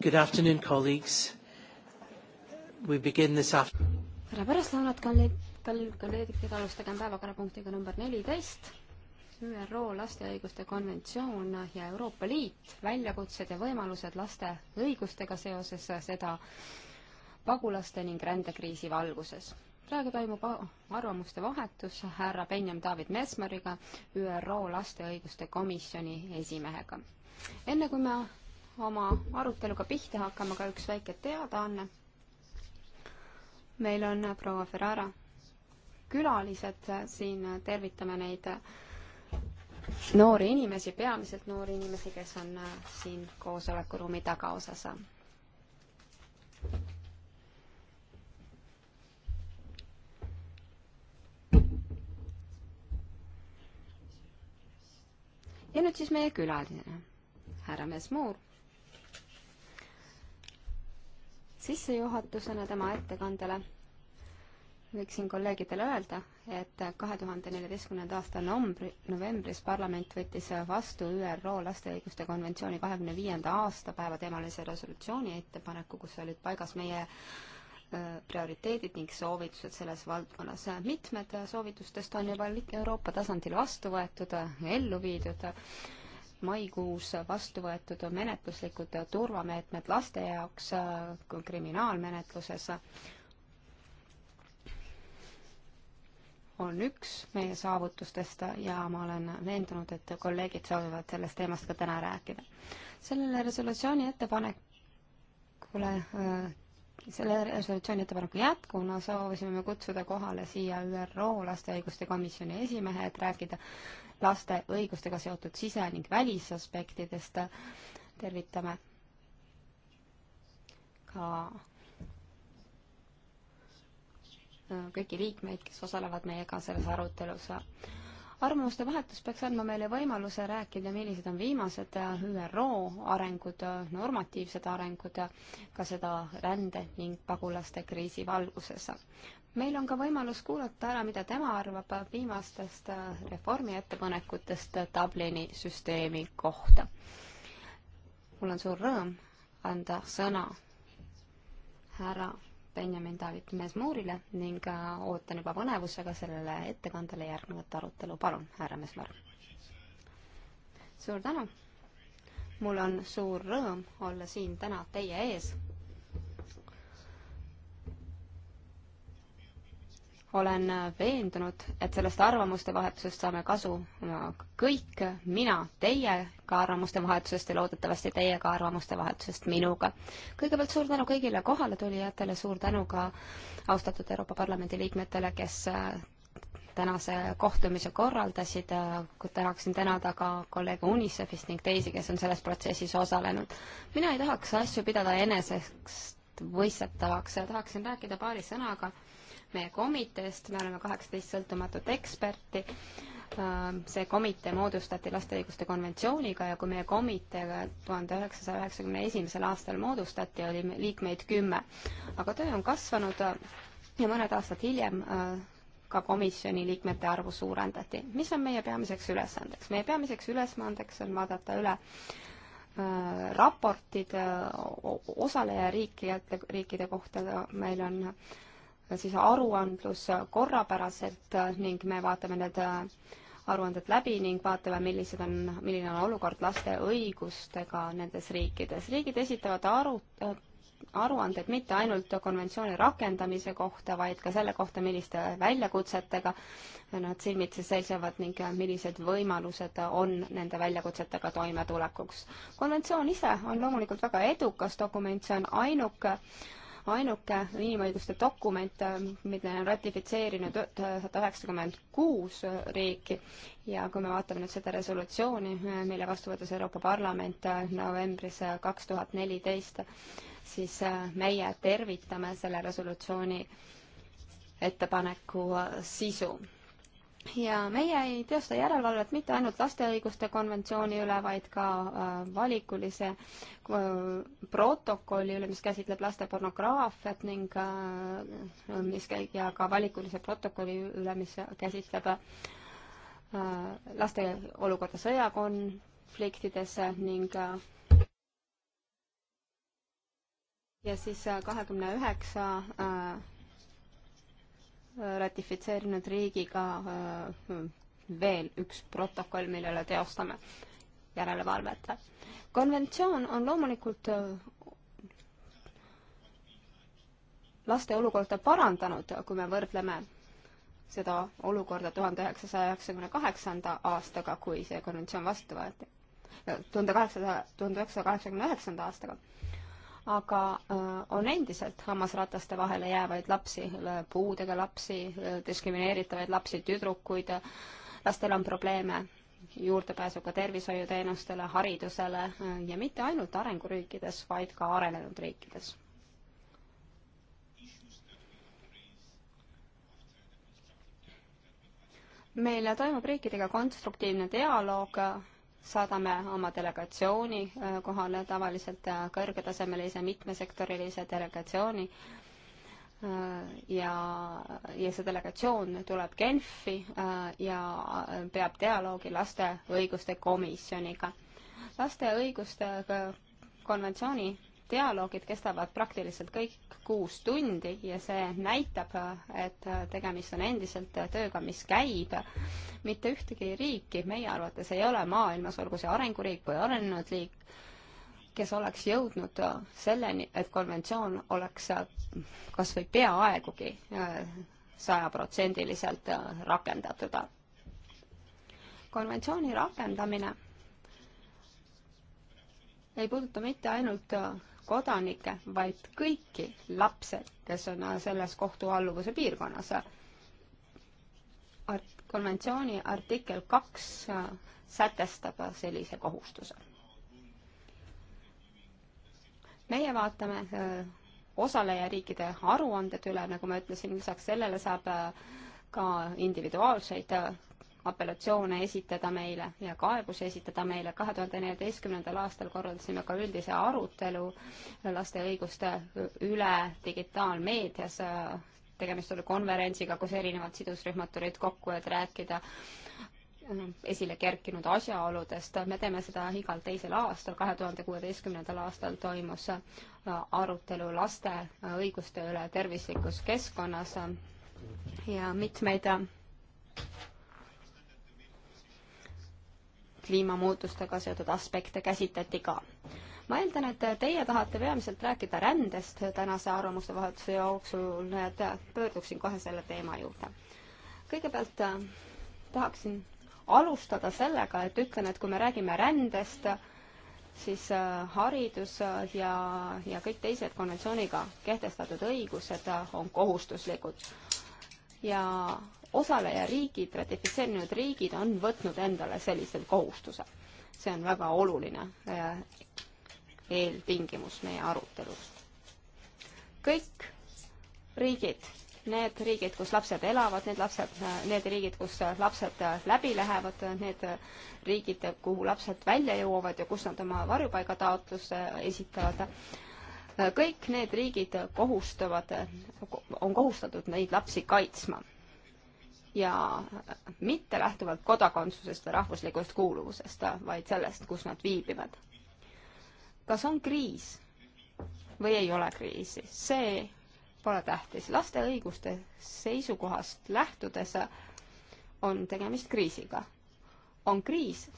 Good afternoon, colleagues. We begin this after- tere pärastlõunat, kolleeg, kolleegid, alustagem päevakorrapunktiga number neliteist. ÜRO laste õiguste konventsioon ja Euroopa Liit, väljakutsed ja võimalused laste õigustega seoses seda pagulaste ning rändekriisi valguses. praegu toimub arvamuste vahetus härra Benjamin David Mesmeriga, ÜRO laste õiguste komisjoni esimehega. enne kui ma oma aruteluga pihta hakkama, aga üks väike teadaanne. meil on proua Ferrara külalised siin, tervitame neid noori inimesi, peamiselt noori inimesi, kes on siin koosolekuruumi tagaosas. ja nüüd siis meie külaline, härra Mesmuur sissejuhatusena tema ettekandele võiksin kolleegidele öelda, et kahe tuhande neljateistkümnenda aasta nombri, novembris parlament võttis vastu ÜRO laste õiguste konventsiooni kahekümne viienda aastapäeva teemalise resolutsiooni ettepaneku, kus olid paigas meie prioriteedid ning soovitused selles valdkonnas. mitmed soovitustest on juba Euroopa tasandil vastu võetud ja ellu viidud maikuus vastu võetud menetluslikud turvameetmed laste jaoks äh, kriminaalmenetluses on üks meie saavutustest ja ma olen veendunud, et kolleegid soovivad sellest teemast ka täna rääkida. sellele resolutsiooni ettepanekule äh, selle resolutsiooni ettepaneku jätkuna soovisime me kutsuda kohale siia ÜRO laste õiguste komisjoni esimehe, et rääkida laste õigustega seotud sise- ning välisaspektidest. tervitame ka äh, kõiki liikmeid, kes osalevad meiega selles arutelus. arvamuste vahetus peaks andma meile võimaluse rääkida, millised on viimased äh, ÜRO arengud, äh, normatiivsed arengud, ka seda rände ning pagulaste kriisi valguses meil on ka võimalus kuulata ära, mida tema arvab viimastest äh, reformi ettepanekutest Dublini süsteemi kohta. mul on suur rõõm anda sõna härra Benjamin David Mesmuurile ning äh, ootan juba põnevusega sellele ettekandele järgnevat arutelu. palun, härra Mesmar. suur tänu. mul on suur rõõm olla siin täna teie ees olen veendunud, et sellest arvamuste vahetusest saame kasu kõik, mina teiega arvamuste vahetusest ja loodetavasti teiega arvamuste vahetusest minuga. kõigepealt suur tänu kõigile kohaletulijatele, suur tänu ka austatud Euroopa Parlamendi liikmetele, kes äh, tänase kohtumise korraldasid, tahaksin tänada ka kolleege UNICEF-ist ning teisi, kes on selles protsessis osalenud. mina ei tahaks asju pidada enesestmõistetavaks ja tahaksin rääkida paari sõnaga meie komiteest, me oleme kaheksateist sõltumatut eksperti, äh, see komitee moodustati laste õiguste konventsiooniga ja kui meie komitee tuhande üheksasaja üheksakümne esimesel aastal moodustati, oli liikmeid kümme. aga töö on kasvanud äh, ja mõned aastad hiljem äh, ka komisjoni liikmete arvu suurendati. mis on meie peamiseks ülesandeks? meie peamiseks ülesandeks on vaadata üle äh, raportid äh, osalejariikide, riikide kohta, meil on äh, siis aruandlus korrapäraselt ning me vaatame need aruanded läbi ning vaatame, millised on, milline on olukord laste õigustega nendes riikides. riigid esitavad aru, aruanded mitte ainult konventsiooni rakendamise kohta, vaid ka selle kohta, milliste väljakutsetega nad silmitsi seisavad ning millised võimalused on nende väljakutsetega toimetulekuks. konventsioon ise on loomulikult väga edukas dokument, see on ainuke ainuke inimõiguste dokument, äh, mida on ratifitseerinud sada üheksakümmend kuus äh, riiki ja kui me vaatame nüüd seda resolutsiooni, äh, mille vastu võttis Euroopa Parlament novembris kaks tuhat neliteist, siis meie tervitame selle resolutsiooni ettepaneku sisu ja meie ei teosta järelevalvet mitte ainult laste õiguste konventsiooni üle, vaid ka äh, valikulise äh, protokolli üle, mis käsitleb laste pornograafiat ning äh, mis käi- ja ka valikulise protokolli üle, mis käsitleb laste olukorda sõjakonfliktides ning ja siis kahekümne üheksa ratifitseerinud riigiga äh, veel üks protokoll, mille üle teostame järelevalvet. konventsioon on loomulikult äh, laste olukorda parandanud, kui me võrdleme seda olukorda tuhande üheksasaja üheksakümne kaheksanda aastaga, kui see konventsioon vastu võeti. Äh, tuhande kaheksasaja, tuhande üheksasaja kaheksakümne üheksanda aastaga aga äh, on endiselt hammasrataste vahele jäävaid lapsi, puudega lapsi, diskrimineeritavaid lapsi, tüdrukuid, lastel on probleeme juurdepääsuga tervishoiuteenustele, haridusele äh, ja mitte ainult arenguriikides, vaid ka arenenud riikides meil toimub riikidega konstruktiivne dialoog saadame oma delegatsiooni äh, kohale tavaliselt äh, kõrgetasemelise mitmesektorilise delegatsiooni äh, ja, ja see delegatsioon tuleb Genfi ja peab dialoogi laste õiguste komisjoniga. laste õiguste konventsiooni dialoogid kestavad praktiliselt kõik kuus tundi ja see näitab, et tegemist on endiselt tööga, mis käib. mitte ühtegi riiki meie arvates ei ole maailmas, olgu see arenguriik või arenenud riik, kes oleks jõudnud selleni, et konventsioon oleks kas või peaaegugi sajaprotsendiliselt rakendatud. konventsiooni rakendamine ei puuduta mitte ainult kodanikke, vaid kõiki lapsi, kes on selles kohtualluvuse piirkonnas. Art-, konventsiooni artikkel kaks sätestab sellise kohustuse. meie vaatame äh, osalejariikide aruanded üle, nagu ma ütlesin, lisaks sellele saab äh, ka individuaalseid äh, apellatsioone esitada meile ja kaebusi esitada meile. kahe tuhande neljateistkümnendal aastal korraldasime ka üldise arutelu laste õiguste üle digitaalmeedias. tegemist oli konverentsiga, kus erinevad sidusrühmad tulid kokku, et rääkida esile kerkinud asjaoludest. me teeme seda igal teisel aastal, kahe tuhande kuueteistkümnendal aastal toimus arutelu laste õiguste üle tervislikus keskkonnas ja mitmeid kliimamuutustega seotud aspekte käsitleti ka. ma eeldan, et teie tahate peamiselt rääkida rändest tänase arvamuste vahetuse jooksul, et pöörduksin kohe selle teema juurde. kõigepealt äh, tahaksin alustada sellega, et ütlen, et kui me räägime rändest, siis äh, haridus äh, ja, ja kõik teised konventsiooniga kehtestatud õigused on kohustuslikud. ja osalejariigid, ratifitseerinud riigid on võtnud endale sellise kohustuse. see on väga oluline äh, eeltingimus meie arutelus. kõik riigid, need riigid, kus lapsed elavad, need lapsed, äh, need riigid, kus lapsed äh, läbi lähevad, need riigid, kuhu lapsed välja jõuavad ja kus nad oma varjupaigataotluse esitavad, kõik need riigid kohustavad, on kohustatud neid lapsi kaitsma ja mitte lähtuvalt kodakondsusest või rahvuslikust kuuluvusest, vaid sellest, kus nad viibivad. kas on kriis või ei ole kriisi, see pole tähtis. laste õiguste seisukohast lähtudes on tegemist kriisiga. on kriis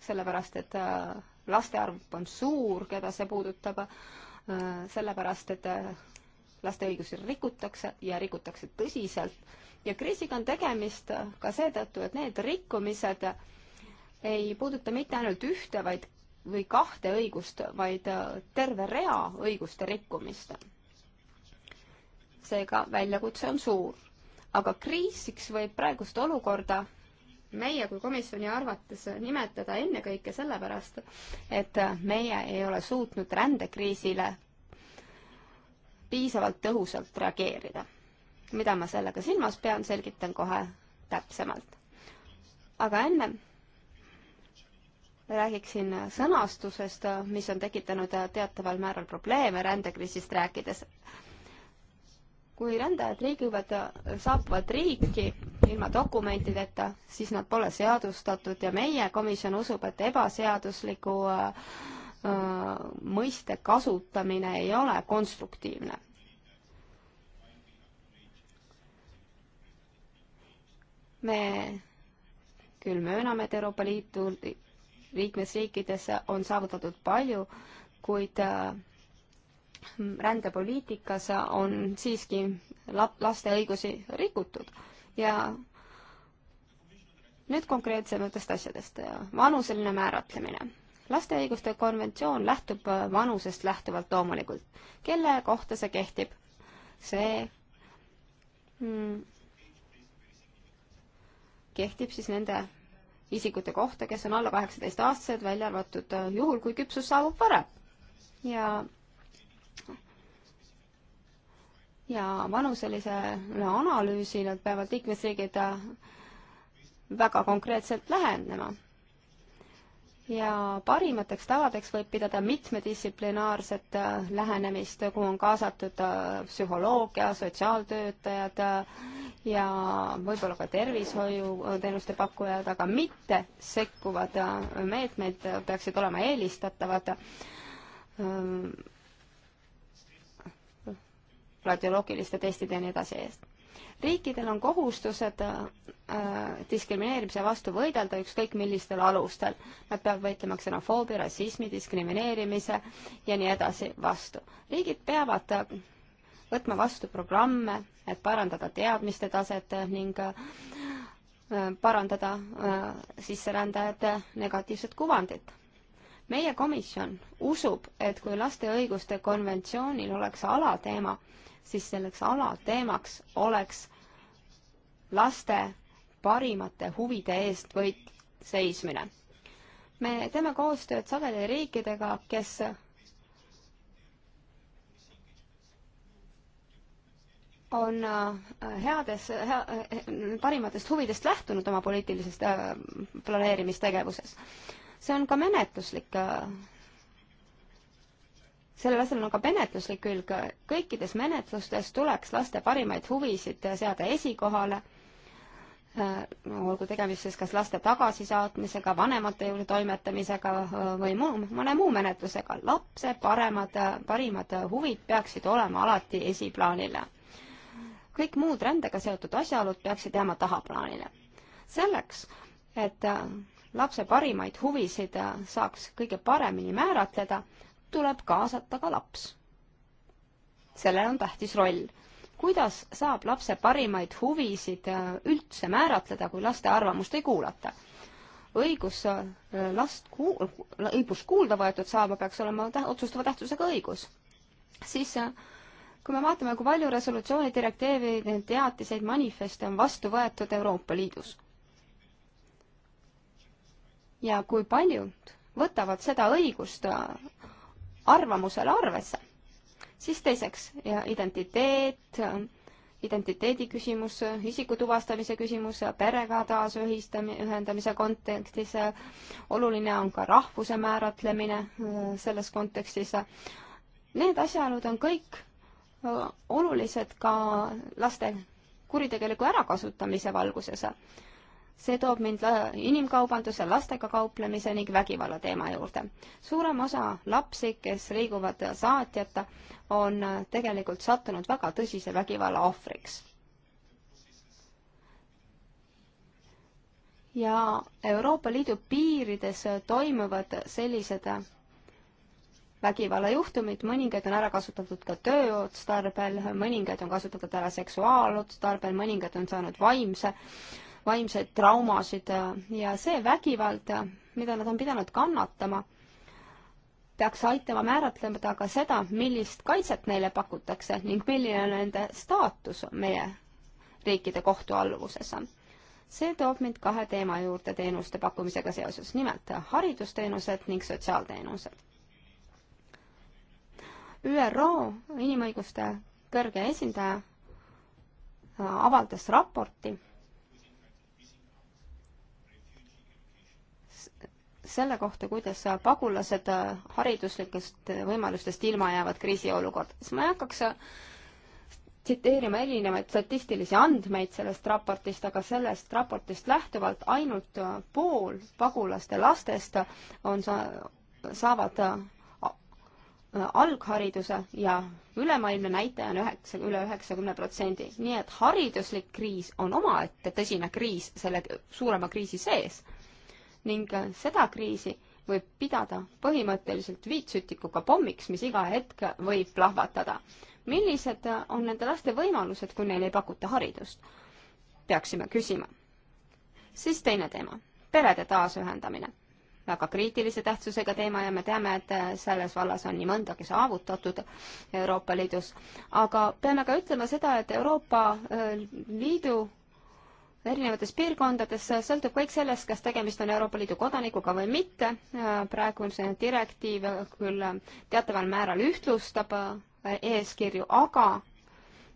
sellepärast, et äh, laste arv on suur, keda see puudutab, äh, sellepärast et äh, laste õigusi rikutakse ja rikutakse tõsiselt ja kriisiga on tegemist ka seetõttu, et need rikkumised ei puuduta mitte ainult ühte, vaid, või kahte õigust, vaid äh, terve rea õiguste rikkumist. seega väljakutse on suur. aga kriisiks võib praegust olukorda meie kui komisjoni arvates nimetada ennekõike sellepärast, et meie ei ole suutnud rändekriisile piisavalt tõhusalt reageerida mida ma sellega silmas pean, selgitan kohe täpsemalt. aga ennem räägiksin sõnastusest, mis on tekitanud teataval määral probleeme rändekriisist rääkides. kui rändajad liiguvad, saabuvad riiki ilma dokumentideta, siis nad pole seadustatud ja meie komisjon usub, et ebaseadusliku äh, äh mõiste kasutamine ei ole konstruktiivne me küll mööname, et Euroopa Liidu liikmesriikides on saavutatud palju, kuid äh, rändepoliitikas on siiski lap-, laste õigusi rikutud ja nüüd konkreetsematest asjadest. vanuseline määratlemine. laste õiguste konventsioon lähtub äh, vanusest lähtuvalt loomulikult. kelle kohta see kehtib? see mm, kehtib siis nende isikute kohta, kes on alla kaheksateist aastased, välja arvatud äh, juhul, kui küpsus saabub varem. ja ja vanuselisele analüüsile peavad liikmesriigid äh, väga konkreetselt lähenema. ja parimateks tavadeks võib pidada mitmedistsiplinaarset äh, lähenemist, kuhu on kaasatud psühholoogia, sotsiaaltöötajad, ja võib-olla ka tervishoiuteenuste pakkujad, aga mitte sekkuvad äh, meetmed peaksid olema eelistatavad äh, radioloogiliste testide ja nii edasi eest. riikidel on kohustused äh, diskrimineerimise vastu võidelda ükskõik millistel alustel. Nad peavad võitlema ksenofoobia, rassismi, diskrimineerimise ja nii edasi vastu. riigid peavad võtma vastu programme, et parandada teadmiste taset ning äh, parandada äh, sisserändajate negatiivset kuvandit. meie komisjon usub, et kui laste õiguste konventsioonil oleks alateema, siis selleks alateemaks oleks laste parimate huvide eest võit seismine. me teeme koostööd sageli riikidega, kes on äh, heades hea,, äh, parimatest huvidest lähtunud oma poliitilises äh, planeerimistegevuses. see on ka menetluslik sellel asjal on ka menetluslik külg. kõikides menetlustes tuleks laste parimaid huvisid seada esikohale, olgu tegemist siis kas laste tagasisaatmisega, vanemate juurde toimetamisega või muu, mõne muu menetlusega. lapse paremad, parimad huvid peaksid olema alati esiplaanile kõik muud rändega seotud asjaolud peaksid jääma tahaplaanile. selleks, et äh, lapse parimaid huvisid äh, saaks kõige paremini määratleda, tuleb kaasata ka laps. sellel on tähtis roll. kuidas saab lapse parimaid huvisid äh, üldse määratleda, kui laste arvamust ei kuulata? õigus last ku-, õigus kuulda võetud saama peaks olema tä-, otsustava tähtsusega õigus. siis kui me vaatame, kui palju resolutsioone, direktiivi, teatiseid, manifeste on vastu võetud Euroopa Liidus ja kui paljud võtavad seda õigust äh, arvamusele arvesse, siis teiseks ja identiteet, äh, identiteedi küsimus, äh, isiku tuvastamise küsimus, perega taasühistamine, ühendamise kontekstis, oluline on ka rahvuse määratlemine selles kontekstis. Need asjaolud on kõik olulised ka laste kuritegeliku ärakasutamise valguses. see toob mind inimkaubanduse, lastega kauplemise ning vägivalla teema juurde. suurem osa lapsi, kes liiguvad saatjata, on tegelikult sattunud väga tõsise vägivalla ohvriks. ja Euroopa Liidu piirides toimuvad sellised vägivallajuhtumid, mõningaid on ära kasutatud ka tööotstarbel, mõningaid on kasutatud ära seksuaalotstarbel, mõningaid on saanud vaimse, vaimseid traumasid ja see vägivald, mida nad on pidanud kannatama, peaks aitama määratleda ka seda, millist kaitset neile pakutakse ning milline on nende staatus meie riikide kohtualluvuses see toob mind kahe teema juurde teenuste pakkumisega seoses, nimelt haridusteenused ning sotsiaalteenused. ÜRO inimõiguste kõrge esindaja äh, avaldas raporti selle kohta, kuidas pagulased äh, hariduslikest äh, võimalustest ilma jäävad kriisiolukordades. ma ei hakkaks tsiteerima erinevaid statistilisi andmeid sellest raportist, aga sellest raportist lähtuvalt ainult pool pagulaste lastest on sa-, saavad alghariduse ja ülemaailmne näitaja on üheksa, üle üheksakümne protsendi. nii et hariduslik kriis on omaette tõsine kriis selle suurema kriisi sees ning seda kriisi võib pidada põhimõtteliselt viitsütikuga pommiks, mis iga hetk võib plahvatada. millised on nende laste võimalused, kui neile ei pakuta haridust? peaksime küsima. siis teine teema, perede taasühendamine väga kriitilise tähtsusega teema ja me teame, et äh, selles vallas on nii mõndagi saavutatud Euroopa Liidus. aga peame ka ütlema seda, et Euroopa äh, Liidu erinevates piirkondades äh, sõltub kõik sellest, kas tegemist on Euroopa Liidu kodanikuga või mitte. praegu see direktiiv küll teataval määral ühtlustab eeskirju, aga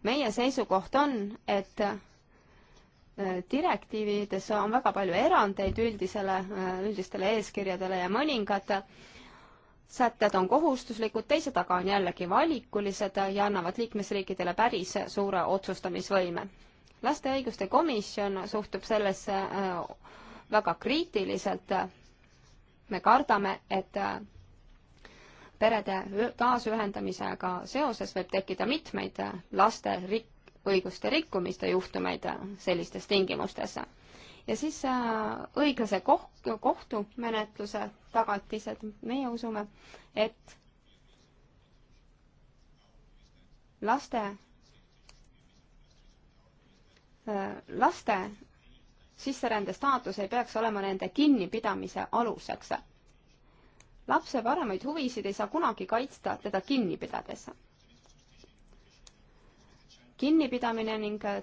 meie seisukoht on, et Äh, direktiivides on väga palju erandeid üldisele, äh, üldistele eeskirjadele ja mõningad äh, sätted on kohustuslikud, teised aga on jällegi valikulised ja annavad liikmesriikidele päris suure otsustamisvõime. laste õiguste komisjon suhtub sellesse väga kriitiliselt. me kardame, et perede taasühendamisega seoses võib tekkida mitmeid laste rik-, õiguste rikkumiste juhtumeid sellistes tingimustes. ja siis äh, õiglase koht-, kohtumenetluse tagatised, meie usume, et laste, äh, laste sisserände staatus ei peaks olema nende kinnipidamise aluseks. lapse paremaid huvisid ei saa kunagi kaitsta teda kinni pidades kinnipidamine ning äh,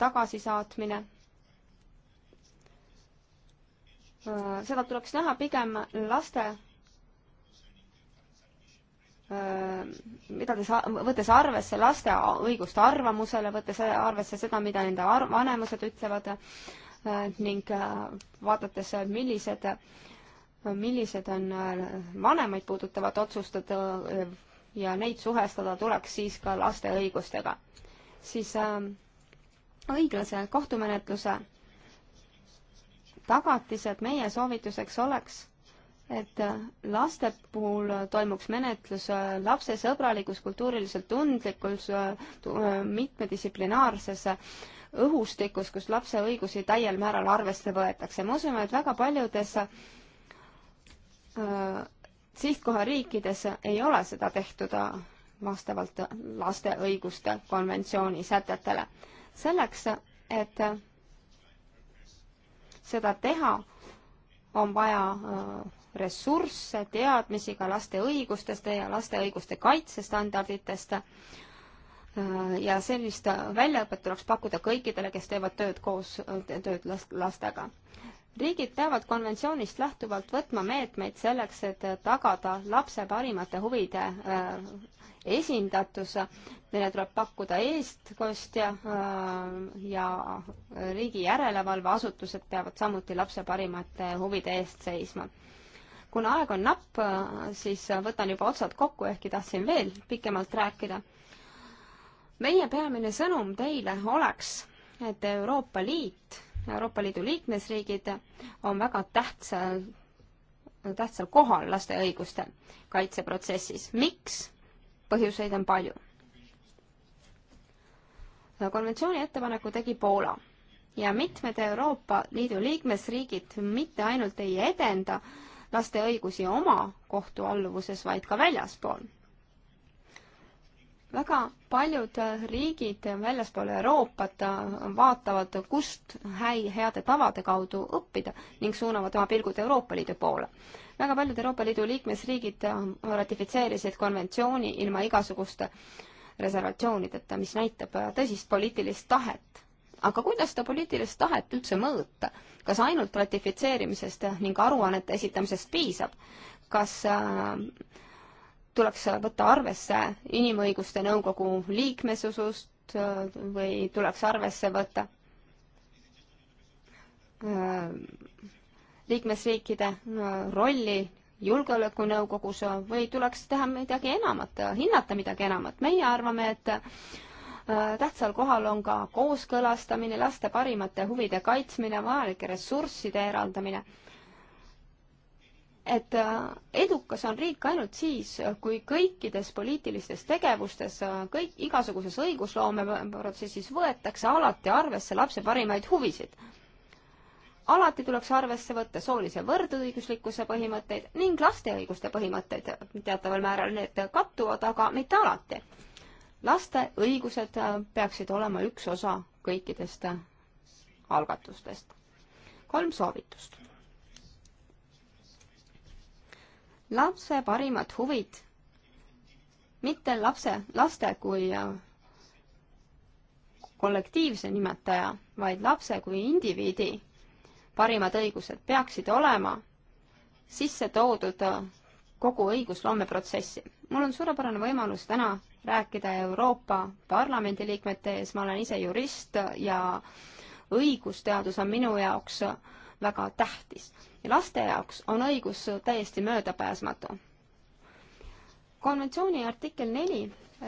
tagasisaatmine. Äh, seda tuleks näha pigem laste äh, mida te saa-, võttes arvesse laste õigust arvamusele, võttes arvesse seda, mida nende ar-, vanemused ütlevad ning vaadates, millised, millised on vanemaid puudutavad otsused ja neid suhestada tuleks siis ka laste õigustega. siis äh, õiglase kohtumenetluse tagatised meie soovituseks oleks, et äh, laste puhul toimuks menetlus äh, lapsesõbralikus, kultuuriliselt tundlikus, äh, mitmedistsiplinaarses õhustikus, kus lapse õigusi täiel määral arvesse võetakse. me usume, et väga paljudes sihtkoha riikides ei ole seda tehtud äh, vastavalt laste õiguste konventsiooni sätetele. selleks, et seda teha, on vaja äh, ressursse, teadmisi ka laste õigustest ja laste õiguste kaitsestandarditest. Äh, ja sellist väljaõpet tuleks pakkuda kõikidele, kes teevad tööd koos, tööd lastega riigid peavad konventsioonist lähtuvalt võtma meetmeid selleks, et tagada lapse parimate huvide äh, esindatus. Neile tuleb pakkuda eestkostja äh, ja riigi järelevalveasutused peavad samuti lapse parimate huvide eest seisma. kuna aeg on napp, äh, siis võtan juba otsad kokku, ehkki tahtsin veel pikemalt rääkida. meie peamine sõnum teile oleks, et Euroopa Liit Euroopa Liidu liikmesriigid on väga tähtsal, tähtsal kohal laste õiguste kaitseprotsessis. miks? põhjuseid on palju. konventsiooni ettepaneku tegi Poola ja mitmed Euroopa Liidu liikmesriigid mitte ainult ei edenda laste õigusi oma kohtualluvuses, vaid ka väljaspool väga paljud äh, riigid väljaspool Euroopat äh, vaatavad, kust häi heade tavade kaudu õppida ning suunavad oma pilgud Euroopa Liidu poole. väga paljud Euroopa Liidu liikmesriigid äh, ratifitseerisid konventsiooni ilma igasuguste reservatsioonideta, mis näitab tõsist poliitilist tahet. aga kuidas seda poliitilist tahet üldse mõõta? kas ainult ratifitseerimisest ning aruannete esitamisest piisab? kas äh, tuleks võtta arvesse Inimõiguste Nõukogu liikmesusust äh, või tuleks arvesse võtta äh, liikmesriikide äh, rolli julgeolekunõukogus või tuleks teha midagi enamat, hinnata midagi enamat. meie arvame, et tähtsal kohal on ka kooskõlastamine, laste parimate huvide kaitsmine, vajalike ressursside eraldamine et äh, edukas on riik ainult siis, kui kõikides poliitilistes tegevustes, äh, kõik, igasuguses õigusloomeprotsessis võetakse alati arvesse lapse parimaid huvisid. alati tuleks arvesse võtta soolise võrdõiguslikkuse põhimõtteid ning laste õiguste põhimõtteid, teataval määral need kattuvad, aga mitte alati. laste õigused äh, peaksid olema üks osa kõikidest algatustest. kolm soovitust lapse parimad huvid, mitte lapse, laste kui äh, kollektiivse nimetaja, vaid lapse kui indiviidi parimad õigused peaksid olema sisse toodud äh, kogu õigusloomeprotsessi. mul on suurepärane võimalus täna rääkida Euroopa Parlamendi liikmete ees, ma olen ise jurist ja õigusteadus on minu jaoks äh, väga tähtis. ja laste jaoks on õigus täiesti möödapääsmatu. konventsiooni artikkel neli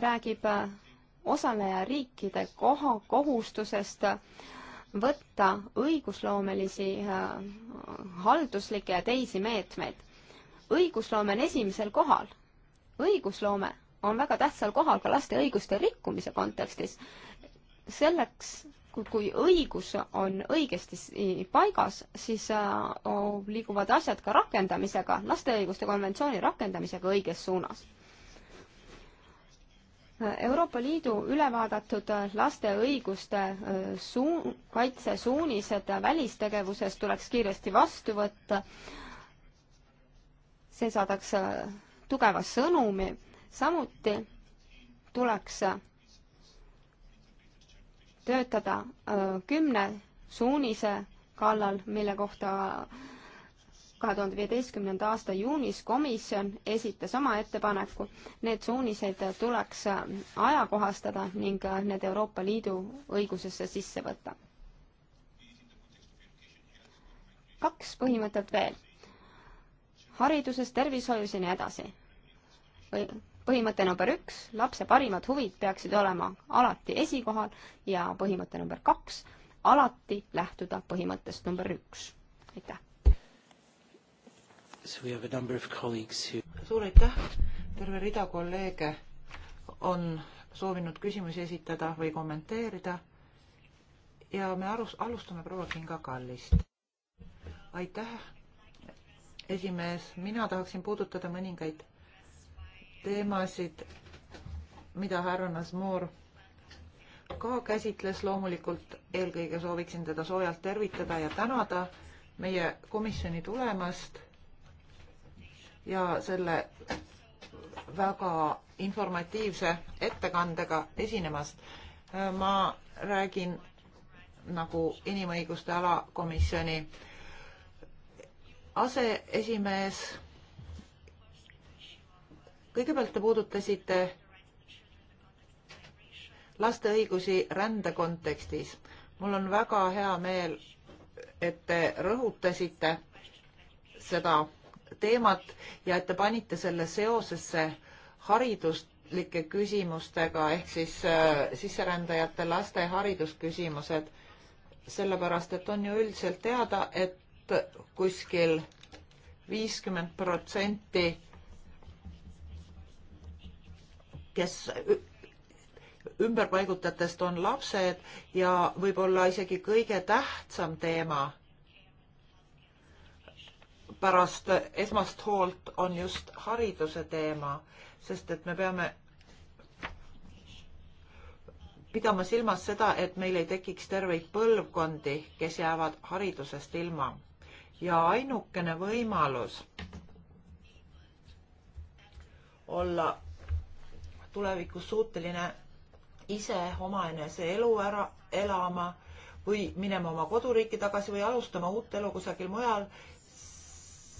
räägib äh, osalejariikide koha, kohustusest äh, võtta õigusloomelisi äh, halduslikke ja teisi meetmeid. õigusloome on esimesel kohal. õigusloome on väga tähtsal kohal ka laste õiguste rikkumise kontekstis. selleks kui õigus on õigesti paigas, siis äh, liiguvad asjad ka rakendamisega, laste õiguste konventsiooni rakendamisega õiges suunas. Euroopa Liidu üle vaadatud äh, laste õiguste äh, suu-, kaitsesuunised välistegevuses tuleks kiiresti vastu võtta. see saadaks tugeva sõnumi, samuti tuleks töötada äh, kümne suunise kallal, mille kohta kahe tuhande viieteistkümnenda aasta juunis komisjon esitas oma ettepaneku. Need suunised tuleks äh, ajakohastada ning äh, need Euroopa Liidu õigusesse sisse võtta. kaks põhimõtet veel. hariduses, tervishoius ja nii edasi. või põhimõte number üks, lapse parimad huvid peaksid olema alati esikohal ja põhimõte number kaks, alati lähtuda põhimõttest number üks. aitäh! suur aitäh, terve rida kolleege on soovinud küsimusi esitada või kommenteerida ja me arus, alustame proua Kinga Kallist. aitäh, esimees, mina tahaksin puudutada mõningaid teemasid, mida härra Nasmoor ka käsitles. loomulikult eelkõige sooviksin teda soojalt tervitada ja tänada meie komisjoni tulemast ja selle väga informatiivse ettekandega esinemast. ma räägin nagu inimõiguste alakomisjoni aseesimees kõigepealt te puudutasite laste õigusi rände kontekstis. mul on väga hea meel, et te rõhutasite seda teemat ja et te panite selle seosesse hariduslike küsimustega ehk siis äh, sisserändajate laste haridusküsimused, sellepärast et on ju üldiselt teada, et kuskil viiskümmend protsenti kes ümberpaigutajatest on lapsed ja võib-olla isegi kõige tähtsam teema pärast esmast hoolt on just hariduse teema, sest et me peame pidama silmas seda, et meil ei tekiks terveid põlvkondi, kes jäävad haridusest ilma. ja ainukene võimalus olla tulevikus suuteline ise omaenese elu ära elama või minema oma koduriiki tagasi või alustama uut elu kusagil mujal,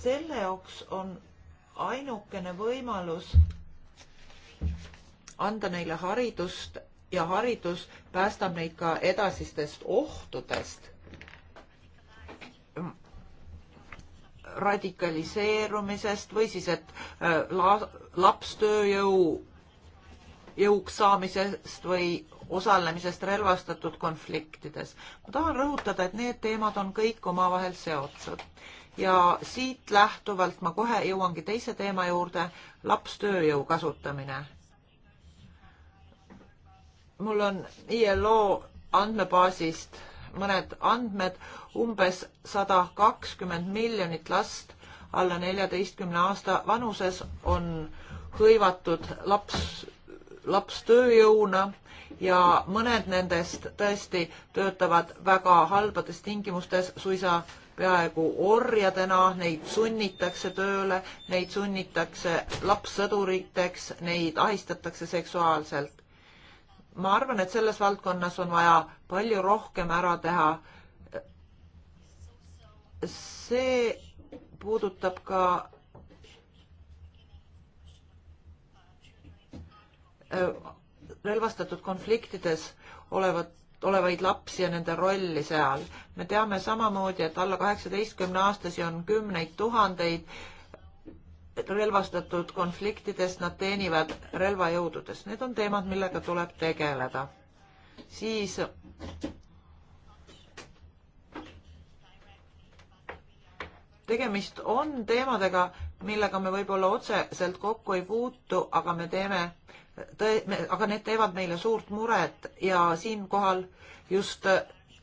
selle jaoks on ainukene võimalus anda neile haridust ja haridus päästab neid ka edasistest ohtudest. radikaliseerumisest või siis, et äh, laps tööjõu jõuks saamisest või osalemisest relvastatud konfliktides. ma tahan rõhutada, et need teemad on kõik omavahel seotud ja siit lähtuvalt ma kohe jõuangi teise teema juurde, lapstööjõu kasutamine. mul on ILO andmebaasist mõned andmed, umbes sada kakskümmend miljonit last alla neljateistkümne aasta vanuses on hõivatud laps lapstööjõuna ja mõned nendest tõesti töötavad väga halbades tingimustes suisa peaaegu orjadena, neid sunnitakse tööle, neid sunnitakse lapssõduriteks, neid ahistatakse seksuaalselt. ma arvan, et selles valdkonnas on vaja palju rohkem ära teha. see puudutab ka Äh, relvastatud konfliktides olevat, olevaid lapsi ja nende rolli seal. me teame samamoodi, et alla kaheksateistkümne aastasi on kümneid tuhandeid relvastatud konfliktidest, nad teenivad relvajõududes. Need on teemad, millega tuleb tegeleda. siis tegemist on teemadega, millega me võib-olla otseselt kokku ei puutu, aga me teeme aga need teevad meile suurt muret ja siinkohal just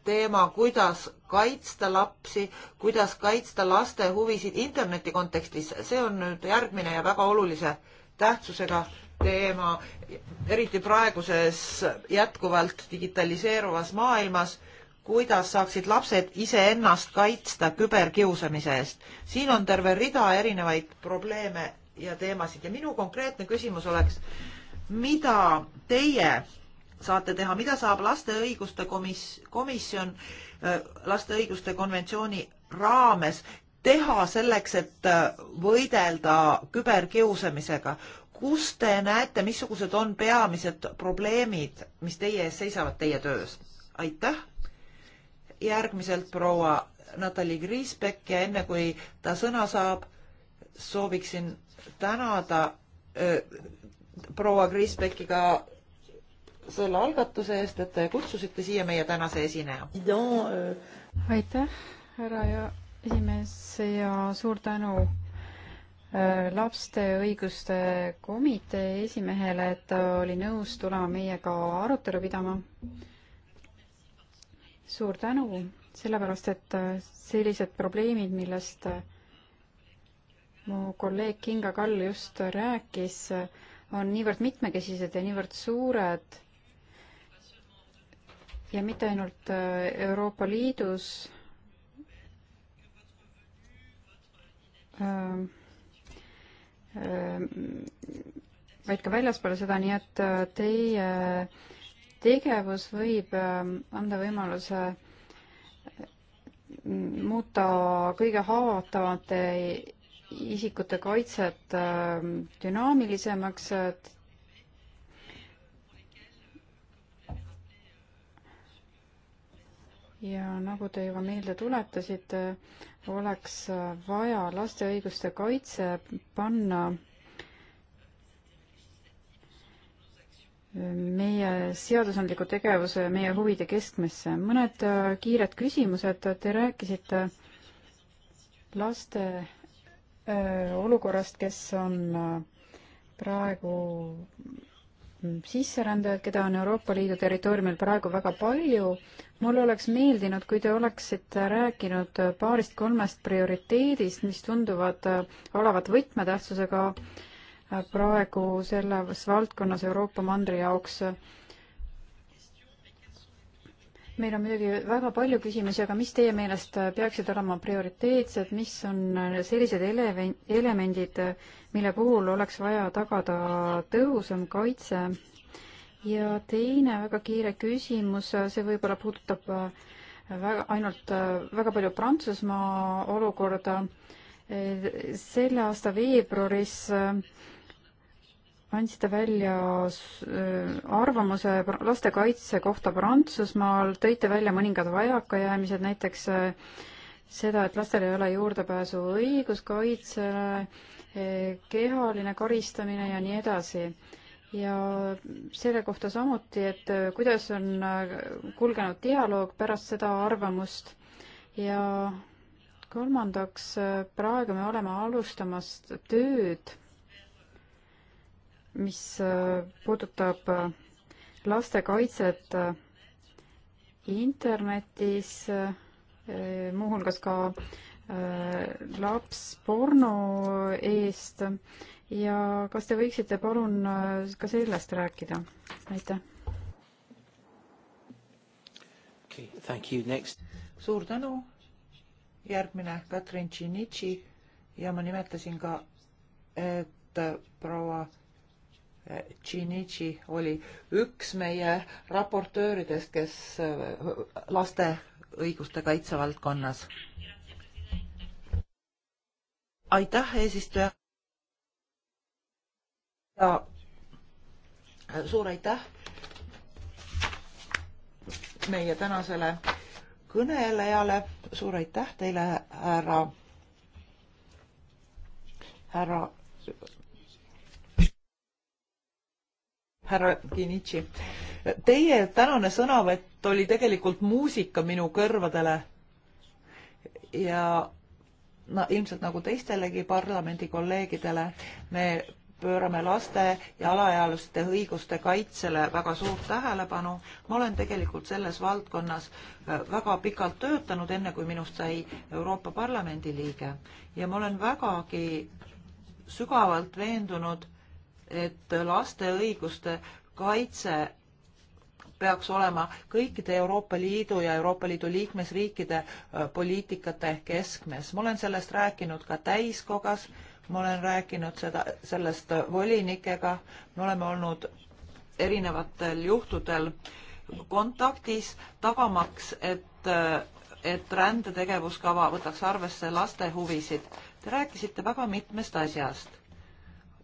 teema, kuidas kaitsta lapsi, kuidas kaitsta laste huvisid interneti kontekstis, see on nüüd järgmine ja väga olulise tähtsusega teema, eriti praeguses jätkuvalt digitaliseeruvas maailmas, kuidas saaksid lapsed iseennast kaitsta küberkiusamise eest. siin on terve rida erinevaid probleeme ja teemasid ja minu konkreetne küsimus oleks, mida teie saate teha, mida saab laste õiguste komis-, komisjon äh, laste õiguste konventsiooni raames teha selleks, et äh, võidelda küberkiusamisega? kus te näete, missugused on peamised probleemid, mis teie ees seisavad teie töös? aitäh! järgmiselt proua Natali Kriisbeck ja enne kui ta sõna saab, sooviksin tänada äh, proua Kriisbekiga selle algatuse eest, et te kutsusite siia meie tänase esineja. aitäh, härra ja esimees ja suur tänu äh, laste õiguste komitee esimehele, et ta oli nõus tulema meiega arutelu pidama. suur tänu, sellepärast et äh, sellised probleemid, millest äh, mu kolleeg Kinga Kall just rääkis, on niivõrd mitmekesised ja niivõrd suured ja mitte ainult äh, Euroopa Liidus äh,, äh, vaid ka väljaspool seda, nii et äh, teie tegevus võib äh, anda võimaluse muuta kõige haavatavate isikute kaitset ähm, dünaamilisemaks, ja nagu te juba meelde tuletasite, oleks vaja laste õiguste kaitse panna meie seadusandliku tegevuse, meie huvide keskmesse. mõned äh, kiired küsimused, te rääkisite laste Äh, olukorrast, kes on äh, praegu mm, sisserändajad, keda on Euroopa Liidu territooriumil praegu väga palju. mul oleks meeldinud, kui te oleksite rääkinud äh, paarist-kolmest prioriteedist, mis tunduvad olevat võtmetähtsusega praegu selles valdkonnas Euroopa mandri jaoks meil on muidugi väga palju küsimusi, aga mis teie meelest peaksid olema prioriteetsed, mis on sellised eleven-, elemendid, mille puhul oleks vaja tagada tõhusam kaitse? ja teine väga kiire küsimus, see võib-olla puudutab äh, väga, ainult äh, väga palju Prantsusmaa olukorda. Äh, selle aasta veebruaris äh, andsite välja äh, arvamuse lastekaitse kohta Prantsusmaal, tõite välja mõningad vajakajäämised, näiteks äh, seda, et lastel ei ole juurdepääsu õiguskaitsele, äh, kehaline karistamine ja nii edasi ja selle kohta samuti, et kuidas on kulgenud dialoog pärast seda arvamust ja kolmandaks, praegu me oleme alustamas tööd mis äh, puudutab äh, lastekaitset äh, internetis, muuhulgas ka lapsporno eest ja kas te võiksite palun ka sellest rääkida? aitäh okay,. suur tänu. järgmine Katrin Tšinitši ja ma nimetasin ka, et proua Tšinitši oli üks meie raportööridest, kes äh, laste õiguste kaitse valdkonnas. aitäh, eesistuja. ja suur aitäh meie tänasele kõnelejale, suur aitäh teile, härra, härra härra Kinitši. Teie tänane sõnavõtt oli tegelikult muusika minu kõrvadele ja no ilmselt nagu teistelegi parlamendi kolleegidele me pöörame laste ja alaealiste õiguste kaitsele väga suurt tähelepanu. ma olen tegelikult selles valdkonnas äh, väga pikalt töötanud, enne kui minust sai Euroopa Parlamendi liige ja ma olen vägagi sügavalt veendunud, et laste õiguste kaitse peaks olema kõikide Euroopa Liidu ja Euroopa Liidu liikmesriikide äh, poliitikate keskmes. ma olen sellest rääkinud ka täiskogas, ma olen rääkinud seda, sellest äh, volinikega, me oleme olnud erinevatel juhtudel kontaktis, tagamaks, et, äh, et rändetegevuskava võtaks arvesse laste huvisid. Te rääkisite väga mitmest asjast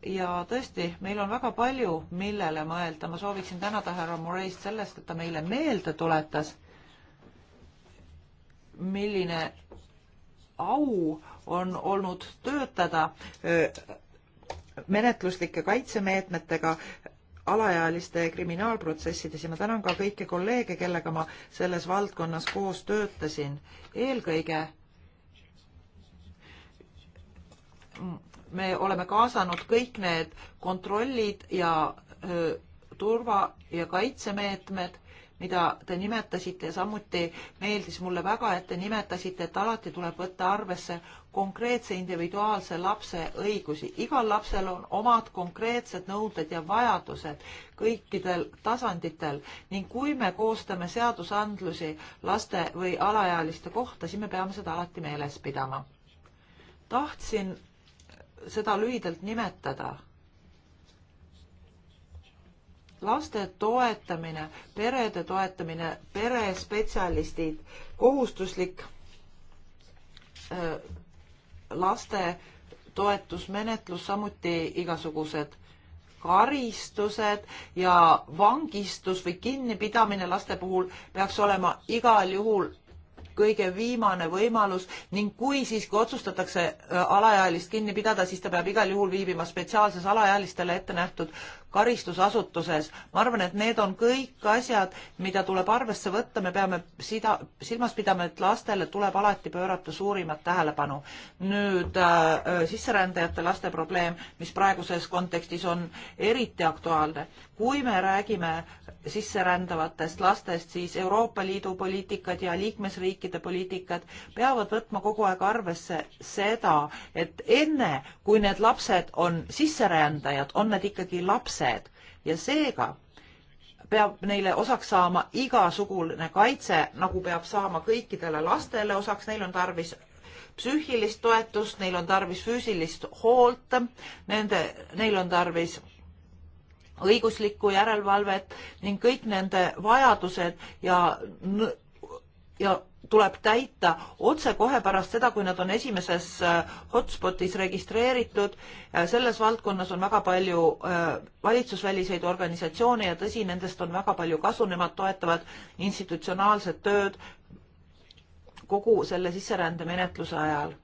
ja tõesti, meil on väga palju, millele mõelda, ma sooviksin tänada härra Moreist sellest, et ta meile meelde tuletas, milline au on olnud töötada menetluslike kaitsemeetmetega alaealiste kriminaalprotsessides ja ma tänan ka kõiki kolleege, kellega ma selles valdkonnas koos töötasin. eelkõige me oleme kaasanud kõik need kontrollid ja öö, turva- ja kaitsemeetmed, mida te nimetasite ja samuti meeldis mulle väga, et te nimetasite, et alati tuleb võtta arvesse konkreetse individuaalse lapse õigusi. igal lapsel on omad konkreetsed nõuded ja vajadused kõikidel tasanditel ning kui me koostame seadusandlusi laste või alaealiste kohta, siis me peame seda alati meeles pidama. tahtsin seda lühidalt nimetada. laste toetamine, perede toetamine, perespetsialistid, kohustuslik äh, laste toetusmenetlus, samuti igasugused karistused ja vangistus või kinnipidamine laste puhul peaks olema igal juhul kõige viimane võimalus ning kui siiski otsustatakse äh, alaealist kinni pidada, siis ta peab igal juhul viibima spetsiaalses alaealistele ette nähtud karistusasutuses. ma arvan, et need on kõik asjad, mida tuleb arvesse võtta, me peame sida, silmas pidama, et lastele tuleb alati pöörata suurimat tähelepanu. nüüd äh, äh, sisserändajate laste probleem, mis praeguses kontekstis on eriti aktuaalne. kui me räägime sisserändavatest lastest, siis Euroopa Liidu poliitikad ja liikmesriikide poliitikad peavad võtma kogu aeg arvesse seda, et enne, kui need lapsed on sisserändajad, on nad ikkagi lapsed lapsed ja seega peab neile osaks saama igasugune kaitse, nagu peab saama kõikidele lastele osaks, neil on tarvis psüühilist toetust, neil on tarvis füüsilist hoolt, nende, neil on tarvis õiguslikku järelevalvet ning kõik nende vajadused ja, ja tuleb täita otsekohe pärast seda, kui nad on esimeses äh, hotspotis registreeritud. Äh, selles valdkonnas on väga palju äh, valitsusväliseid organisatsioone ja tõsi, nendest on väga palju kasu, nemad toetavad institutsionaalset tööd kogu selle sisserändemenetluse ajal.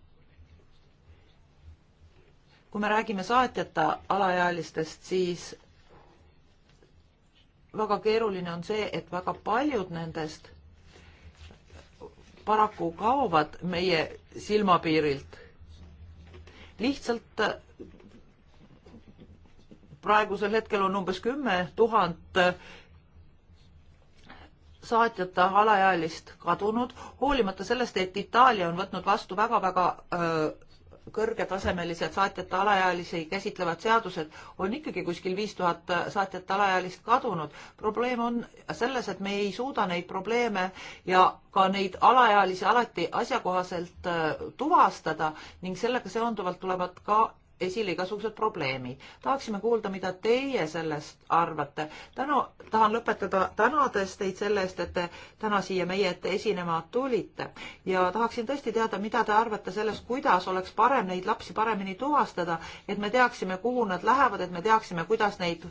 kui me räägime saatjata alaealistest, siis väga keeruline on see, et väga paljud nendest paraku kaovad meie silmapiirilt. lihtsalt äh, praegusel hetkel on umbes kümme tuhat äh, saatjata alaealist kadunud, hoolimata sellest, et Itaalia on võtnud vastu väga-väga kõrgetasemelised saatjate alaealisi käsitlevad seadused on ikkagi kuskil viis tuhat saatjat alaealist kadunud. probleem on selles, et me ei suuda neid probleeme ja ka neid alaealisi alati asjakohaselt äh, tuvastada ning sellega seonduvalt tulevad ka esile igasugused probleemid. tahaksime kuulda, mida teie sellest arvate. täna tahan lõpetada tänades teid selle eest, et te täna siia meie ette esinema tulite ja tahaksin tõesti teada, mida te arvate sellest, kuidas oleks parem neid lapsi paremini tuvastada, et me teaksime, kuhu nad lähevad, et me teaksime, kuidas neid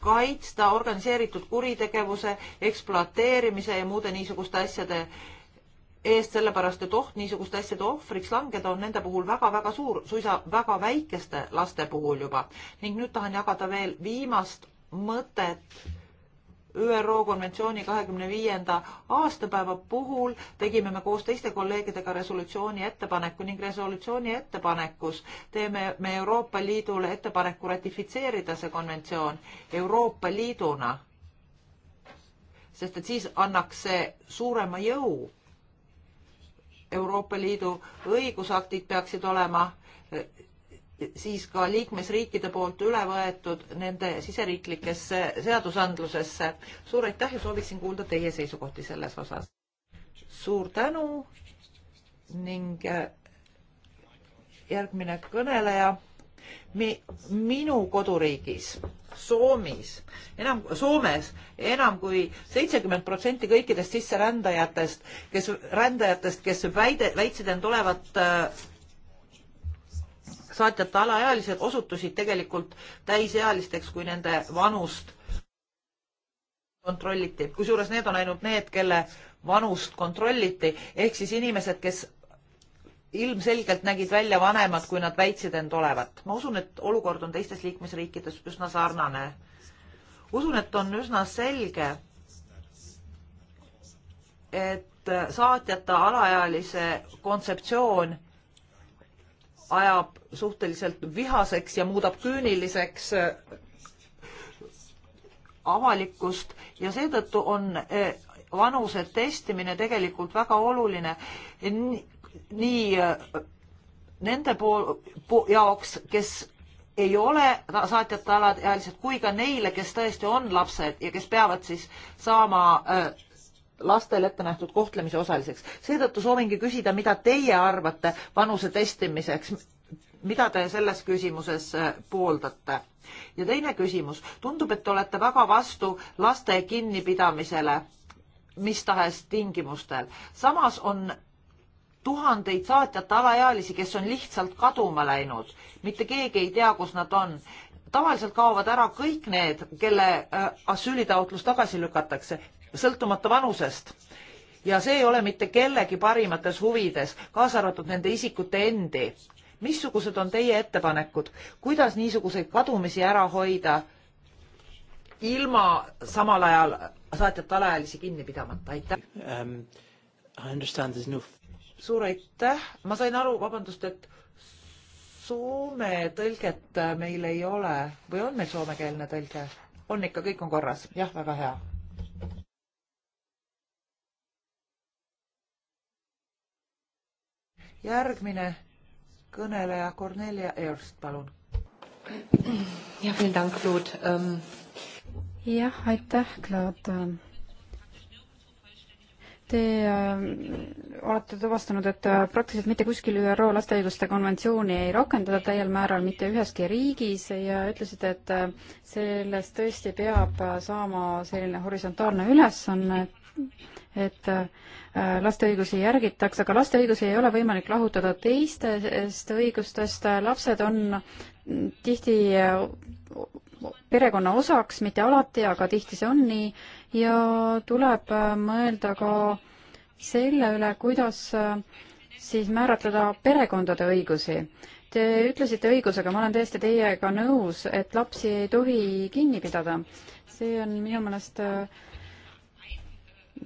kaitsta organiseeritud kuritegevuse, ekspluateerimise ja muude niisuguste asjade äh, eest, sellepärast et oht niisuguste asjade ohvriks langeda on nende puhul väga-väga suur, suisa väga väikeste laste puhul juba. ning nüüd tahan jagada veel viimast mõtet ÜRO konventsiooni kahekümne viienda aastapäeva puhul tegime me koos teiste kolleegidega resolutsiooni ettepaneku ning resolutsiooni ettepanekus teeme me Euroopa Liidule ettepaneku ratifitseerida see konventsioon Euroopa Liiduna, sest et siis annaks see suurema jõu Euroopa Liidu õigusaktid peaksid olema eh, siis ka liikmesriikide poolt üle võetud nende siseriiklikesse seadusandlusesse. suur aitäh ja sooviksin kuulda teie seisukohti selles osas. suur tänu ning eh, järgmine kõneleja Mi,. minu koduriigis Soomis, enam, Soomes enam kui seitsekümmend protsenti kõikidest sisserändajatest, kes, rändajatest, kes väide, väitsid end olevat äh, saatjate alaealised, osutusid tegelikult täisealisteks, kui nende vanust kontrolliti. kusjuures need on ainult need, kelle vanust kontrolliti, ehk siis inimesed, kes ilmselgelt nägid välja vanemad, kui nad väitsid end olevat. ma usun, et olukord on teistes liikmesriikides üsna sarnane. usun, et on üsna selge, et saatjata alaealise kontseptsioon ajab suhteliselt vihaseks ja muudab küüniliseks äh, avalikkust ja seetõttu on äh, vanuse testimine tegelikult väga oluline nii äh, nende pool, po, jaoks, kes ei ole saatjate alaealised, kui ka neile, kes tõesti on lapsed ja kes peavad siis saama äh, lastele ette nähtud kohtlemise osaliseks. seetõttu soovingi küsida, mida teie arvate vanuse testimiseks, mida te selles küsimuses äh, pooldate? ja teine küsimus, tundub, et te olete väga vastu laste kinnipidamisele mis tahes tingimustel. samas on tuhandeid saatjat alaealisi, kes on lihtsalt kaduma läinud. mitte keegi ei tea, kus nad on. tavaliselt kaovad ära kõik need, kelle äh, asüülitaotlus tagasi lükatakse, sõltumata vanusest. ja see ei ole mitte kellegi parimates huvides, kaasa arvatud nende isikute endi. missugused on teie ettepanekud, kuidas niisuguseid kadumisi ära hoida ilma samal ajal saatjate alaealisi kinni pidamata, aitäh um,? I understand there is no suur aitäh, ma sain aru, vabandust, et Soome tõlget meil ei ole või on meil soomekeelne tõlge? on ikka, kõik on korras? jah, väga hea. järgmine kõneleja Cornelia Erst, palun. jah, ähm, aitäh, Claude Te äh, olete tuvastanud, et äh, praktiliselt mitte kuskil ÜRO laste õiguste konventsiooni ei rakendata täiel määral mitte üheski riigis ja ütlesite, et äh, sellest tõesti peab saama selline horisontaalne ülesanne, et laste õigusi järgitakse, aga laste õigusi ei ole võimalik lahutada teistest õigustest, lapsed on tihti perekonna osaks, mitte alati, aga tihti see on nii, ja tuleb äh, mõelda ka selle üle, kuidas äh, siis määratleda perekondade õigusi. Te ütlesite õigusega, ma olen täiesti teiega nõus, et lapsi ei tohi kinni pidada. see on minu meelest äh,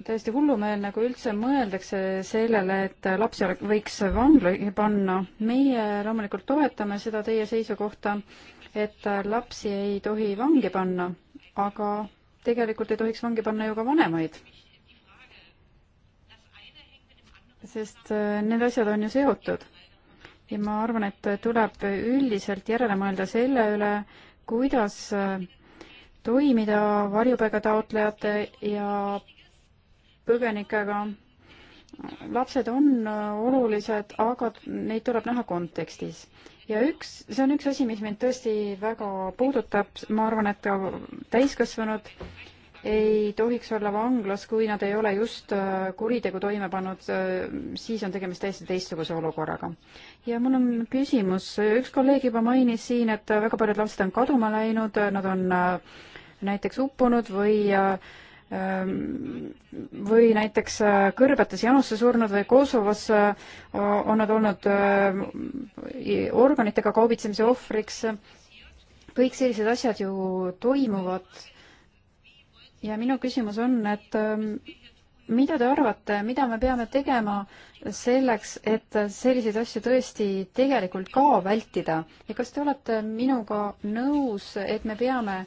täiesti hullumeelne, kui üldse mõeldakse sellele, et lapsi võiks vangla panna. meie loomulikult toetame seda teie seisukohta et lapsi ei tohi vangi panna, aga tegelikult ei tohiks vangi panna ju ka vanemaid. sest äh, need asjad on ju seotud. ja ma arvan, et tuleb üldiselt järele mõelda selle üle, kuidas äh, toimida varjupaigataotlejate ja põgenikega lapsed on äh, olulised, aga neid tuleb näha kontekstis ja üks, see on üks asi, mis mind tõesti väga puudutab, ma arvan, et ka täiskasvanud ei tohiks olla vanglas, kui nad ei ole just äh, kuritegu toime pannud, äh, siis on tegemist täiesti teistsuguse olukorraga. ja mul on küsimus, üks kolleeg juba mainis siin, et väga paljud lapsed on kaduma läinud, nad on äh, näiteks uppunud või äh, Ehm, või näiteks äh, kõrbetes janusse surnud või Kosovos äh, on nad olnud äh, organitega kaubitsemise ohvriks. kõik sellised asjad ju toimuvad. ja minu küsimus on, et ehm, mida te arvate, mida me peame tegema selleks, et selliseid asju tõesti tegelikult ka vältida ja kas te olete minuga nõus, et me peame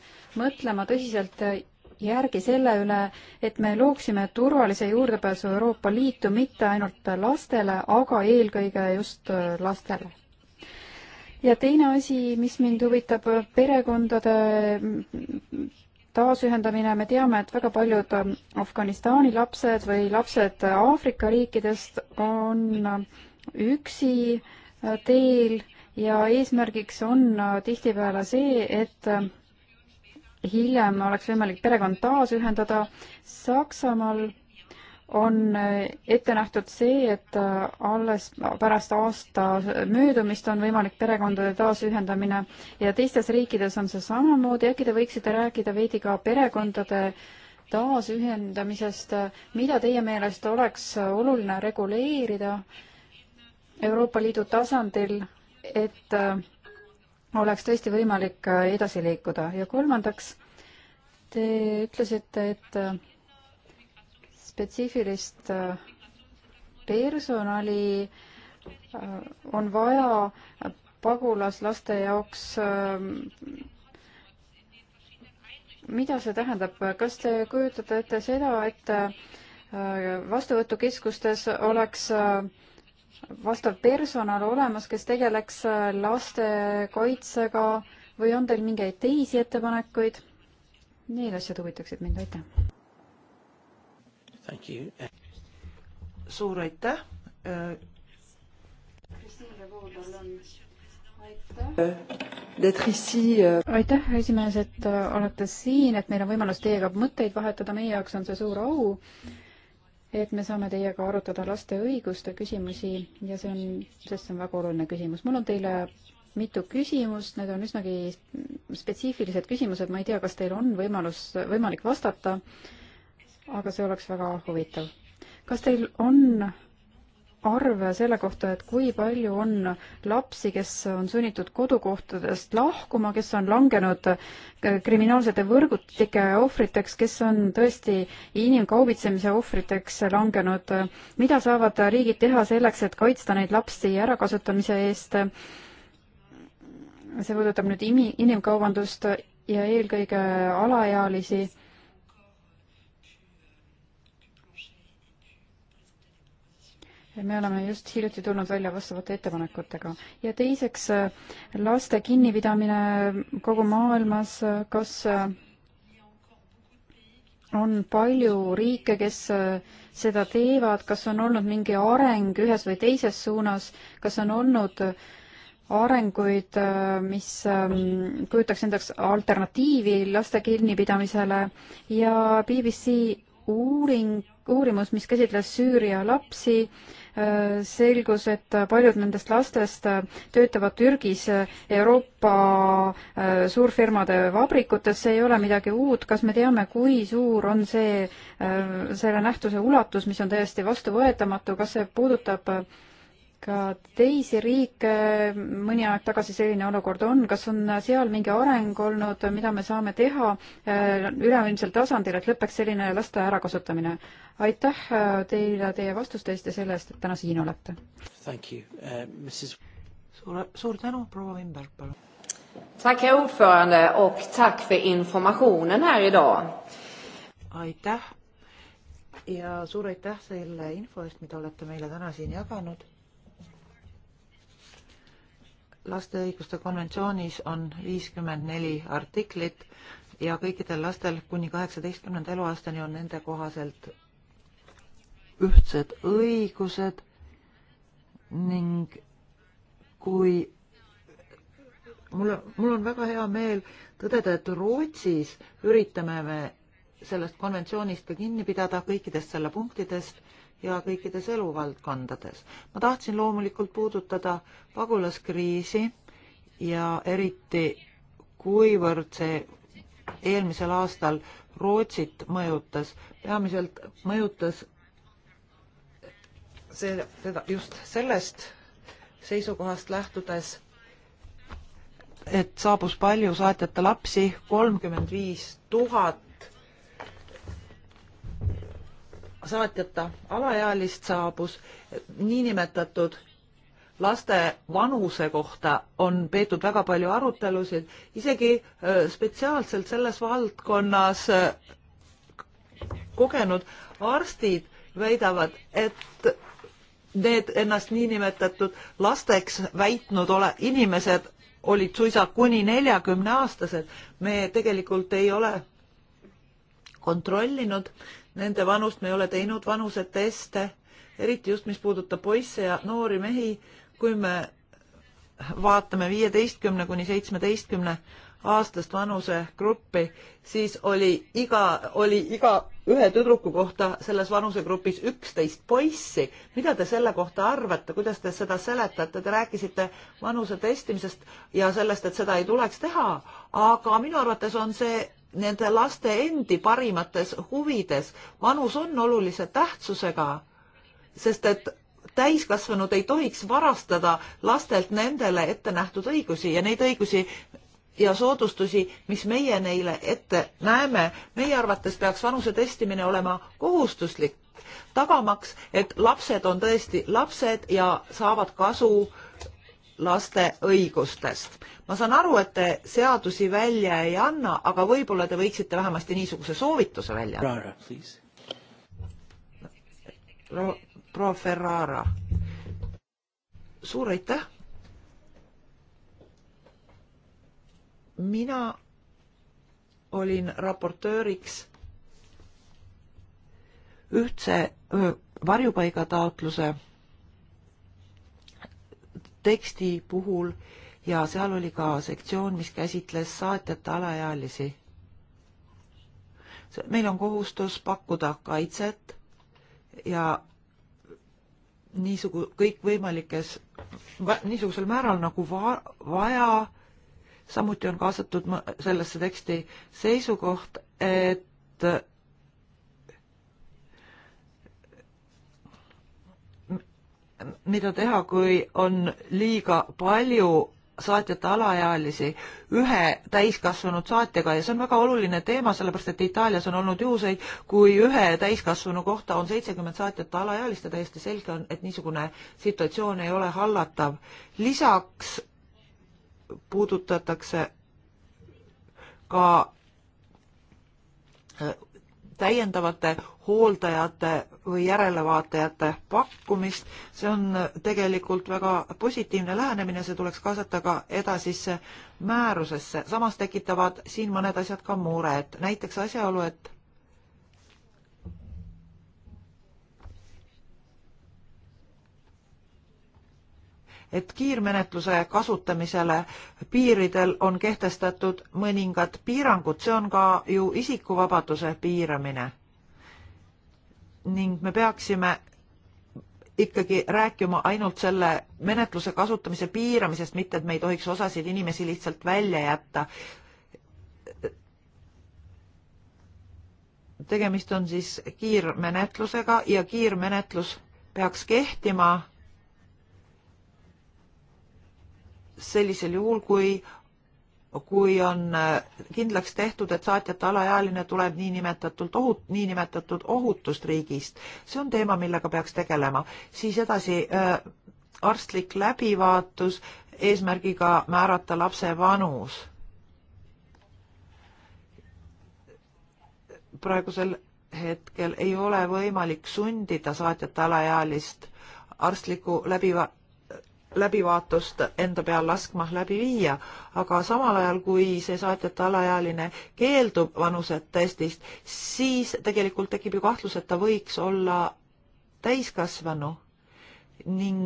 mõtlema tõsiselt järgi selle üle, et me looksime turvalise juurdepääsu Euroopa Liitu mitte ainult lastele, aga eelkõige just äh, lastele. ja teine asi, mis mind huvitab, perekondade mm, mm, taasühendamine, me teame, et väga paljud ähm, Afganistani lapsed või lapsed Aafrika riikidest on äh, üksi äh, teel ja eesmärgiks on tihtipeale see, et hiljem oleks võimalik perekond taasühendada. Saksamaal on ette nähtud see, et alles pärast aasta möödumist on võimalik perekondade taasühendamine ja teistes riikides on see samamoodi. äkki te võiksite rääkida veidi ka perekondade taasühendamisest, mida teie meelest oleks oluline reguleerida Euroopa Liidu tasandil, et äh, oleks tõesti võimalik äh, edasi liikuda ja kolmandaks, te ütlesite, et äh, spetsiifilist äh, personali on vaja pagulaslaste jaoks. mida see tähendab, kas te kujutate ette seda, et vastuvõtukeskustes oleks äh, vastav personal olemas, kes tegeleks äh, lastekaitsega või on teil mingeid teisi ettepanekuid? Need asjad huvitaksid mind, aitäh. suur aitäh. Euh, aitäh, esimees, et äh, olete siin, et meil on võimalus teiega mõtteid vahetada, meie jaoks on see suur au et me saame teiega arutada laste õiguste küsimusi ja see on, sest see on väga oluline küsimus. mul on teile mitu küsimust, need on üsnagi spetsiifilised küsimused, ma ei tea, kas teil on võimalus, võimalik vastata, aga see oleks väga huvitav. kas teil on arve selle kohta, et kui palju on lapsi, kes on sunnitud kodukohtadest lahkuma, kes on langenud kriminaalsete võrgutike ohvriteks, kes on tõesti inimkaubitsemise ohvriteks langenud, mida saavad riigid teha selleks, et kaitsta neid lapsi ärakasutamise eest? see puudutab nüüd imi-, inimkaubandust ja eelkõige alaealisi me oleme just hiljuti tulnud välja vastavate ettepanekutega. ja teiseks, äh, laste kinnipidamine kogu maailmas, äh, kas äh, on palju riike, kes seda teevad, kas on olnud mingi areng ühes või teises suunas, kas on olnud arenguid, mis ähm, kujutaks endaks alternatiivi laste kinnipidamisele ja BBC uuring, uurimus, mis käsitles Süüria lapsi, selgus, et paljud nendest lastest töötavad Türgis Euroopa äh, suurfirmade vabrikutes, see ei ole midagi uut, kas me teame, kui suur on see, äh, selle nähtuse ulatus, mis on täiesti vastuvõetamatu, kas see puudutab äh, ka teisi riike mõni aeg tagasi selline olukord on, kas on seal mingi areng olnud, mida me saame teha eh, üleilmsel tasandil, et lõpeks selline laste ärakasutamine? aitäh eh, teile teie vastuste eest ja selle eest, et täna siin olete. Uh, Mrs... suur, suur tänu, proua Wimberg, palun. Tack herr ordförande och tack för informationen här idag. aitäh ja suur aitäh selle info eest, mida olete meile täna siin jaganud laste õiguste konventsioonis on viiskümmend neli artiklit ja kõikidel lastel kuni kaheksateistkümnenda eluaastani on nende kohaselt ühtsed õigused ning kui mul, mul on väga hea meel tõdeda, et Rootsis üritame me sellest konventsioonist ka kinni pidada kõikidest selle punktidest ja kõikides eluvaldkondades. ma tahtsin loomulikult puudutada pagulaskriisi ja eriti kuivõrd see eelmisel aastal Rootsit mõjutas, peamiselt mõjutas see, seda just sellest seisukohast lähtudes, et saabus palju saatjate lapsi, kolmkümmend viis tuhat saatjata alaealist saabus, niinimetatud laste vanuse kohta on peetud väga palju arutelusid, isegi spetsiaalselt selles valdkonnas kogenud arstid väidavad, et need ennast niinimetatud lasteks väitnud ole, inimesed olid suisa kuni neljakümne aastased. me tegelikult ei ole kontrollinud nende vanust me ei ole teinud vanuseteste, eriti just, mis puudutab poisse ja noori mehi, kui me vaatame viieteistkümne kuni seitsmeteistkümne aastast vanusegruppi, siis oli iga, oli iga ühe tüdruku kohta selles vanusegrupis üksteist poissi. mida te selle kohta arvate, kuidas te seda seletate, te rääkisite vanuse testimisest ja sellest, et seda ei tuleks teha, aga minu arvates on see nende laste endi parimates huvides. vanus on olulise tähtsusega, sest et täiskasvanud ei tohiks varastada lastelt nendele ette nähtud õigusi ja neid õigusi ja soodustusi, mis meie neile ette näeme, meie arvates peaks vanuse testimine olema kohustuslik, tagamaks, et lapsed on tõesti lapsed ja saavad kasu äh, laste õigustest. ma saan aru, et te seadusi välja ei anna, aga võib-olla te võiksite vähemasti niisuguse soovituse välja anda. proua Ferrara, suur aitäh. mina olin raportööriks ühtse varjupaigataotluse teksti puhul ja seal oli ka sektsioon, mis käsitles saatjate alaealisi. meil on kohustus pakkuda kaitset ja niisugu-, kõikvõimalikes, niisugusel määral nagu va-, vaja, samuti on kaasatud sellesse teksti seisukoht, et mida teha, kui on liiga palju saatjate alaealisi ühe täiskasvanud saatjaga ja see on väga oluline teema, sellepärast et Itaalias on olnud juhuseid, kui ühe täiskasvanu kohta on seitsekümmend saatjat alaealist ja täiesti selge on, et niisugune situatsioon ei ole hallatav. lisaks puudutatakse ka äh, täiendavate hooldajate või järelevaatajate pakkumist. see on tegelikult väga positiivne lähenemine, see tuleks kaasata ka edasisse määrusesse. samas tekitavad siin mõned asjad ka mured, näiteks asjaolu, et et kiirmenetluse kasutamisele piiridel on kehtestatud mõningad piirangud, see on ka ju isikuvabaduse piiramine. ning me peaksime ikkagi rääkima ainult selle menetluse kasutamise piiramisest, mitte et me ei tohiks osasid inimesi lihtsalt välja jätta. tegemist on siis kiirmenetlusega ja kiirmenetlus peaks kehtima sellisel juhul, kui, kui on äh, kindlaks tehtud, et saatjate alaealine tuleb niinimetatult ohut-, niinimetatud ohutust riigist. see on teema, millega peaks tegelema. siis edasi äh, arstlik läbivaatus eesmärgiga määrata lapse vanus. praegusel hetkel ei ole võimalik sundida saatjate alaealist arstliku läbiva-, läbivaatust enda peal laskma läbi viia, aga samal ajal, kui see saatjate alaealine keeldub vanusetestist, siis tegelikult tekib ju kahtlus, et ta võiks olla täiskasvanu ning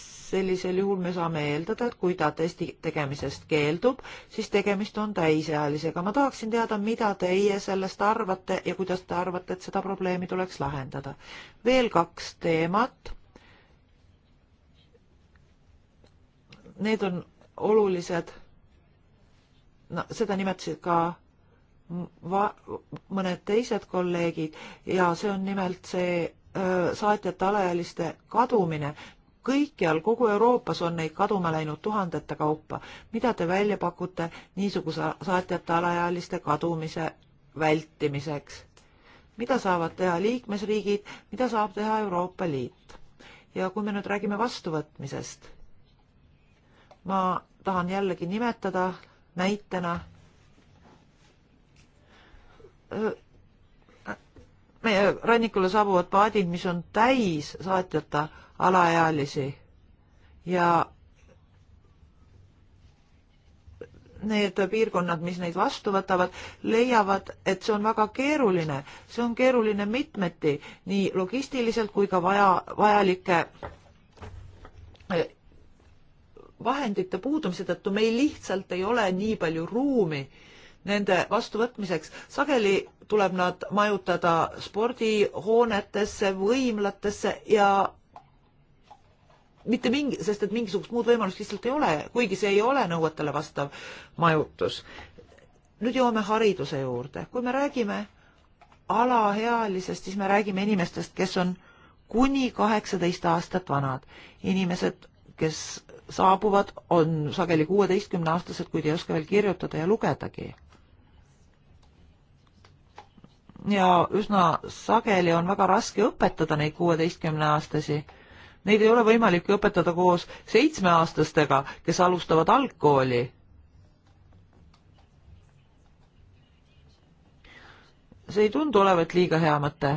sellisel juhul me saame eeldada, et kui ta testi tegemisest keeldub, siis tegemist on täisealisega. ma tahaksin teada, mida teie sellest arvate ja kuidas te arvate, et seda probleemi tuleks lahendada. veel kaks teemat need on olulised, no seda nimetasid ka va-, mõned teised kolleegid ja see on nimelt see öö, saatjate alaealiste kadumine. kõikjal, kogu Euroopas on neid kaduma läinud tuhandete kaupa. mida te välja pakute niisuguse saatjate alaealiste kadumise vältimiseks? mida saavad teha liikmesriigid, mida saab teha Euroopa Liit? ja kui me nüüd räägime vastuvõtmisest ma tahan jällegi nimetada näitena meie rannikule saabuvad paadid, mis on täis saatjata alaealisi ja need piirkonnad, mis neid vastu võtavad, leiavad, et see on väga keeruline. see on keeruline mitmeti, nii logistiliselt kui ka vaja, vajalike vahendite puudumise tõttu meil lihtsalt ei ole nii palju ruumi nende vastuvõtmiseks. sageli tuleb nad majutada spordihoonetesse, võimlatesse ja mitte mingi, sest et mingisugust muud võimalust lihtsalt ei ole, kuigi see ei ole nõuetele vastav majutus. nüüd jõuame hariduse juurde. kui me räägime alaealisest, siis me räägime inimestest, kes on kuni kaheksateist aastat vanad. inimesed, kes saabuvad, on sageli kuueteistkümneaastased, kuid ei oska veel kirjutada ja lugedagi. ja üsna sageli on väga raske õpetada neid kuueteistkümneaastasi. Neid ei ole võimalik õpetada koos seitsmeaastastega, kes alustavad algkooli see ei tundu olevat liiga hea mõte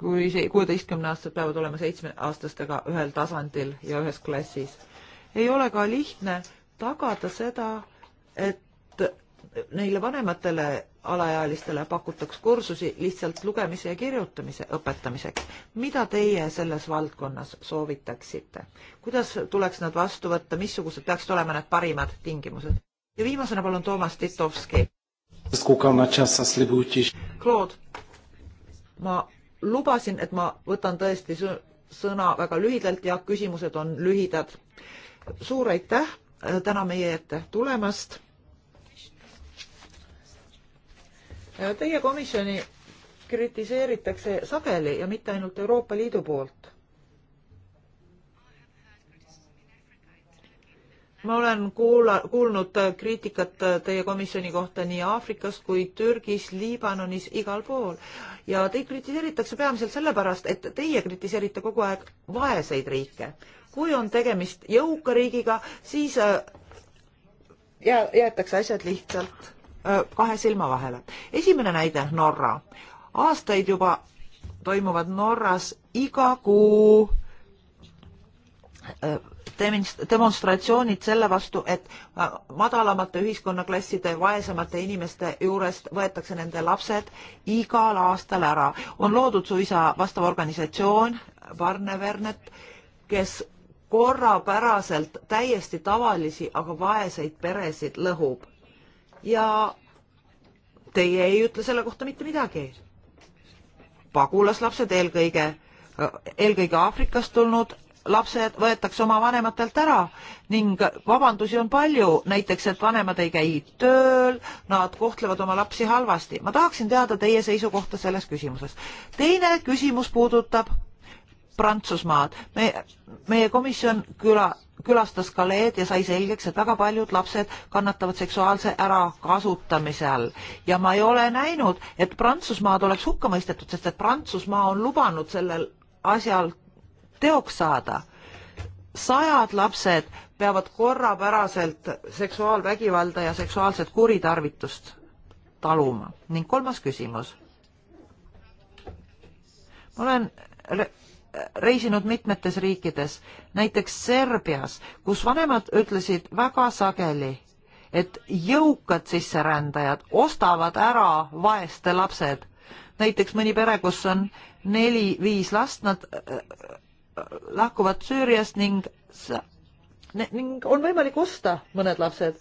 kui see kuueteistkümne aastased peavad olema seitsmeaastastega ühel tasandil ja ühes klassis. ei ole ka lihtne tagada seda, et neile vanematele alaealistele pakutaks kursusi lihtsalt lugemise ja kirjutamise õpetamiseks. mida teie selles valdkonnas soovitaksite? kuidas tuleks nad vastu võtta, missugused peaksid olema need parimad tingimused? ja viimasena palun Toomas Titovski. Claude, ma lubasin, et ma võtan tõesti sõna väga lühidalt ja küsimused on lühidad. suur aitäh täna meie ette tulemast. Teie komisjoni kritiseeritakse sageli ja mitte ainult Euroopa Liidu poolt. ma olen kuula-, kuulnud kriitikat teie komisjoni kohta nii Aafrikas kui Türgis, Liibanonis, igal pool ja teid kritiseeritakse peamiselt sellepärast, et teie kritiseerite kogu aeg vaeseid riike. kui on tegemist jõuka riigiga, siis äh, ja jäetakse asjad lihtsalt äh, kahe silma vahele. esimene näide, Norra. aastaid juba toimuvad Norras iga kuu demonstratsioonid selle vastu, et madalamate ühiskonnaklasside, vaesemate inimeste juurest võetakse nende lapsed igal aastal ära. on loodud suisa vastav organisatsioon, Varne Vernet, kes korrapäraselt täiesti tavalisi, aga vaeseid peresid lõhub. ja teie ei ütle selle kohta mitte midagi. pagulaslapsed eelkõige, eelkõige Aafrikast tulnud lapsed võetakse oma vanematelt ära ning vabandusi on palju, näiteks et vanemad ei käi tööl, nad kohtlevad oma lapsi halvasti. ma tahaksin teada teie seisukohta selles küsimuses. teine küsimus puudutab Prantsusmaad. me, meie komisjon küla, külastas Galeed ja sai selgeks, et väga paljud lapsed kannatavad seksuaalse ärakasutamise all ja ma ei ole näinud, et Prantsusmaad oleks hukka mõistetud, sest et Prantsusmaa on lubanud sellel asjal teoks saada. sajad lapsed peavad korrapäraselt seksuaalvägivalda ja seksuaalset kuritarvitust taluma. ning kolmas küsimus. ma olen re reisinud mitmetes riikides, näiteks Serbias, kus vanemad ütlesid väga sageli, et jõukad sisserändajad ostavad ära vaeste lapsed. näiteks mõni pere, kus on neli-viis last, nad lahkuvad Süüriast ning, ning on võimalik osta mõned lapsed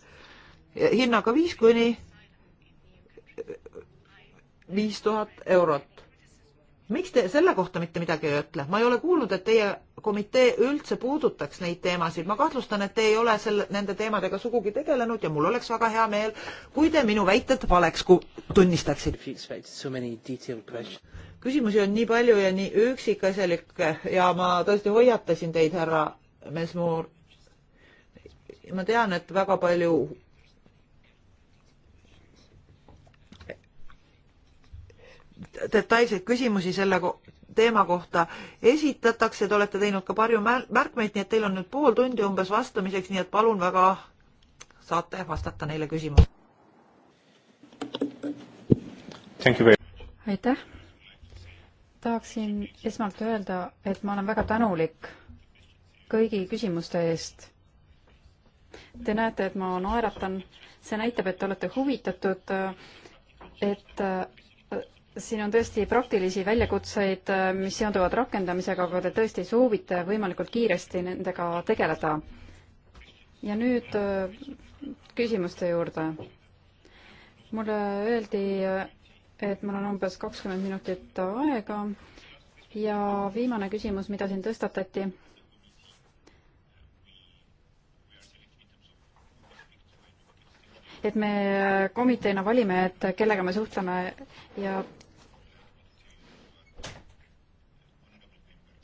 hinnaga viis kuni viis tuhat eurot. miks te selle kohta mitte midagi ei ütle? ma ei ole kuulnud, et teie komitee üldse puudutaks neid teemasid. ma kahtlustan, et te ei ole selle, nende teemadega sugugi tegelenud ja mul oleks väga hea meel, kui te minu väited valeks tunnistaksite küsimusi on nii palju ja nii üksikasjalikke ja ma tõesti hoiatasin teid, härra Mesmoor. ma tean, et väga palju detailseid küsimusi selle teema kohta esitatakse, te olete teinud ka palju märkmeid, nii et teil on nüüd pool tundi umbes vastamiseks, nii et palun väga, saate vastata neile küsimustele. aitäh tahaksin esmalt öelda, et ma olen väga tänulik kõigi küsimuste eest. Te näete, et ma naeratan, see näitab, et te olete huvitatud, et äh, siin on tõesti praktilisi väljakutseid, äh, mis seonduvad rakendamisega, aga te tõesti soovite võimalikult kiiresti nendega tegeleda. ja nüüd äh, küsimuste juurde. mulle öeldi et mul on umbes kakskümmend minutit aega ja viimane küsimus, mida siin tõstatati. et me komiteena valime, et kellega me suhtleme ja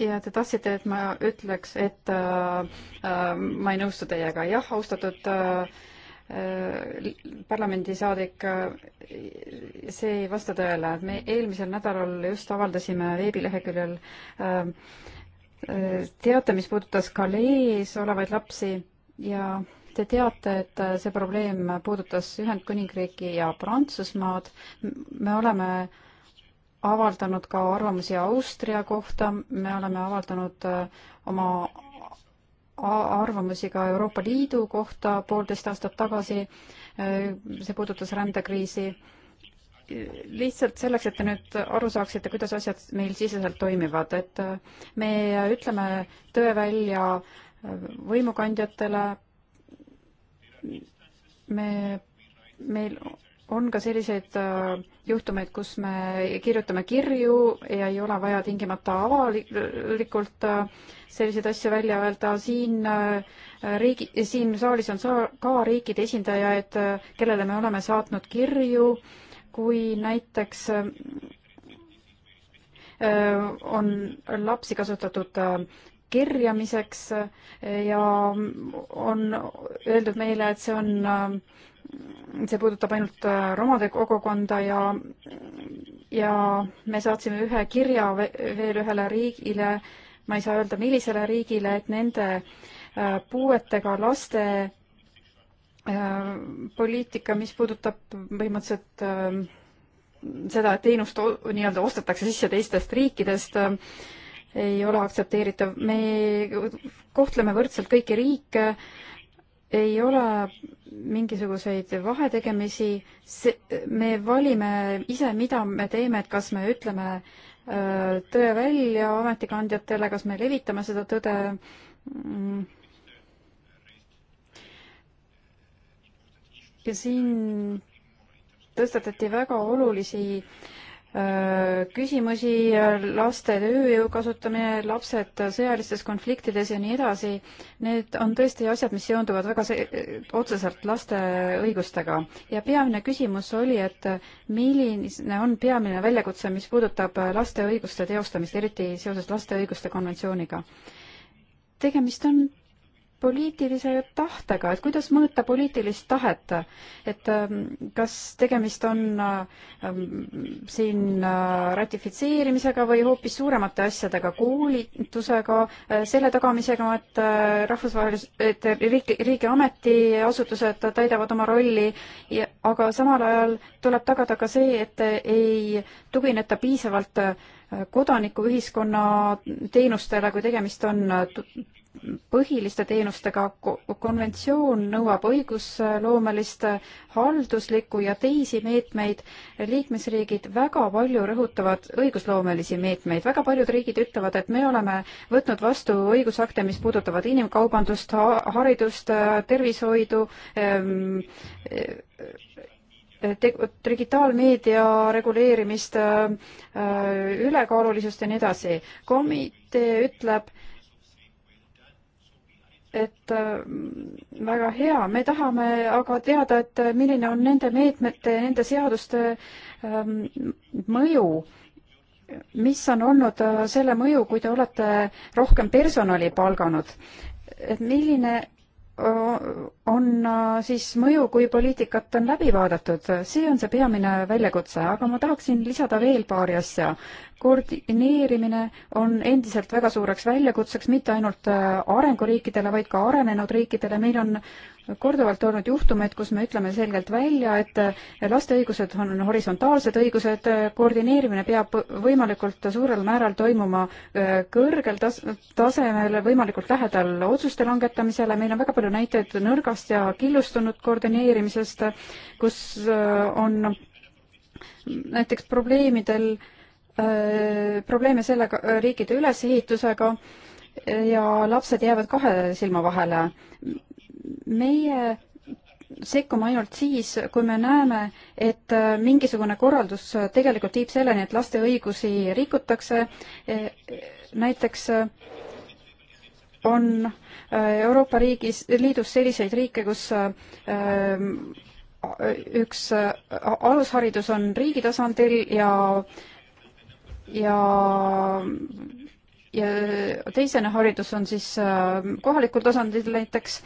ja te tahtsite, et ma ütleks, et äh, äh ma ei nõustu teiega. jah, austatud äh, Äh, parlamendisaadik, äh, see ei vasta tõele. me eelmisel nädalal just avaldasime veebileheküljel äh, teate, mis puudutas galees olevaid lapsi ja te teate, et see probleem puudutas Ühendkuningriiki ja Prantsusmaad. me oleme avaldanud ka arvamusi Austria kohta, me oleme avaldanud oma arvamusi ka Euroopa Liidu kohta poolteist aastat tagasi, eh, see puudutas rändekriisi. lihtsalt selleks, et te nüüd aru saaksite, kuidas asjad meil siseselt toimivad, et eh, me ütleme tõe välja eh, võimukandjatele, me, meil on ka selliseid äh, juhtumeid, kus me kirjutame kirju ja ei ole vaja tingimata avalikult äh, selliseid asju välja öelda, siin äh, riigi, siin saalis on saa-, ka riikide esindajaid, kellele me oleme saatnud kirju, kui näiteks on lapsi kasutatud kerjamiseks ja on öeldud meile, et see on see puudutab ainult äh, romade kogukonda ja, ja me saatsime ühe kirja veel ühele riigile, ma ei saa öelda, millisele riigile, et nende äh, puuetega laste äh, poliitika, mis puudutab põhimõtteliselt seda, et teenust nii-öelda ostetakse sisse teistest riikidest, ei ole aktsepteeritav. me kohtleme võrdselt kõiki riike äh, ei ole mingisuguseid vahetegemisi, me valime ise, mida me teeme, et kas me ütleme äh, tõe välja ametikandjatele, kas me levitame seda tõde. ja siin tõstatati väga olulisi äh, Äh, küsimusi, laste tööjõu kasutamine, lapsed sõjalistes konfliktides ja nii edasi, need on tõesti asjad, mis seonduvad väga se otseselt laste õigustega. ja peamine küsimus oli, et milline on peamine väljakutse, mis puudutab laste õiguste teostamist, eriti seoses laste õiguste konventsiooniga? tegemist on poliitilise tahtega, et kuidas mõõta poliitilist tahet, et ähm, kas tegemist on ähm, siin äh, ratifitseerimisega või hoopis suuremate asjadega, koolitusega, äh, selle tagamisega, et äh, rahvusvahelis-, et riik, riigi ametiasutused täidavad oma rolli, aga samal ajal tuleb tagada ka see, et ei tugineta piisavalt kodanikuühiskonna teenustele, kui tegemist on põhiliste teenustega konventsioon nõuab õigusloomelist, halduslikku ja teisi meetmeid. liikmesriigid väga palju rõhutavad õigusloomelisi meetmeid, väga paljud riigid ütlevad, et me oleme võtnud vastu õigusakte, mis puudutavad inimkaubandust, haridust, tervishoidu ähm,, digitaalmeedia reguleerimist äh,, ülekaalulisust ja nii edasi. komitee ütleb, et äh, väga hea, me tahame aga teada, et milline on nende meetmete, nende seaduste ähm, mõju mis on olnud äh, selle mõju, kui te olete rohkem personali palganud, et milline on äh, siis mõju, kui poliitikat on läbi vaadatud, see on see peamine väljakutse, aga ma tahaksin lisada veel paari asja. koordineerimine on endiselt väga suureks väljakutseks mitte ainult äh, arenguriikidele, vaid ka arenenud riikidele, meil on korduvalt olnud juhtumeid, kus me ütleme selgelt välja, et äh, laste õigused on horisontaalsed õigused, koordineerimine peab võimalikult suurel määral toimuma kõrgel tas-, tasemel, võimalikult lähedal otsuste langetamisele, meil on väga palju näiteid nõrga segast ja killustunud koordineerimisest, kus äh, on näiteks probleemidel, äh, probleeme sellega, riikide ülesehitusega ja lapsed jäävad kahe silma vahele. meie sekkuma ainult siis, kui me näeme, et äh, mingisugune korraldus tegelikult viib selleni, et laste õigusi rikutakse. näiteks on Äh, Euroopa riigis, liidus selliseid riike, kus äh, üks äh, alusharidus on riigi tasandil ja ja ja teisene haridus on siis kohalikul tasandil näiteks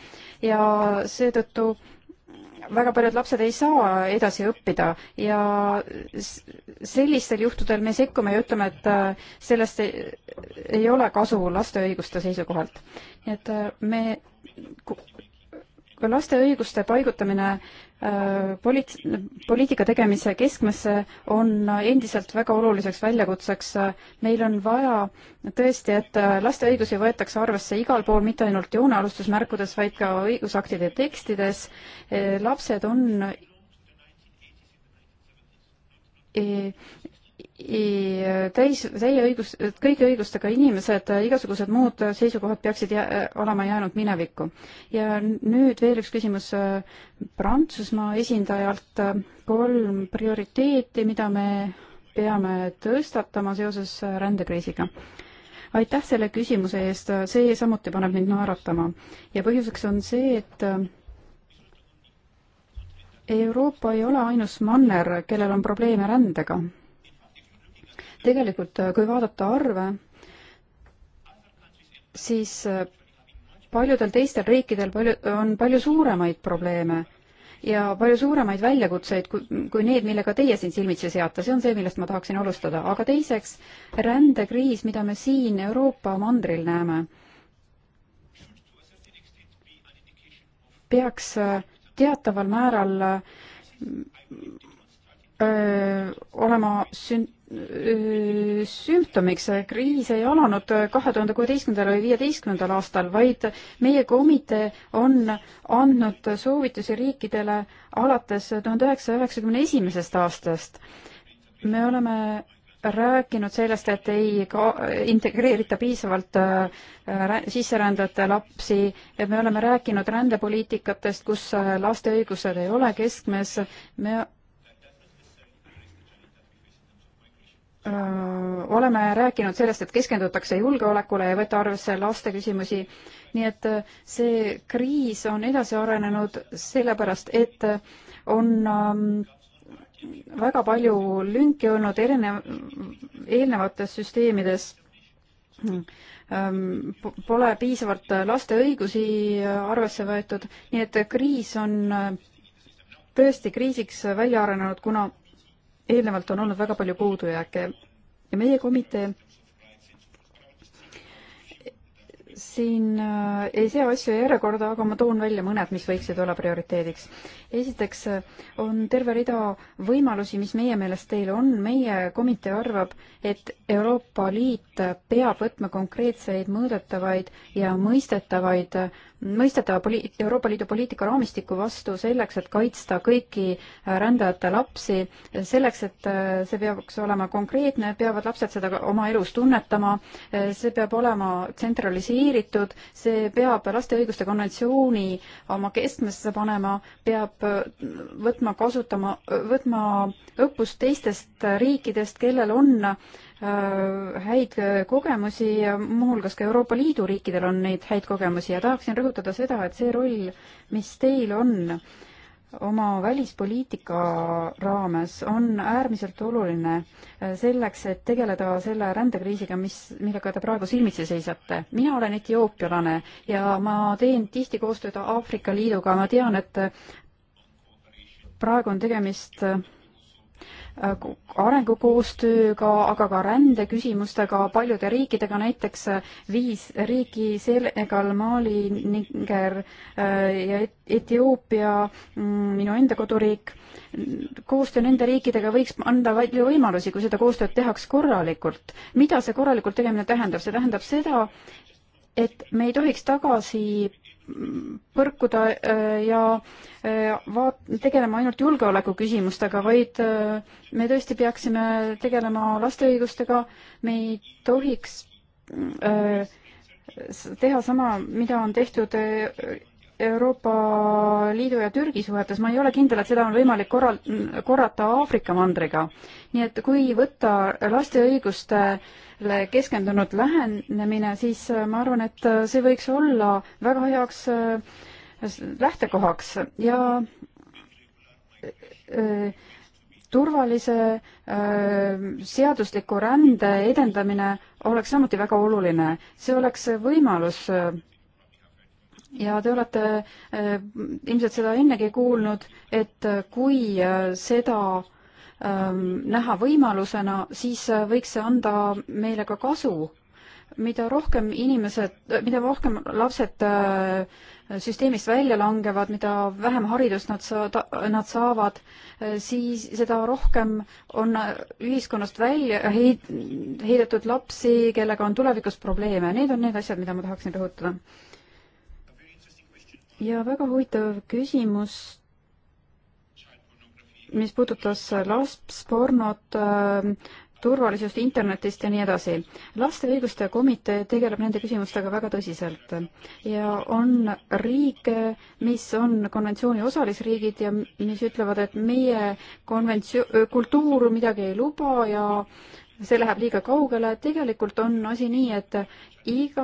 ja seetõttu äh, väga paljud lapsed ei saa edasi õppida ja sellistel juhtudel me sekkume ja ütleme, et äh, sellest ei, ei ole kasu laste õiguste seisukohalt. nii et äh, me, laste õiguste paigutamine Äh, poliit-, poliitika tegemise keskmesse äh, on endiselt väga oluliseks väljakutseks. Äh, meil on vaja tõesti, et laste õigusi võetakse arvesse igal pool, mitte ainult joonealustusmärkudes, vaid ka õigusaktide tekstides. lapsed on E, täis, täie õigus, kõigi õigustega inimesed, e, igasugused muud seisukohad peaksid jää, olema jäänud minevikku. ja nüüd veel üks küsimus e, Prantsusmaa esindajalt. kolm prioriteeti, mida me peame tõstatama seoses rändekriisiga. aitäh selle küsimuse eest, see samuti paneb mind naeratama ja põhjuseks on see, et Euroopa ei ole ainus manner, kellel on probleeme rändega tegelikult äh, kui vaadata arve, siis äh, paljudel teistel riikidel palju, on palju suuremaid probleeme ja palju suuremaid väljakutseid kui, kui need, millega teie siin silmitsi seate, see on see, millest ma tahaksin alustada, aga teiseks rändekriis, mida me siin Euroopa mandril näeme, peaks äh, teataval määral öö, olema sün-, sümptomiks, kriis ei alanud kahe tuhande kuueteistkümnendal või viieteistkümnendal aastal, vaid meie komitee on andnud soovitusi riikidele alates tuhande üheksasaja üheksakümne esimesest aastast. me oleme rääkinud sellest, et ei ka, integreerita piisavalt äh, sisserändajate lapsi, et me oleme rääkinud rändepoliitikatest, kus laste õigused ei ole keskmes, me Äh, oleme rääkinud sellest, et keskendutakse julgeolekule ja võtta arvesse laste küsimusi. nii et äh, see kriis on edasi arenenud sellepärast, et äh, on ähm, väga palju lünki olnud erinev, eelnevates süsteemides. Ähm, pole piisavalt laste õigusi arvesse võetud, nii et kriis on tõesti kriisiks välja arenenud, kuna eelnevalt on olnud väga palju puudujääke ja meie komitee siin äh, ei sea asju järjekorda, aga ma toon välja mõned, mis võiksid olla prioriteediks. esiteks äh, on terve rida võimalusi, mis meie meelest teil on. meie komitee arvab, et Euroopa Liit peab võtma konkreetseid mõõdetavaid ja mõistetavaid äh, mõistetav poli-, Euroopa Liidu poliitika raamistiku vastu selleks, et kaitsta kõiki äh, rändajate lapsi, selleks, et äh, see peaks olema konkreetne, peavad lapsed seda oma elus tunnetama, äh, see peab olema tsentraliseeritud, see peab laste õiguste konventsiooni oma keskmesse panema, peab võtma kasutama, võtma õppust teistest riikidest, kellel on äh, Äh, häid äh, kogemusi ja muuhulgas ka Euroopa Liidu riikidel on neid häid kogemusi ja tahaksin rõhutada seda, et see roll, mis teil on oma välispoliitika raames, on äärmiselt oluline äh, selleks, et tegeleda selle rändekriisiga, mis, millega te praegu silmitsi seisate. mina olen etioopialane ja ma teen tihti koostööd Aafrika Liiduga, ma tean, et praegu on tegemist Äh, arengukoostööga, aga ka rändeküsimustega, paljude riikidega, näiteks äh, viis riiki, Senegal, Mali, Niger äh, ja Etioopia, mm, minu enda koduriik. koostöö nende riikidega võiks anda palju võimalusi, kui seda koostööd tehaks korralikult. mida see korralikult tegemine tähendab? see tähendab seda, et me ei tohiks tagasi põrkuda äh, ja äh, vaat-, tegelema ainult julgeoleku küsimustega, vaid äh, me tõesti peaksime tegelema laste õigustega, me ei tohiks teha sama, mida on tehtud Euroopa Liidu ja Türgi suhetes, ma ei ole kindel, et seda on võimalik korral-, korrata Aafrika mandriga. nii et kui võtta laste õiguste äh, keskendunud lähenemine, siis äh, ma arvan, et äh, see võiks olla väga heaks äh, lähtekohaks ja turvalise seadusliku rände edendamine oleks samuti väga oluline. see oleks võimalus ja te olete äh, ilmselt seda ennegi kuulnud, et kui seda äh, Ähm, näha võimalusena, siis äh, võiks see anda meile ka kasu. mida rohkem inimesed, äh, mida rohkem lapsed äh, süsteemist välja langevad, mida vähem haridust nad saada, nad saavad, siis seda rohkem on ühiskonnast välja heid-, heidetud lapsi, kellega on tulevikus probleeme. Need on need asjad, mida ma tahaksin rõhutada. ja väga huvitav küsimus mis puudutas lastpornot, äh, turvalisust internetist ja nii edasi. laste õiguste komitee tegeleb nende küsimustega väga tõsiselt ja on riike, mis on konventsiooni osalisriigid ja mis ütlevad, et meie konventsioon, kultuur midagi ei luba ja see läheb liiga kaugele, tegelikult on asi nii, et iga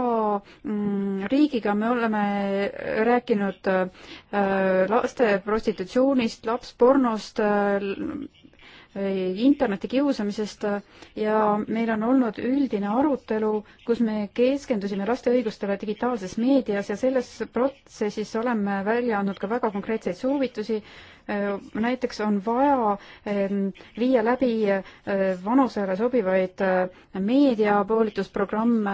mm, riigiga me oleme rääkinud äh, laste prostitutsioonist, lapspornost, äh, Äh, interneti kiusamisest äh, ja meil on olnud üldine arutelu, kus me keskendusime laste õigustele digitaalses meedias ja selles protsessis oleme välja andnud ka väga konkreetseid soovitusi. Äh, näiteks on vaja ähm, viia läbi vanusele sobivaid meediapoolitusprogramme,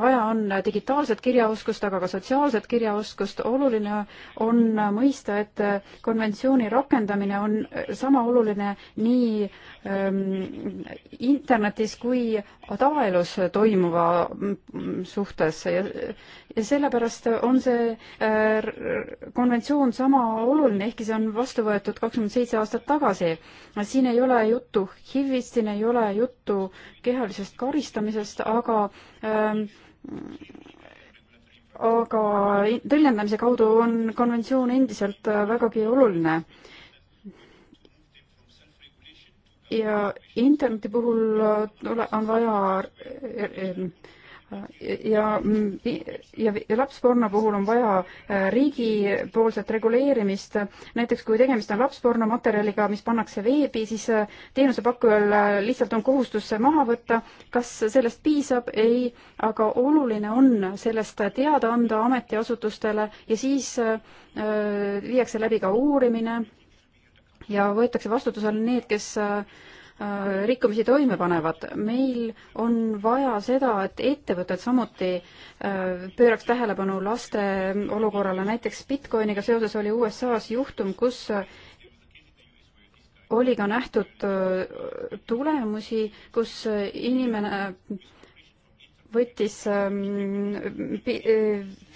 vaja on digitaalset kirjaoskust, aga ka sotsiaalset kirjaoskust, oluline on mõista, et konventsiooni rakendamine on sama oluline oluline nii ähm, internetis kui tavaelus toimuva mm, mm, suhtes ja, ja sellepärast on see äh, konventsioon sama oluline, ehkki see on vastu võetud kakskümmend seitse aastat tagasi. siin ei ole juttu HIV-ist, siin ei ole juttu kehalisest karistamisest, aga ähm, aga tõlgendamise kaudu on konventsioon endiselt äh, vägagi oluline ja interneti puhul äh, on vaja äh, äh, ja, mm, ja, ja lapsporno puhul on vaja riigipoolset reguleerimist. näiteks kui tegemist on lapsporno materjaliga, mis pannakse veebi, siis teenusepakkujal lihtsalt on kohustus see maha võtta. kas sellest piisab? ei, aga oluline on sellest teada anda ametiasutustele ja siis äh, viiakse läbi ka uurimine ja võetakse vastutusele need, kes äh, äh, rikkumisi toime panevad. meil on vaja seda, et ettevõtted samuti äh, pööraks tähelepanu laste olukorrale, näiteks Bitcoiniga seoses oli USA-s juhtum, kus oli ka nähtud tulemusi, kus inimene võttis ähm,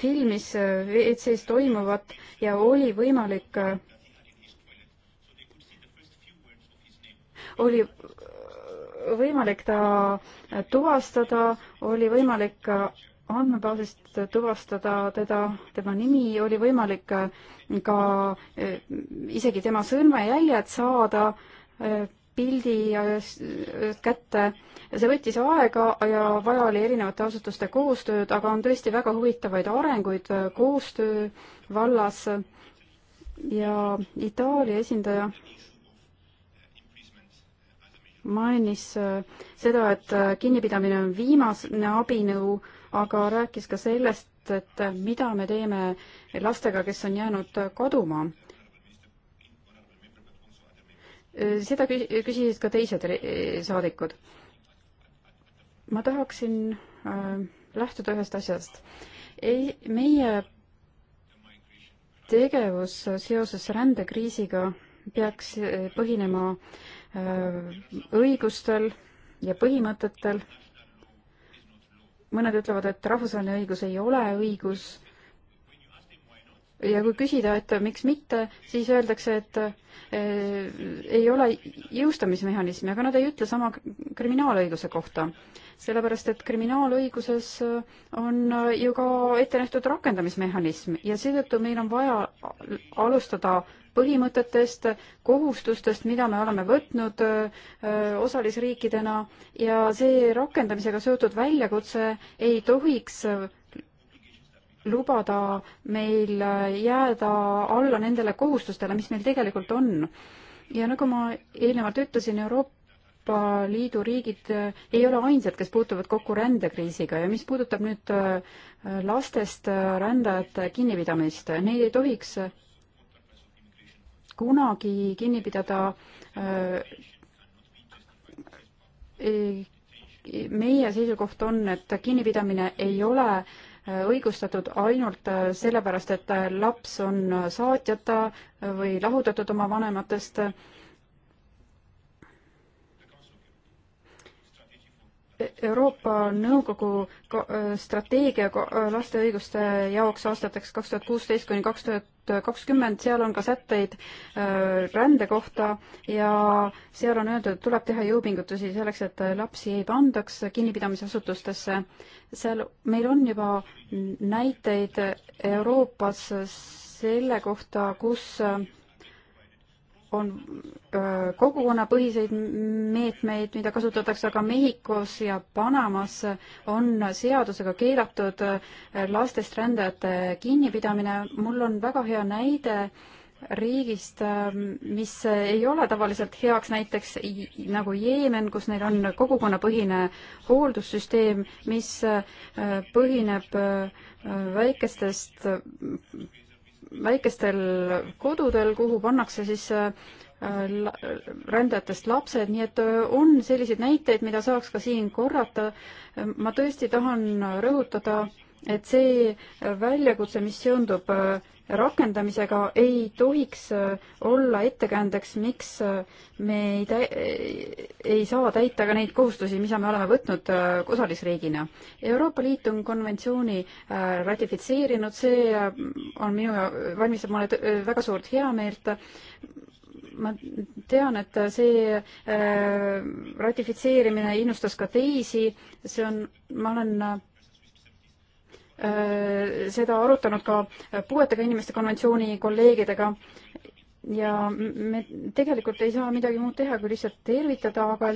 filmis WC-s e-, e-, toimuvat ja oli võimalik oli võimalik ta tuvastada, oli võimalik andmebaasist tuvastada teda, tema nimi, oli võimalik ka e, isegi tema sõrmejäljed saada e, pildi e, kätte. see võttis aega ja vaja oli erinevate asutuste koostööd, aga on tõesti väga huvitavaid arenguid koostöö vallas. ja Itaalia esindaja mainis äh, seda, et äh, kinnipidamine on viimane abinõu, aga rääkis ka sellest, et äh, mida me teeme lastega, kes on jäänud kaduma. seda küsisid ka teised saadikud. ma tahaksin lähtuda ühest asjast. ei, meie tegevus seoses rändekriisiga peaks põhinema äh, Äh, õigustel ja põhimõtetel. mõned ütlevad, et rahvusvaheline õigus ei ole õigus. ja kui küsida, et miks mitte, siis öeldakse, et äh, ei ole jõustamismehhanismi, aga nad ei ütle sama kriminaalõiguse kohta. sellepärast, et kriminaalõiguses on ju ka ette nähtud rakendamismehhanism ja seetõttu meil on vaja alustada põhimõtetest, kohustustest, mida me oleme võtnud osalisriikidena ja see rakendamisega seotud väljakutse ei tohiks lubada meil jääda alla nendele kohustustele, mis meil tegelikult on. ja nagu ma eelnevalt ütlesin, Euroopa Liidu riigid ei ole ainsad, kes puutuvad kokku rändekriisiga ja mis puudutab nüüd lastest rändajate kinnipidamist, neid ei tohiks kunagi kinni pidada äh, meie seisukoht on, et kinnipidamine ei ole äh, õigustatud ainult äh, sellepärast, et laps on saatjata või lahutatud oma vanematest Euroopa Nõukogu äh, strateegia äh, laste õiguste jaoks aastateks kaks tuhat kuusteist kuni kaks tuhat kakskümmend, seal on ka sätteid äh, rände kohta ja seal on öeldud, et tuleb teha jõupingutusi selleks, et lapsi ei pandaks kinnipidamisasutustesse. seal meil on juba näiteid Euroopas selle kohta, kus on kogukonnapõhiseid meetmeid, mida kasutatakse, aga Mehhikos ja Panamas on seadusega keelatud lastest rändajate kinnipidamine. mul on väga hea näide riigist, mis ei ole tavaliselt heaks, näiteks nagu Jeemen, kus neil on kogukonnapõhine hooldussüsteem, mis põhineb väikestest väikestel kodudel, kuhu pannakse siis äh, rändajatest lapsed, nii et äh, on selliseid näiteid, mida saaks ka siin korrata. ma tõesti tahan rõhutada äh, et see väljakutse, mis seondub äh, rakendamisega, ei tohiks äh, olla ettekäändeks, miks äh, me ei tä-, ei saa täita ka neid kohustusi, mida me oleme võtnud osalisriigina. Euroopa Liit on konventsiooni ratifitseerinud, see on minu, valmistab mulle väga suurt heameelt, ma tean, et see ratifitseerimine innustas ka teisi, see on, ma olen Äh, seda arutanud ka puuetega inimeste konventsiooni kolleegidega ja me tegelikult ei saa midagi muud teha, kui lihtsalt tervitada, aga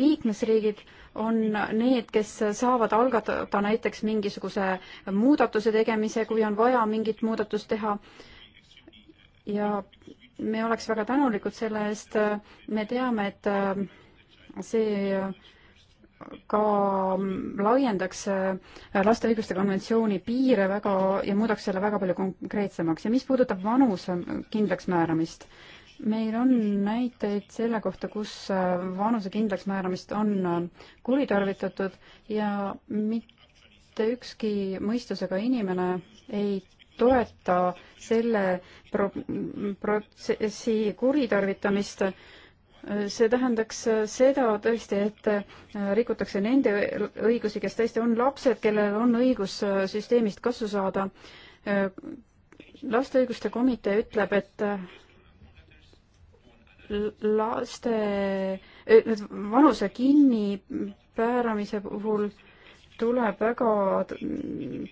liikmesriigid on need, kes saavad algatada näiteks mingisuguse muudatuse tegemise, kui on vaja mingit muudatust teha. ja me oleks väga tänulikud selle eest, me teame, et see ka laiendaks äh, laste õiguste konventsiooni piire väga ja muudaks selle väga palju konkreetsemaks ja mis puudutab vanuse kindlaksmääramist, meil on näiteid selle kohta, kus äh, vanuse kindlaksmääramist on äh, kuritarvitatud ja mitte ükski mõistusega inimene ei toeta selle pro-, protsessi kuritarvitamist äh, see tähendaks seda tõesti, et äh, rikutakse nende õigusi, kes tõesti on lapsed, kellel on õigus äh, süsteemist kasu saada. Äh, laste õiguste komitee ütleb, et laste vanuse kinnipääramise puhul äh, tuleb väga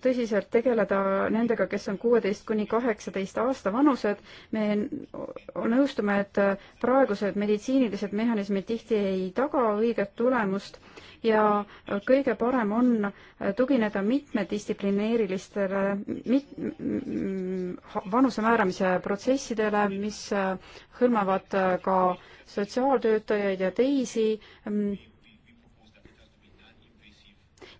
tõsiselt tegeleda nendega, kes on kuueteist kuni kaheksateist aasta vanused. me nõustume, et praegused meditsiinilised mehhanismid tihti ei taga õiget tulemust ja kõige parem on tugineda mitmedistsiplineerilistele mit, vanuse määramise protsessidele, mis hõlmavad ka sotsiaaltöötajaid ja teisi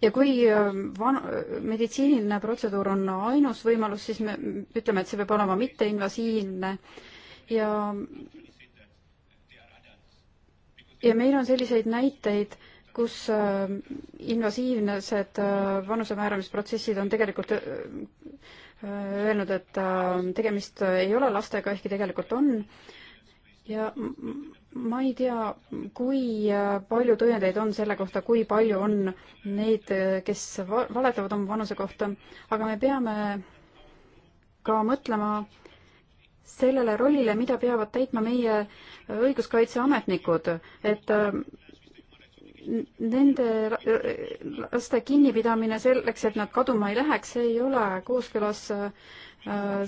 ja kui ähm, van-, meditsiiniline protseduur on ainus võimalus, siis me ütleme, et see peab olema mitteinvasiivne ja ja meil on selliseid näiteid, kus ähm, invasiivsed äh, vanuse määramisprotsessid on tegelikult äh, öelnud, et äh, tegemist ei ole lastega, ehkki tegelikult on ja ma ei tea, kui äh, palju tõendeid on selle kohta, kui palju on neid, äh, kes valetavad oma vanuse kohta, aga me peame ka mõtlema sellele rollile, mida peavad täitma meie õiguskaitseametnikud, et äh, nende laste kinnipidamine selleks, et nad kaduma ei läheks, see ei ole kooskõlas äh,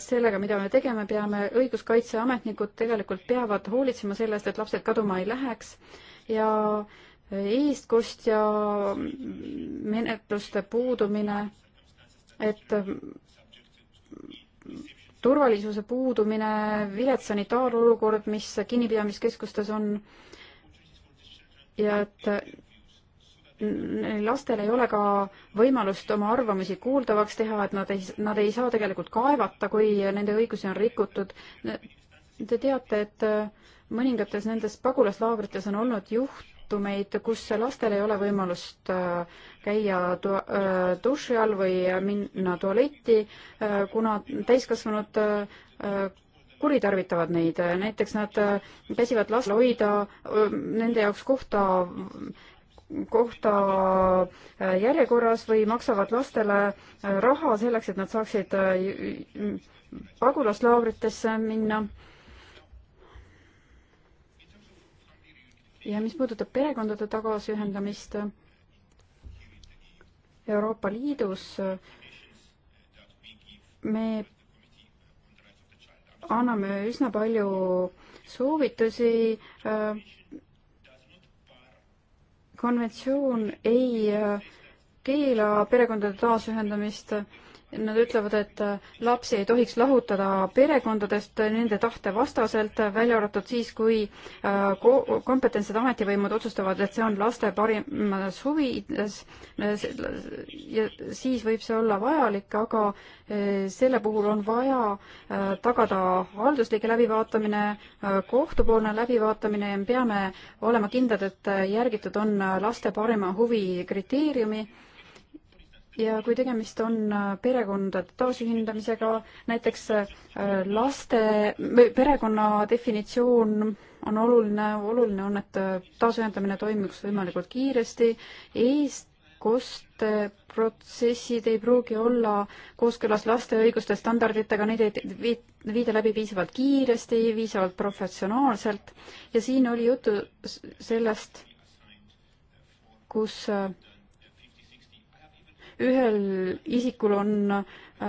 sellega, mida me tegema peame, õiguskaitseametnikud tegelikult peavad hoolitsema selle eest, et lapsed kaduma ei läheks ja eestkostja menetluste puudumine, et turvalisuse puudumine, vilets sanitaarolukord, mis kinnipidamiskeskustes on äh, ja et lastel ei ole ka võimalust oma arvamusi kuuldavaks teha, et nad ei, nad ei saa tegelikult kaevata, kui nende õigusi on rikutud. Te teate, et mõningates nendes pagulaslaagrites on olnud juht, juhtumeid, kus lastel ei ole võimalust äh, käia äh, duši all või minna tualetti, äh, kuna täiskasvanud kuritarvitavad neid, näiteks nad äh, käsivad last hoida äh, nende jaoks kohta kohta äh, järjekorras või maksavad lastele raha selleks, et nad saaksid pagulaslaagritesse minna. ja mis puudutab perekondade tagasiühendamist Euroopa Liidus, me anname üsna palju soovitusi. Äh, konventsioon ei äh, keela perekondade taasühendamist Nad ütlevad, et äh, lapsi ei tohiks lahutada perekondadest nende tahte vastaselt, välja arvatud siis, kui äh, kompetentsed ametivõimud otsustavad, et see on laste parimas huvides ja siis võib see olla vajalik, aga äh, selle puhul on vaja tagada halduslike läbivaatamine, kohtupoolne läbivaatamine ja me peame olema kindlad, et järgitud on laste parima huvi kriteeriumi ja kui tegemist on äh, perekondade taasühindamisega, näiteks äh, laste, perekonna definitsioon on oluline, oluline on, et äh, taasühendamine toimuks võimalikult kiiresti, eestkoste protsessid ei pruugi olla kooskõlas laste õiguste standarditega, neid ei viida läbi piisavalt kiiresti, piisavalt professionaalselt ja siin oli juttu sellest, kus ühel isikul on äh,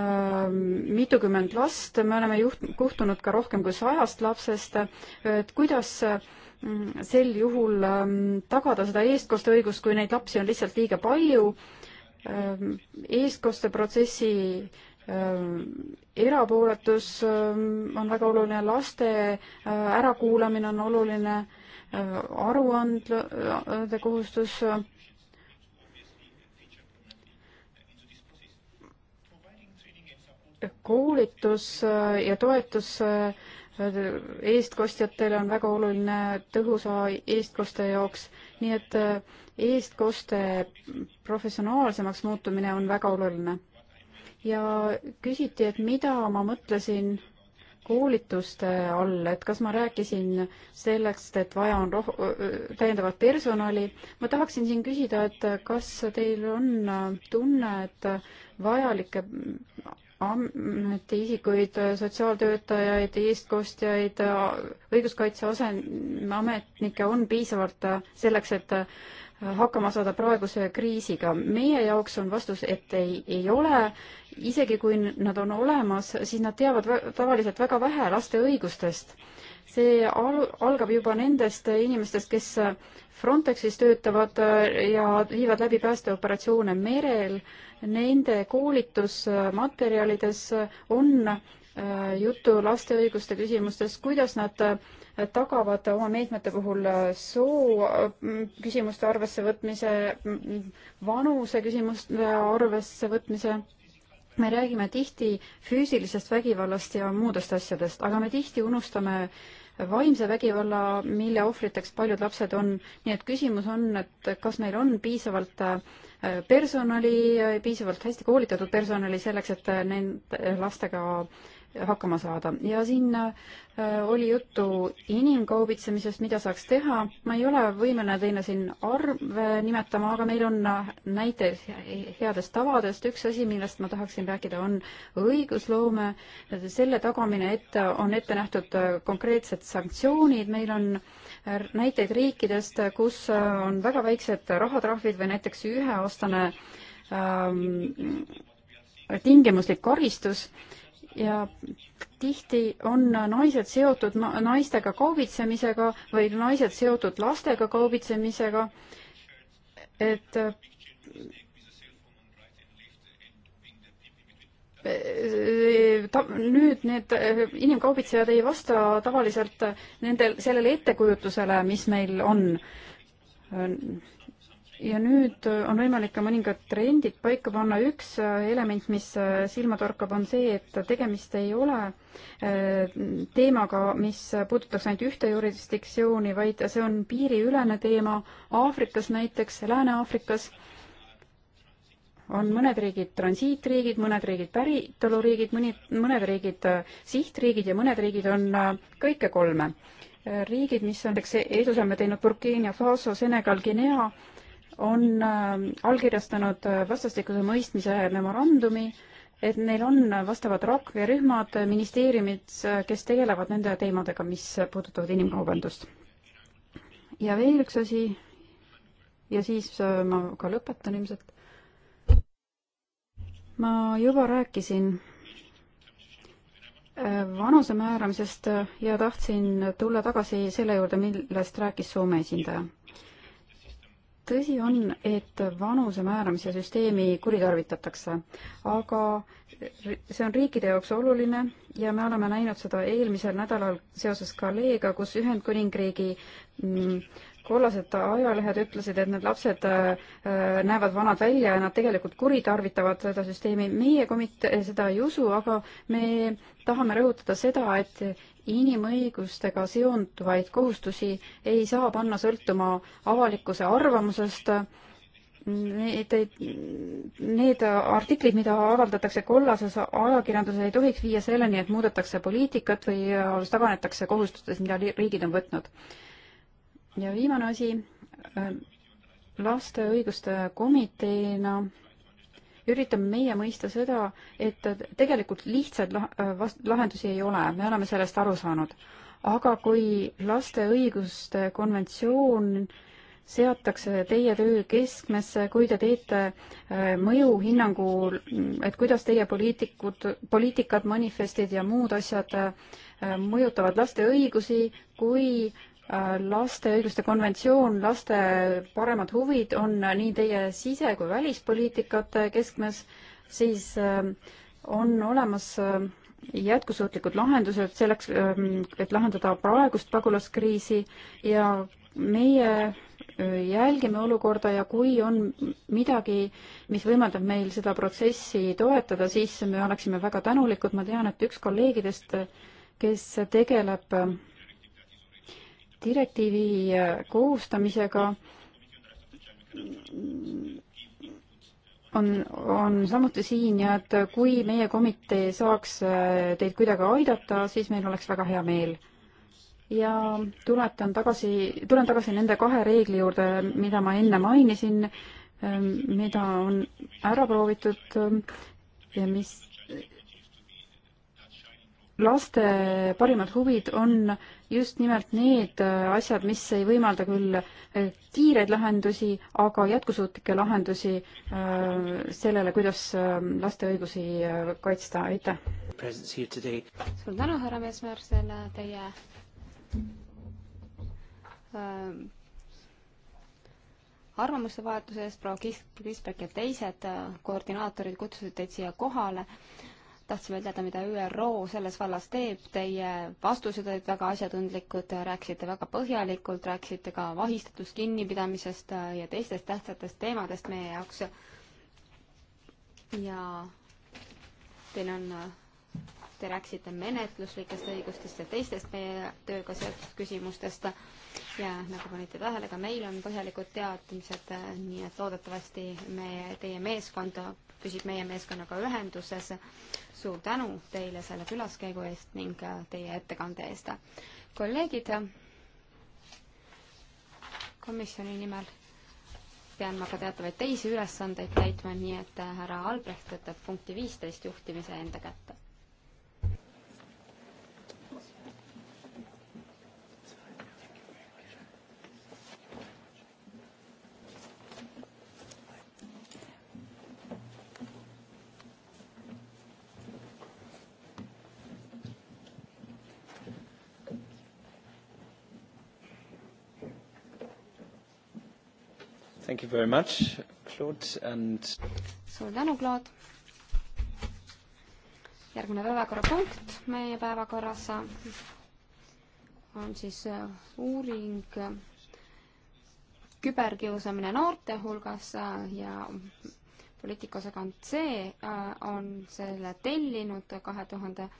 mitukümmend last, me oleme juht-, kohtunud ka rohkem kui sajast lapsest, et kuidas mm, sel juhul äh, tagada seda eestkosteõigust, kui neid lapsi on lihtsalt liiga palju äh,, eestkosteprotsessi ähm, erapooletus ähm, on väga oluline, laste äh, ärakuulamine on oluline, äh, aruandluse äh, kohustus koolitus äh, ja toetus äh, eestkostjatele on väga oluline tõhusa eestkoste jaoks, nii et äh, eestkoste professionaalsemaks muutumine on väga oluline. ja küsiti, et mida ma mõtlesin koolituste all, et kas ma rääkisin sellest, et vaja on roh-, täiendavat personali, ma tahaksin siin küsida, et kas teil on tunne, et vajalike ametiisikuid, sotsiaaltöötajaid, eestkostjaid, õiguskaitse aseametnikke on piisavalt selleks, et hakkama saada praeguse kriisiga. meie jaoks on vastus, et ei, ei ole. isegi kui nad on olemas, siis nad teavad tavaliselt väga vähe laste õigustest see al-, algab juba nendest inimestest, kes Frontexis töötavad äh, ja viivad läbi päästeoperatsioone merel, nende koolitusmaterjalides on äh, juttu laste õiguste küsimustes, kuidas nad äh, tagavad oma meetmete puhul soo küsimuste arvesse võtmise, mm, vanuse küsimuste arvesse võtmise. me räägime tihti füüsilisest vägivallast ja muudest asjadest, aga me tihti unustame äh, vaimse vägivalla, mille ohvriteks paljud lapsed on. nii et küsimus on, et kas meil on piisavalt äh, personali, äh, piisavalt hästi koolitatud personali selleks, et nende lastega hakkama saada. ja siin äh, oli juttu inimkaubitsemisest, mida saaks teha. ma ei ole võimeline teile siin arve nimetama, aga meil on näiteid headest tavadest. üks asi, millest ma tahaksin rääkida, on õigusloome, selle tagamine, et on ette nähtud konkreetsed sanktsioonid. meil on näiteid riikidest, kus on väga väiksed rahatrahvid või näiteks üheaastane ähm, tingimuslik karistus ja tihti on naised seotud naistega kaubitsemisega või naised seotud lastega kaubitsemisega, et ta, nüüd need inimkaubitsejad ei vasta tavaliselt nendel, sellele ettekujutusele, mis meil on ja nüüd äh, on võimalik ka mõningad trendid paika panna. üks äh, element, mis äh, silma torkab, on see, et tegemist ei ole teemaga, mis puudutaks ainult ühte jurisdiktsiooni, vaid see on piiriülene teema Aafrikas näiteks, Lääne-Aafrikas on mõned riigid transiitriigid, mõned riigid päritoluriigid, mõni, mõned riigid sihtriigid ja mõned riigid on kõike kolme. riigid, mis on edusamme teinud Burkina Faso, Senegal, Guinea, on äh, allkirjastanud äh, vastastikuse mõistmise memorandumi, et neil on vastavad rakkerühmad ministeeriumid, äh, kes tegelevad nende teemadega, mis puudutavad inimkaubandust. ja veel üks asi ja siis ma ka lõpetan ilmselt. ma juba rääkisin vanuse määramisest ja tahtsin tulla tagasi selle juurde, millest rääkis Soome esindaja tõsi on, et vanuse määramise süsteemi kuritarvitatakse, aga see on riikide jaoks oluline ja me oleme näinud seda eelmisel nädalal seoses Galeega, kus Ühendkuningriigi mm, kollased ajalehed ütlesid, et need lapsed äh, äh, näevad vanad välja ja nad tegelikult kuritarvitavad seda süsteemi. meie komitee seda ei usu, aga me tahame rõhutada seda, et inimõigustega seonduvaid kohustusi ei saa panna sõltuma avalikkuse arvamusest. Need, need artiklid, mida avaldatakse kollases ajakirjanduses, ei tohiks viia selleni, et muudetakse poliitikat või taganetakse kohustustest, mida riigid on võtnud ja viimane asi, äh, laste õiguste komiteena üritame meie mõista seda, et tegelikult lihtsaid äh, lahendusi ei ole, me oleme sellest aru saanud. aga kui laste õiguste konventsioon seatakse teie töö keskmesse, kui te teete äh, mõjuhinnangu, et kuidas teie poliitikud, poliitikad, manifestid ja muud asjad mõjutavad laste õigusi, kui äh, laste õiguste konventsioon, laste paremad huvid on nii teie sise- kui välispoliitikate keskmes, siis äh, on olemas äh, jätkusuutlikud lahendused selleks, ähm, et lahendada praegust pagulaskriisi ja meie äh, jälgime olukorda ja kui on midagi, mis võimaldab meil seda protsessi toetada, siis me oleksime väga tänulikud, ma tean, et üks kolleegidest, kes tegeleb direktiivi äh, koostamisega on, on samuti siin ja et kui meie komitee saaks äh, teid kuidagi aidata, siis meil oleks väga hea meel. ja tuletan tagasi, tulen tagasi nende kahe reegli juurde, mida ma enne mainisin, äh, mida on ära proovitud ja mis laste parimad huvid on just nimelt need äh, asjad, mis ei võimalda küll äh, kiireid lahendusi, aga jätkusuutlikke lahendusi äh, sellele, kuidas laste õigusi kaitsta, aitäh! suur tänu, härra Mesmer, selle teie arvamuste vahetuse eest, proua Kis-, Kisbek ja teised koordinaatorid kutsusid teid siia kohale tahtsime teada, mida ÜRO selles vallas teeb, teie vastused olid väga asjatundlikud, rääkisite väga põhjalikult, rääkisite ka vahistatus kinnipidamisest ja teistest tähtsatest teemadest meie jaoks. ja teil on, te rääkisite menetluslikest õigustest ja teistest meie tööga seotud küsimustest ja nagu panite tähele, ka meil on põhjalikud teadmised, nii et loodetavasti me, teie meeskond püsib meie meeskonnaga ühenduses. suur tänu teile selle külaskäigu eest ning äh, teie ettekande eest. kolleegid, komisjoni nimel pean ma ka teatavaid teisi ülesandeid täitma, nii et äh, härra Albrecht võtab punkti viisteist juhtimise enda kätte. Thank you very much, Claude and suur tänu, Claude! järgmine päevakorrapunkt meie päevakorras on siis äh, uuring äh, küberkiusamine noorte hulgas äh, ja poliitikaosakond C on selle tellinud kahe tuhande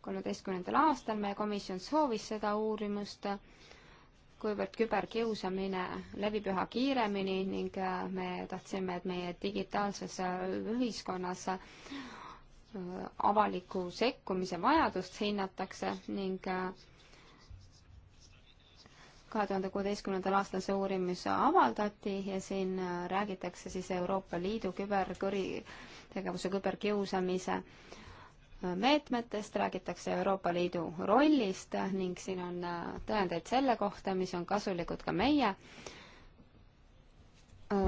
kolmeteistkümnendal aastal meie komisjon soovis seda uurimust kuivõrd küberkiusamine levib üha kiiremini ning äh, me tahtsime, et meie digitaalses äh, ühiskonnas äh, avaliku sekkumise vajadust hinnatakse ning kahe tuhande kuueteistkümnendal aastal see uurimus avaldati ja siin räägitakse siis Euroopa Liidu küberkõri, tegevuse küberkiusamise äh, meetmetest, räägitakse Euroopa Liidu rollist ning siin on äh, tõendeid selle kohta, mis on kasulikud ka meie äh,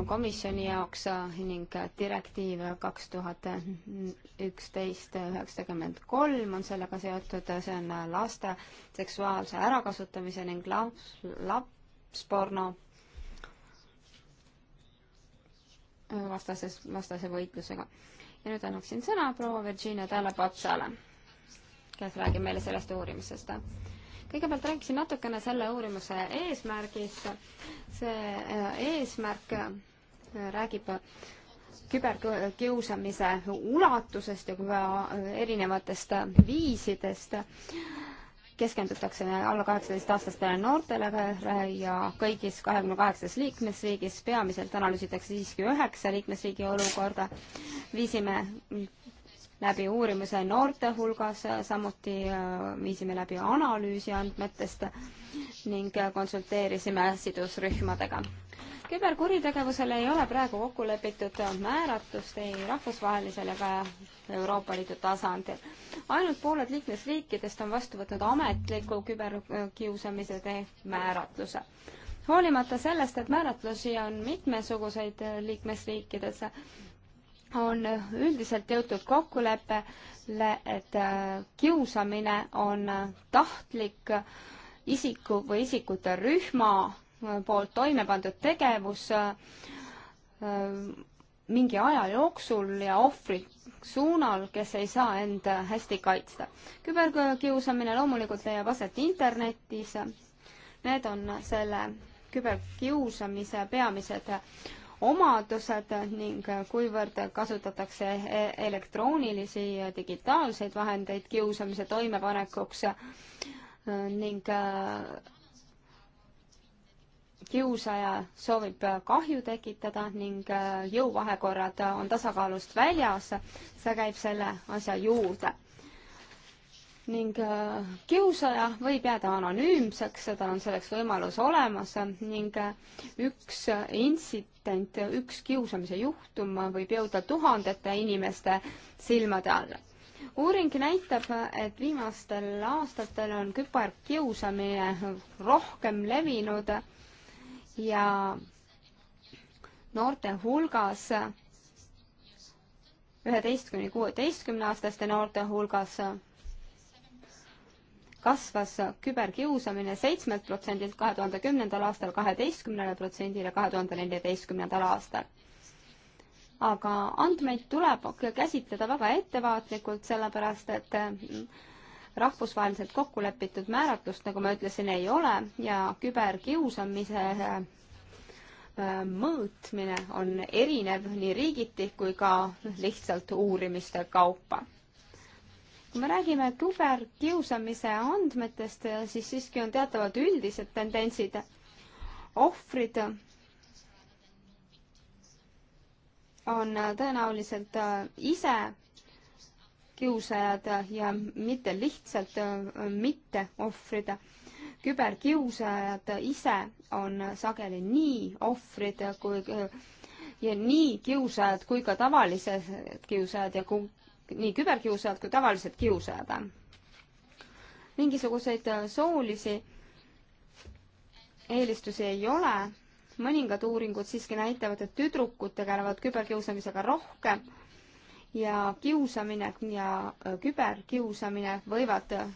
komisjoni jaoks äh, ning direktiiv kaks tuhat üksteist üheksakümmend kolm on sellega seotud, see on laste seksuaalse ärakasutamise ning laps, lapsporno vastases, vastase võitlusega ja nüüd annaksin sõna proua Virginia Tallapapsale, kes räägib meile sellest uurimisest. kõigepealt rääkisin natukene selle uurimuse eesmärgist. see äh, eesmärk äh, räägib küberkiusamise ulatusest ja äh, erinevatest viisidest keskendutakse alla kaheksateistaastastele noortele äh, ja kõigis kahekümne kaheksas liikmesriigis, peamiselt analüüsitakse siiski üheksa liikmesriigi olukorda, viisime läbi uurimuse noorte hulgas, samuti äh, viisime läbi analüüsi andmetest ning äh, konsulteerisime sidusrühmadega küberkuritegevusele ei ole praegu kokku lepitud määratust ei rahvusvahelisel ega Euroopa Liidu tasandil. ainult pooled liikmesriikidest on vastu võtnud ametliku küberkiusamise määratluse. hoolimata sellest, et määratlusi on mitmesuguseid liikmesriikides, on üldiselt jõutud kokkuleppele, et äh, kiusamine on tahtlik isiku või isikute rühma äh, poolt toime pandud tegevus äh, mingi aja jooksul ja ohvri suunal, kes ei saa end hästi kaitsta. küberkiusamine loomulikult leiab aset internetis. Need on selle küberkiusamise peamised omadused ning kuivõrd kasutatakse e-, elektroonilisi ja digitaalseid vahendeid kiusamise toimepanekuks äh, ning äh, kiusaja soovib kahju tekitada ning äh, jõuvahekorrad on tasakaalust väljas, see käib selle asja juurde ning äh, kiusaja võib jääda anonüümseks, tal on selleks võimalus olemas ning äh, üks intsident, üks kiusamise juhtum võib jõuda tuhandete inimeste silmade alla. uuring näitab, et viimastel aastatel on küberkiusamine rohkem levinud ja noorte hulgas üheteist kuni kuueteistkümne aastaste noorte hulgas kasvas küberkiusamine seitsmelt protsendilt kahe tuhande kümnendal aastal kaheteistkümnele protsendile kahe tuhande neljateistkümnendal aastal. aga andmeid tuleb käsitleda väga ettevaatlikult, sellepärast et mm, rahvusvaheliselt kokku lepitud määratlust, nagu ma ütlesin, ei ole ja küberkiusamise äh, mõõtmine on erinev nii riigiti kui ka lihtsalt uurimiste kaupa kui me räägime küberkiusamise andmetest, siis siiski on teatavad üldised tendentsid. ohvrid on tõenäoliselt äh, ise kiusajad ja mitte lihtsalt äh, mitte ohvrid. küberkiusajad ise on sageli nii ohvrid kui äh, ja nii kiusajad kui ka tavalised kiusajad ja nii küberkiusajad kui tavalised kiusajad. mingisuguseid äh, soolisi eelistusi ei ole, mõningad uuringud siiski näitavad, et tüdrukud tegelevad küberkiusamisega rohkem ja kiusamine ja äh, küberkiusamine võivad äh,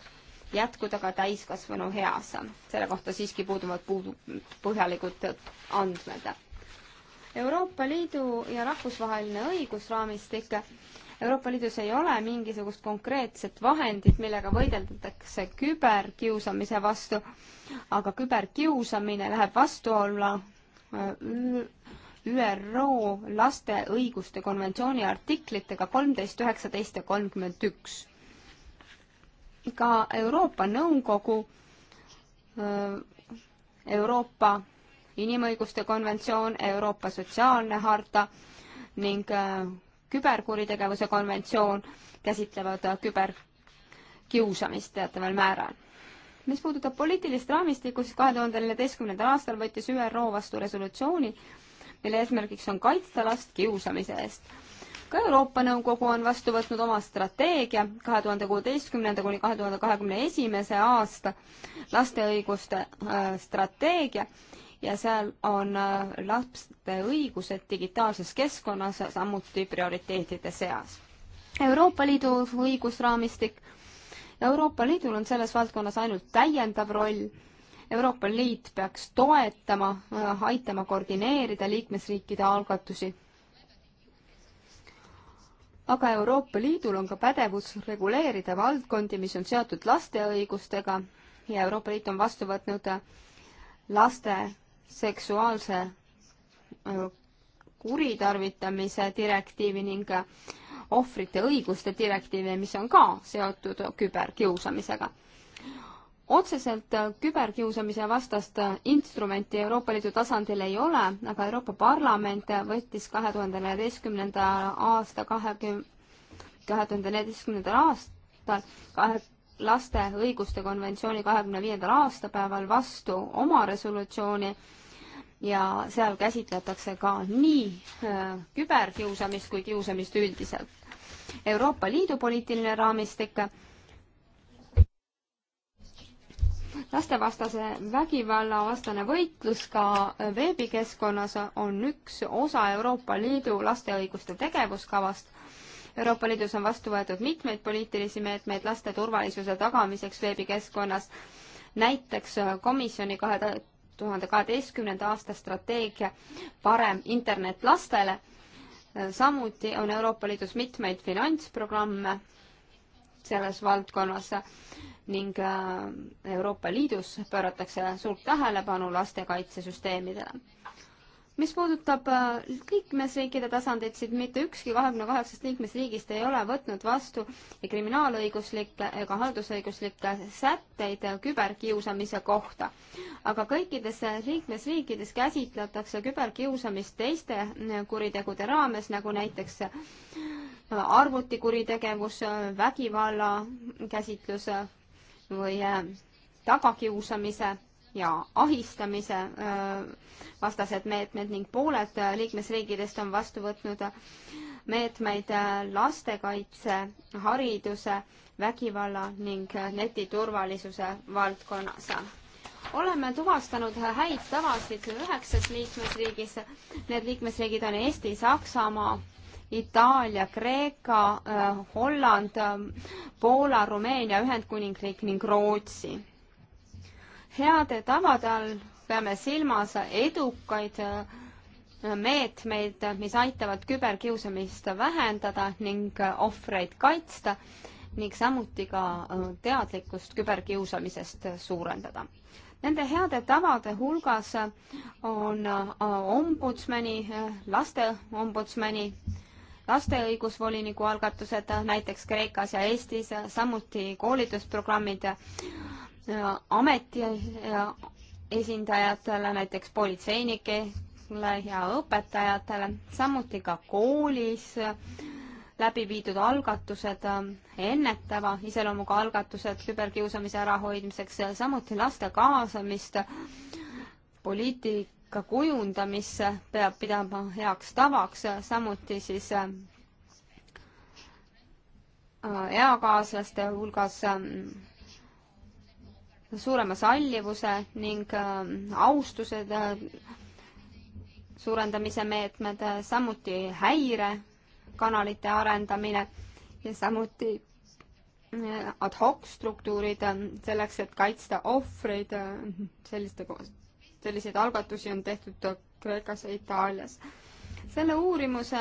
jätkuda ka täiskasvanu heas. selle kohta siiski puuduvad puudu, põhjalikud andmed. Euroopa Liidu ja rahvusvaheline õigusraamistik Euroopa Liidus ei ole mingisugust konkreetset vahendit, millega võideldatakse küberkiusamise vastu, aga küberkiusamine läheb vastuolla äh, ÜRO laste õiguste konventsiooni artiklitega kolmteist, üheksateist ja kolmkümmend üks. ka Euroopa Nõukogu, äh, Euroopa Inimõiguste konventsioon, Euroopa Sotsiaalne harta ning äh, küberkuritegevuse konventsioon käsitlevad küberkiusamist teataval määral. mis puudutab poliitilist raamistikku, siis kahe tuhande neljateistkümnendal aastal võttis ÜRO vastu resolutsiooni, mille eesmärgiks on kaitsta last kiusamise eest. ka Euroopa Nõukogu on vastu võtnud oma strateegia kahe tuhande kuueteistkümnenda kuni kahe tuhande kahekümne esimese aasta laste õiguste äh, strateegia ja seal on äh, laste õigused digitaalses keskkonnas samuti prioriteetide seas. Euroopa Liidu õigusraamistik. Euroopa Liidul on selles valdkonnas ainult täiendav roll. Euroopa Liit peaks toetama, äh, aitama koordineerida liikmesriikide algatusi aga Euroopa Liidul on ka pädevus reguleerida valdkondi, mis on seotud laste õigustega ja Euroopa Liit on vastu võtnud äh, laste seksuaalse kuritarvitamise direktiivi ning ohvrite õiguste direktiivi, mis on ka seotud küberkiusamisega. otseselt küberkiusamise vastast instrumenti Euroopa Liidu tasandil ei ole, aga Euroopa Parlament võttis kahe tuhande neljateistkümnenda aasta kahekümne, kahe tuhande neljateistkümnendal aastal kahe laste õiguste konventsiooni kahekümne viiendal aastapäeval vastu oma resolutsiooni ja seal käsitletakse ka nii äh, küberkiusamist kui kiusamist üldiselt. Euroopa Liidu poliitiline raamistik lastevastase vägivalla vastane võitlus ka veebikeskkonnas on üks osa Euroopa Liidu laste õiguste tegevuskavast Euroopa Liidus on vastu võetud mitmeid poliitilisi meetmeid laste turvalisuse tagamiseks veebikeskkonnas, näiteks äh, komisjoni kahe tuhande kaheteistkümnenda aasta strateegia Parem internet lastele. Äh, samuti on Euroopa Liidus mitmeid finantsprogramme selles valdkonnas ning äh, Euroopa Liidus pööratakse suurt tähelepanu lastekaitsesüsteemidele mis puudutab äh, liikmesriikide tasandit, siis mitte ükski kahekümne kaheksast liikmesriigist ei ole võtnud vastu kriminaalõiguslikke ega haldusõiguslikke sätteid küberkiusamise kohta. aga kõikides liikmesriikides käsitletakse küberkiusamist teiste kuritegude raames, nagu näiteks äh, arvutikuritegevus, vägivalla käsitlus või äh, tagakiusamise ja ahistamise äh, vastased meetmed ning pooled liikmesriikidest on vastu võtnud meetmeid äh, lastekaitse, hariduse, vägivalla ning äh, netiturvalisuse valdkonnas. oleme tuvastanud häid tavasid üheksas liikmesriigis. Need liikmesriigid on Eesti, Saksamaa, Itaalia, Kreeka, Holland, Poola, Rumeenia, Ühendkuningriik ning Rootsi heade tavade all peame silmas edukaid äh, meetmeid, mis aitavad küberkiusamist vähendada ning äh, ohvreid kaitsta ning samuti ka äh, teadlikkust küberkiusamisest suurendada. Nende heade tavade hulgas on ombudsmani, laste ombudsmani, laste õigusvoliniku algatused näiteks Kreekas ja Eestis, samuti koolitusprogrammid Äh, ameti esindajatele, näiteks politseinikele ja õpetajatele, samuti ka koolis läbi viidud algatused, äh, ennetava iseloomuga algatused küberkiusamise ärahoidmiseks, samuti laste kaasamist poliitika kujundamisse peab pidama heaks tavaks, samuti siis äh, eakaaslaste hulgas suurema sallivuse ning äh, austuse äh, suurendamise meetmed, äh, samuti häirekanalite arendamine ja samuti ad hoc struktuurid selleks, et kaitsta ohvreid selliste, selliseid algatusi on tehtud Kreekas ja Itaalias. selle uurimuse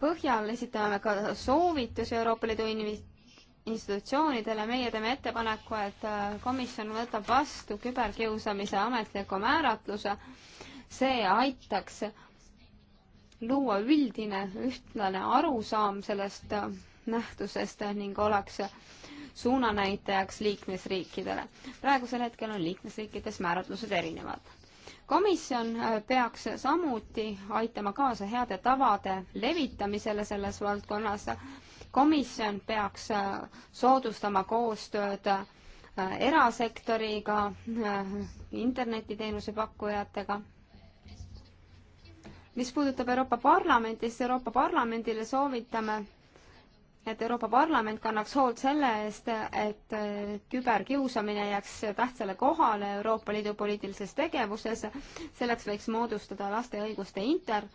põhjal esitame ka soovitusi Euroopa Liidu institutsioonidele, meie teeme ettepaneku, et äh, komisjon võtab vastu küberkiusamise ametliku määratluse. see aitaks luua üldine ühtlane arusaam sellest äh, nähtusest ning oleks suunanäitajaks liikmesriikidele. praegusel hetkel on liikmesriikides määratlused erinevad. komisjon äh, peaks samuti aitama kaasa heade tavade levitamisele selles valdkonnas komisjon peaks äh, soodustama koostööd äh, erasektoriga, äh, internetiteenuse pakkujatega. mis puudutab Euroopa Parlamenti, siis Euroopa Parlamendile soovitame et Euroopa Parlament kannaks hoolt selle eest, et küberkiusamine jääks tähtsale kohale Euroopa Liidu poliitilises tegevuses. selleks võiks moodustada laste õiguste inter-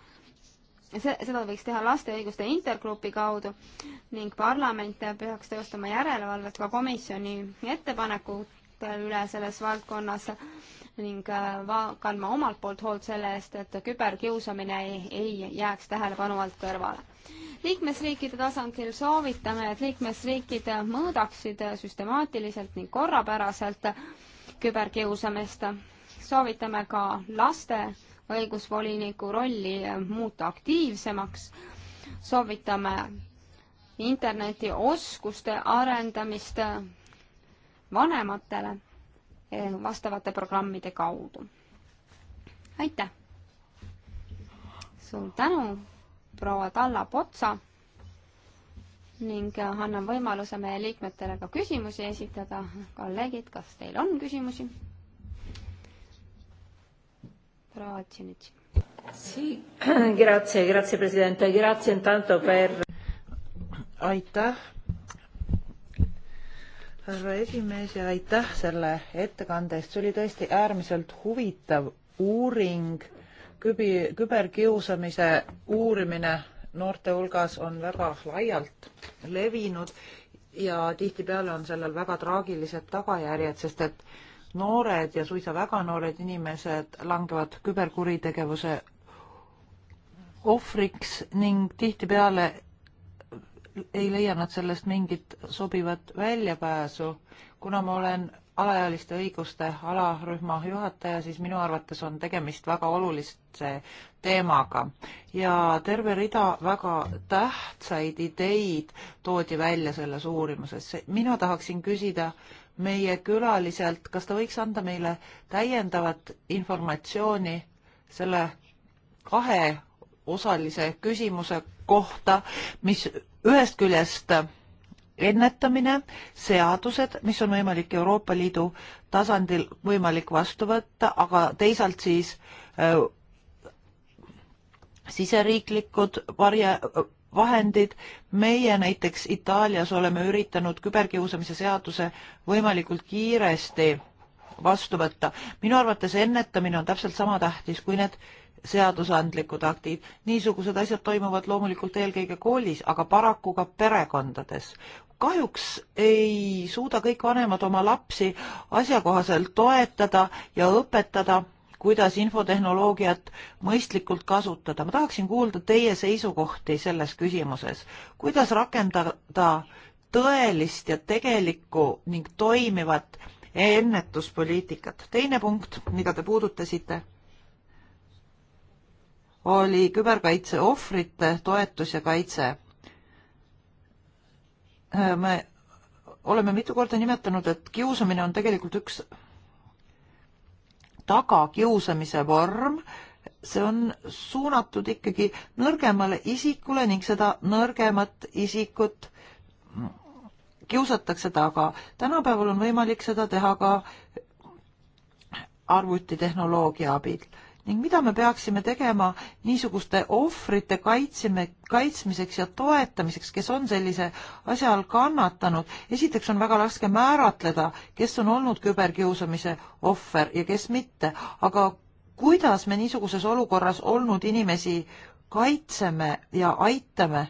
seda võiks teha laste õiguste intergrupi kaudu ning parlament peaks teostama järelevalvet ka komisjoni ettepanekute üle selles valdkonnas ning äh, kandma omalt poolt hoolt selle eest, et küberkiusamine ei, ei jääks tähelepanu alt kõrvale. liikmesriikide tasandil soovitame, et liikmesriigid mõõdaksid süstemaatiliselt ning korrapäraselt küberkiusamist. soovitame ka laste õigusvoliniku rolli muuta aktiivsemaks, soovitame internetioskuste arendamist vanematele vastavate programmide kaudu. aitäh! suur tänu, proua Talla Potsa ning annan võimaluse meie liikmetele ka küsimusi esitada. kolleegid, kas teil on küsimusi? proua Otsinitš. Grazie, grazie president, grazie intanto per. aitäh, härra esimees ja aitäh selle ettekande eest, see oli tõesti äärmiselt huvitav uuring, kübi, küberkiusamise uurimine noorte hulgas on väga laialt levinud ja tihtipeale on sellel väga traagilised tagajärjed, sest et noored ja suisa väga noored inimesed langevad küberkuritegevuse ohvriks ning tihtipeale ei leia nad sellest mingit sobivat väljapääsu. kuna ma olen alaealiste õiguste alarühma juhataja, siis minu arvates on tegemist väga olulise teemaga ja terve rida väga tähtsaid ideid toodi välja selles uurimuses. mina tahaksin küsida äh, meie külaliselt, kas ta võiks anda meile täiendavat informatsiooni selle kaheosalise küsimuse kohta, mis ühest küljest ennetamine, seadused, mis on võimalik Euroopa Liidu tasandil võimalik vastu võtta, aga teisalt siis äh, siseriiklikud varje äh,, vahendid. meie näiteks Itaalias oleme üritanud küberkiusamise seaduse võimalikult kiiresti vastu võtta. minu arvates ennetamine on täpselt sama tähtis kui need seadusandlikud aktid. niisugused asjad toimuvad loomulikult eelkõige koolis, aga paraku ka perekondades. kahjuks ei suuda kõik vanemad oma lapsi asjakohaselt toetada ja õpetada kuidas infotehnoloogiat mõistlikult kasutada. ma tahaksin kuulda teie seisukohti selles küsimuses. kuidas rakendada tõelist ja tegelikku ning toimivat ennetuspoliitikat. teine punkt, mida te puudutasite, oli küberkaitse ohvrite toetus ja kaitse. me oleme mitu korda nimetanud, et kiusamine on tegelikult üks tagakiusamise vorm, see on suunatud ikkagi nõrgemale isikule ning seda nõrgemat isikut kiusatakse taga. tänapäeval on võimalik seda teha ka arvutitehnoloogia abil ning mida me peaksime tegema niisuguste ohvrite kaitsime, kaitsmiseks ja toetamiseks, kes on sellise asja all kannatanud. esiteks on väga raske määratleda, kes on olnud küberkiusamise ohver ja kes mitte, aga kuidas me niisuguses olukorras olnud inimesi kaitseme ja aitame,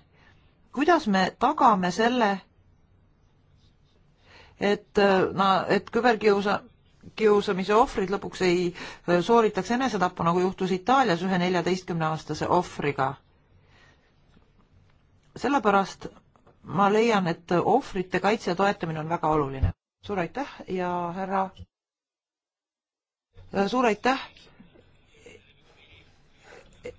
kuidas me tagame selle, et, äh, et küberkiusa- kiusamise ohvrid lõpuks ei äh, sooritaks enesetappu, nagu juhtus Itaalias ühe neljateistkümneaastase ohvriga. sellepärast ma leian, et ohvrite kaitse ja toetamine on väga oluline. suur aitäh ja härra, äh, suur aitäh, e-, e-,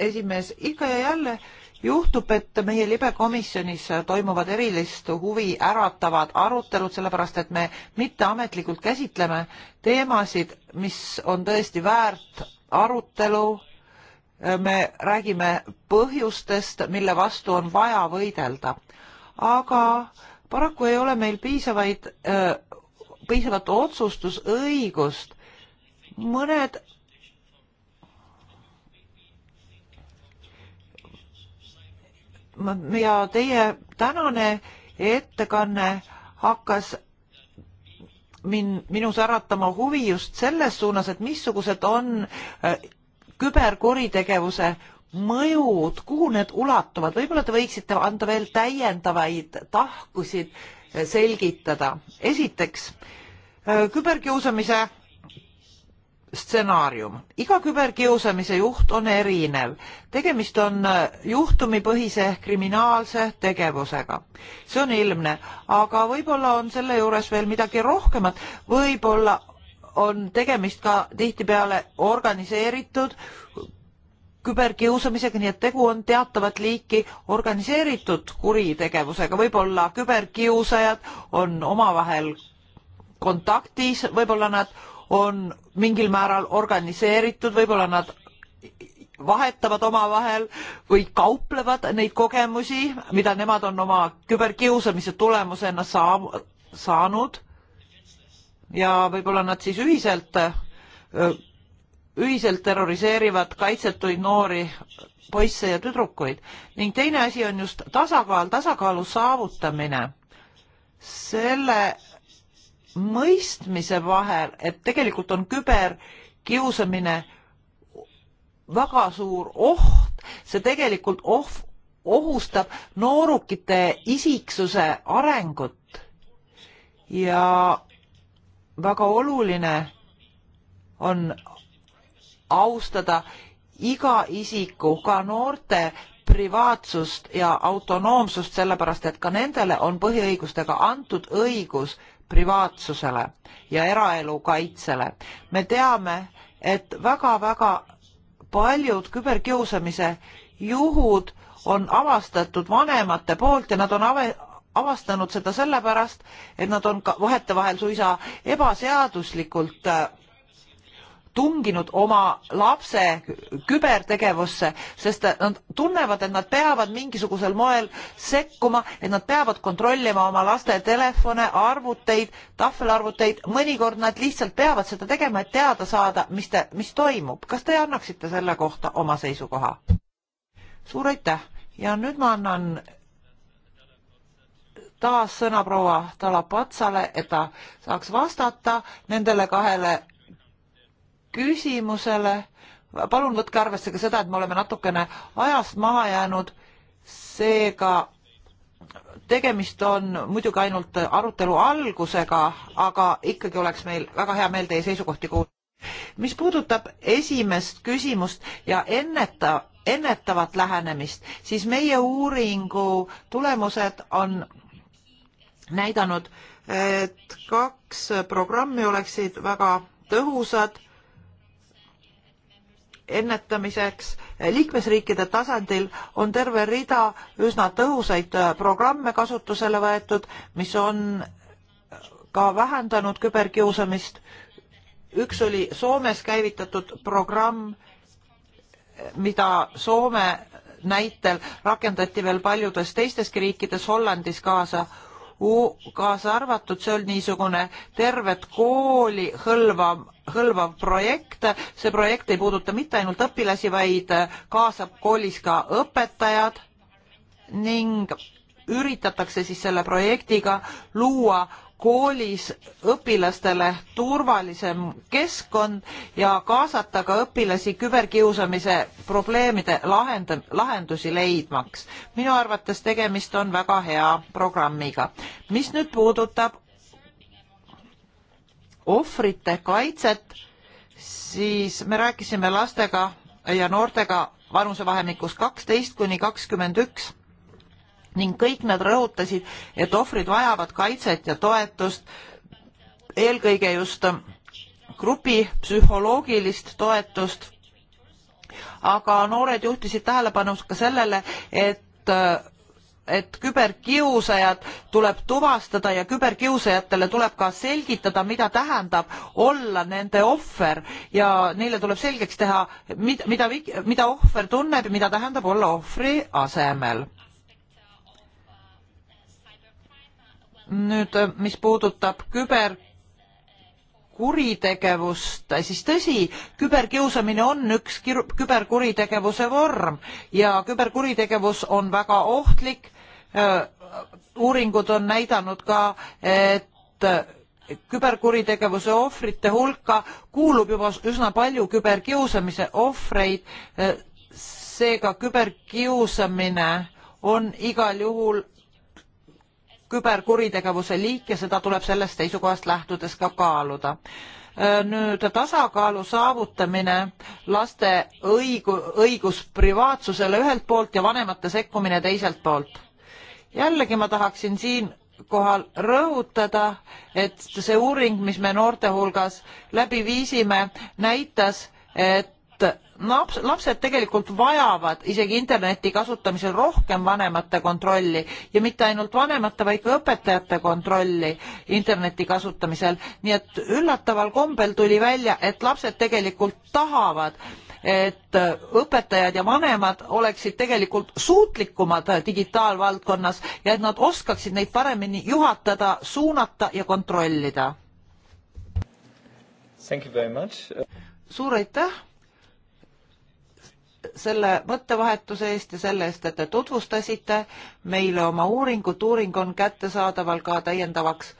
esimees, ikka ja jälle juhtub, et meie libekomisjonis toimuvad erilist huvi äratavad arutelud, sellepärast et me mitteametlikult käsitleme teemasid, mis on tõesti väärt arutelu. me räägime põhjustest, mille vastu on vaja võidelda, aga paraku ei ole meil piisavaid, äh, piisavat otsustusõigust. mõned ja teie tänane ettekanne hakkas min-, minus äratama huvi just selles suunas, et missugused on äh, küberkuritegevuse mõjud, kuhu need ulatuvad, võib-olla te võiksite anda veel täiendavaid tahkusid äh, selgitada. esiteks, äh, küberkiusamise stsenaarium. iga küberkiusamise juht on erinev. tegemist on äh, juhtumipõhise ehk kriminaalse tegevusega. see on ilmne, aga võib-olla on selle juures veel midagi rohkemat, võib-olla on tegemist ka tihtipeale organiseeritud küberkiusamisega, nii et tegu on teatavat liiki organiseeritud kuritegevusega, võib-olla küberkiusajad on omavahel kontaktis, võib-olla nad on mingil määral organiseeritud, võib-olla nad vahetavad omavahel või kauplevad neid kogemusi, mida nemad on oma küberkiusamise tulemusena saa-, saanud ja võib-olla nad siis ühiselt, ühiselt terroriseerivad kaitsetuid noori poisse ja tüdrukuid. ning teine asi on just tasakaal, tasakaalu saavutamine. selle mõistmise vahel, et tegelikult on küberkiusamine väga suur oht, see tegelikult ohv, ohustab noorukite isiksuse arengut ja väga oluline on austada iga isiku, ka noorte privaatsust ja autonoomsust, sellepärast et ka nendele on põhiõigustega antud õigus privaatsusele ja eraelu kaitsele. me teame, et väga-väga paljud küberkiusamise juhud on avastatud vanemate poolt ja nad on ave-, avastanud seda sellepärast, et nad on ka vahetevahel suisa ebaseaduslikult äh, tunginud oma lapse kübertegevusse, sest nad tunnevad, et nad peavad mingisugusel moel sekkuma, et nad peavad kontrollima oma laste telefone, arvuteid, tahvelarvuteid, mõnikord nad lihtsalt peavad seda tegema, et teada saada, mis te, mis toimub. kas te annaksite selle kohta oma seisukoha? suur aitäh ja nüüd ma annan taas sõna proua Talapatsale, et ta saaks vastata nendele kahele küsimusele, palun võtke arvesse ka seda, et me oleme natukene ajast maha jäänud, seega tegemist on muidugi ainult arutelu algusega, aga ikkagi oleks meil väga hea meel teie seisukohti kuulda. mis puudutab esimest küsimust ja enneta, ennetavat lähenemist, siis meie uuringu tulemused on näidanud, et kaks programmi oleksid väga tõhusad ennetamiseks liikmesriikide tasandil on terve rida üsna tõhusaid äh, programme kasutusele võetud, mis on äh, ka vähendanud küberkiusamist. üks oli Soomes käivitatud programm, äh, mida Soome näitel rakendati veel paljudes teisteski riikides, Hollandis kaasa kaasa arvatud, see on niisugune tervet kooli hõlvav, hõlvav projekt. see projekt ei puuduta mitte ainult õpilasi, vaid äh, kaasab koolis ka õpetajad ning üritatakse siis selle projektiga luua koolis õpilastele turvalisem keskkond ja kaasata ka õpilasi küberkiusamise probleemide lahend-, lahendusi leidmaks. minu arvates tegemist on väga hea programmiga. mis nüüd puudutab ohvrite kaitset, siis me rääkisime lastega ja noortega vanusevahemikus kaksteist kuni kakskümmend üks ning kõik nad rõhutasid, et ohvrid vajavad kaitset ja toetust, eelkõige just äh, grupi psühholoogilist toetust, aga noored juhtisid tähelepanu ka sellele, et äh, et küberkiusajad tuleb tuvastada ja küberkiusajatele tuleb ka selgitada, mida tähendab olla nende ohver ja neile tuleb selgeks teha, mida, mida, mida ohver tunneb ja mida tähendab olla ohvri asemel nüüd, eh, mis puudutab küber kuritegevust, eh, siis tõsi, küberkiusamine on üks küberkuritegevuse vorm ja küberkuritegevus on väga ohtlik. Eh, uuringud on näidanud ka, et küberkuritegevuse ohvrite hulka kuulub juba üsna palju küberkiusamise ohvreid. seega küberkiusamine on igal juhul küberkuritegevuse liik ja seda tuleb sellest seisukohast lähtudes ka kaaluda äh, nüüd tasakaalu saavutamine laste õigu, õigus privaatsusele ühelt poolt ja vanemate sekkumine teiselt poolt. jällegi ma tahaksin siinkohal rõhutada, et see uuring, mis me noorte hulgas läbi viisime, näitas, et laps, lapsed tegelikult vajavad isegi interneti kasutamisel rohkem vanemate kontrolli ja mitte ainult vanemate, vaid ka õpetajate kontrolli interneti kasutamisel. nii et üllataval kombel tuli välja, et lapsed tegelikult tahavad, et õpetajad ja vanemad oleksid tegelikult suutlikumad digitaalvaldkonnas ja et nad oskaksid neid paremini juhatada, suunata ja kontrollida. suur aitäh selle mõttevahetuse eest ja selle eest, et te tutvustasite meile oma uuringut. uuring on kättesaadaval ka täiendavaks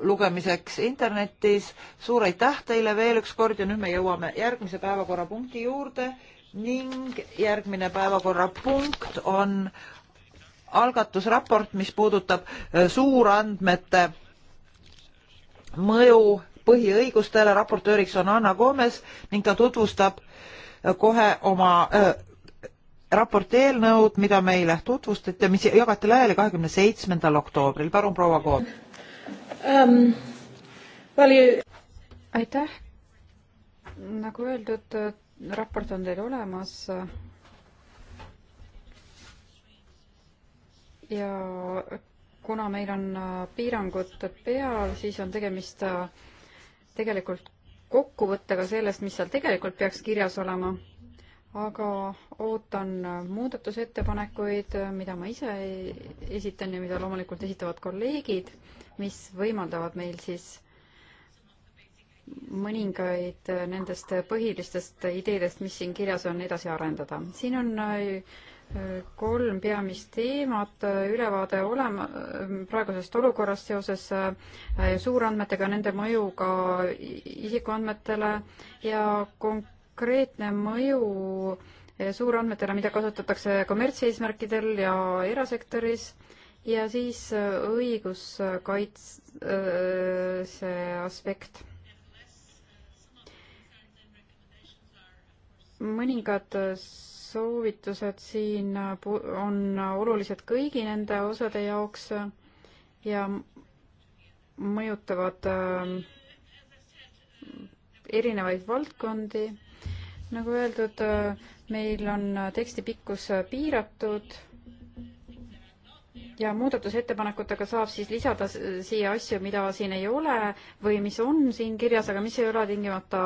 lugemiseks internetis. suur aitäh teile veel üks kord ja nüüd me jõuame järgmise päevakorrapunkti juurde ning järgmine päevakorrapunkt on algatusraport, mis puudutab suurandmete mõju põhiõigustele. raportööriks on Anna Gomes ning ta tutvustab äh, kohe oma raporti eelnõud, mida meile tutvustati, mis jagati laiali kahekümne seitsmendal oktoobril. palun, proua Koor um,. Ähm, well, aitäh. nagu öeldud, raport on teil olemas. ja kuna meil on piirangud peal, siis on tegemist tegelikult kokkuvõttega sellest, mis seal tegelikult peaks kirjas olema, aga ootan muudatusettepanekuid, mida ma ise esitan ja mida loomulikult esitavad kolleegid, mis võimaldavad meil siis mõningaid nendest põhilistest ideedest, mis siin kirjas on, edasi arendada. siin on äh, kolm peamist teemat, ülevaade olema, praegusest olukorrast seoses äh, suurandmetega, nende mõjuga isikuandmetele ja konkreetne mõju äh, suurandmetele, mida kasutatakse kommertseesmärkidel ja erasektoris ja siis äh, õiguskaitse aspekt. mõningad soovitused siin äh, on olulised kõigi nende osade jaoks ja mõjutavad äh, erinevaid valdkondi. nagu öeldud, äh, meil on teksti pikkus piiratud ja muudatusettepanekutega saab siis lisada siia asju, mida siin ei ole või mis on siin kirjas, aga mis ei ole tingimata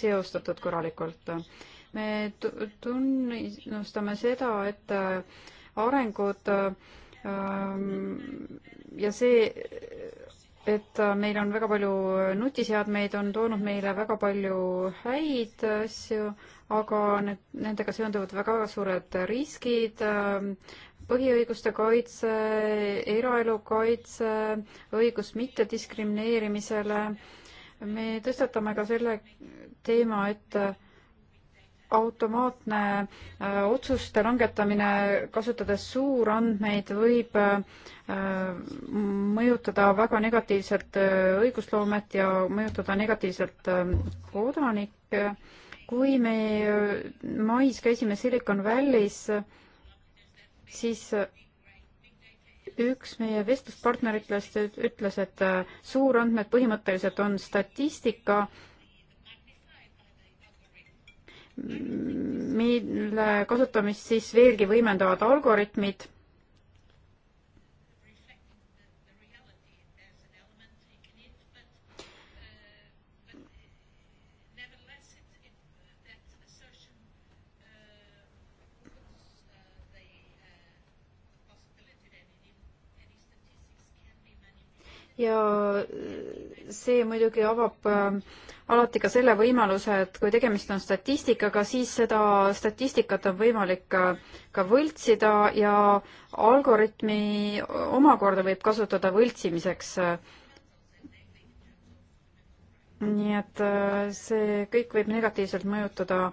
seostatud korralikult me tunnustame seda, et äh, arengud ähm, ja see, et äh, meil on väga palju nutiseadmeid, on toonud meile väga palju häid asju, aga need, nendega seonduvad väga suured riskid, ähm, põhiõiguste kaitse, eraelu kaitse, õigus mittediskrimineerimisele. me tõstatame ka selle teema, et automaatne äh, otsuste langetamine, kasutades suurandmeid, võib äh, mõjutada väga negatiivselt äh, õigusloomet ja mõjutada negatiivselt kodanikke. kui me mais käisime Silicon Valley's, siis üks meie vestluspartneritest ütles, et suurandmed põhimõtteliselt on statistika, mille kasutamist siis veelgi võimendavad algoritmid ja see muidugi avab äh, alati ka selle võimaluse, et kui tegemist on statistikaga, siis seda statistikat on võimalik äh, ka võltsida ja algoritmi omakorda võib kasutada võltsimiseks. nii et äh, see kõik võib negatiivselt mõjutada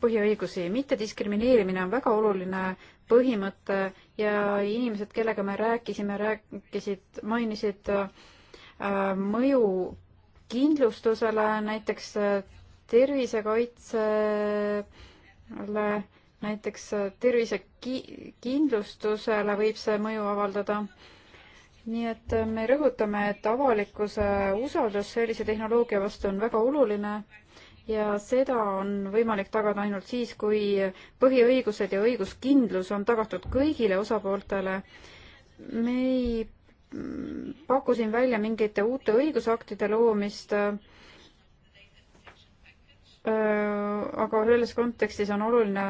põhiõigusi. mittediskrimineerimine on väga oluline põhimõte ja inimesed, kellega me rääkisime, rääkisid, mainisid äh, mõju kindlustusele, näiteks äh, tervisekaitsele, näiteks äh, tervisekindlustusele võib see mõju avaldada. nii et äh, me rõhutame, et avalikkuse usaldus sellise tehnoloogia vastu on väga oluline ja seda on võimalik tagada ainult siis, kui põhiõigused ja õiguskindlus on tagatud kõigile osapooltele. me ei paku siin välja mingite uute õigusaktide loomist, äh, aga selles kontekstis on oluline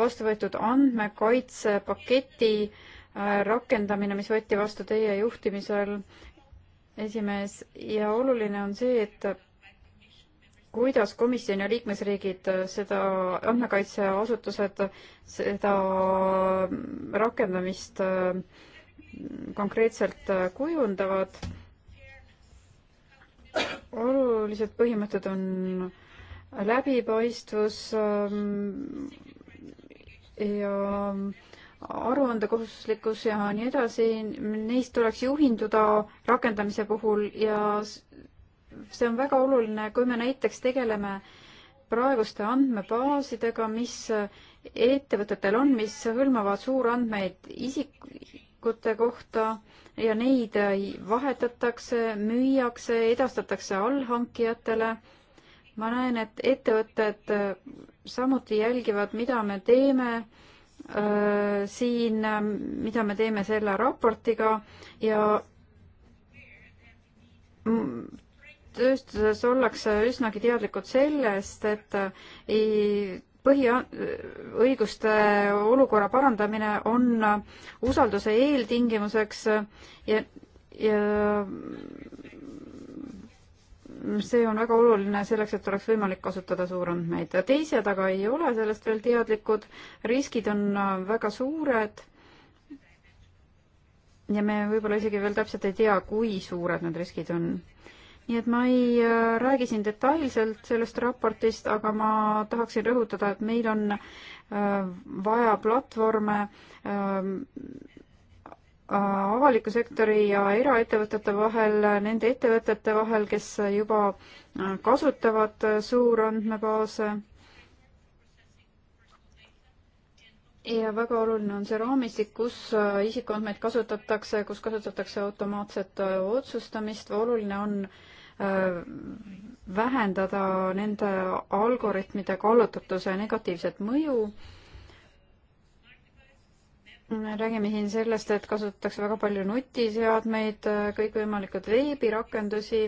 vastu võetud andmekaitsepaketi äh, rakendamine, mis võeti vastu teie juhtimisel, esimees, ja oluline on see, et kuidas komisjon ja liikmesriigid äh, seda, andmekaitseasutused seda äh, rakendamist äh, konkreetselt kujundavad. olulised põhimõtted on läbipaistvus ähm, ja aruandekohustuslikkus ja nii edasi, neist tuleks juhinduda rakendamise puhul ja see on väga oluline, kui me näiteks tegeleme praeguste andmebaasidega, mis ettevõtetel on, mis hõlmavad suurandmeid isikute kohta ja neid vahetatakse, müüakse, edastatakse allhankijatele. ma näen, et ettevõtted samuti jälgivad, mida me teeme äh, siin, mida me teeme selle raportiga ja tööstuses ollakse üsnagi teadlikud sellest, et ei äh, põhiõiguste olukorra parandamine on äh, usalduse eeltingimuseks äh, ja, ja mm, see on väga oluline selleks, et oleks võimalik kasutada suurandmeid. teised aga ei ole sellest veel teadlikud, riskid on väga suured ja me võib-olla isegi veel täpselt ei tea, kui suured need riskid on nii et ma ei äh, räägi siin detailselt sellest raportist, aga ma tahaksin rõhutada, et meil on äh, vaja platvorme ähm, äh, avaliku sektori ja eraettevõtete vahel, nende ettevõtete vahel, kes juba kasutavad suurandmebaase ja väga oluline on see raamistik, kus isikuandmeid kasutatakse, kus kasutatakse automaatset otsustamist, oluline on Äh, vähendada nende algoritmide kallutatuse negatiivset mõju. me räägime siin sellest, et kasutatakse väga palju nutiseadmeid, äh, kõikvõimalikud veebirakendusi,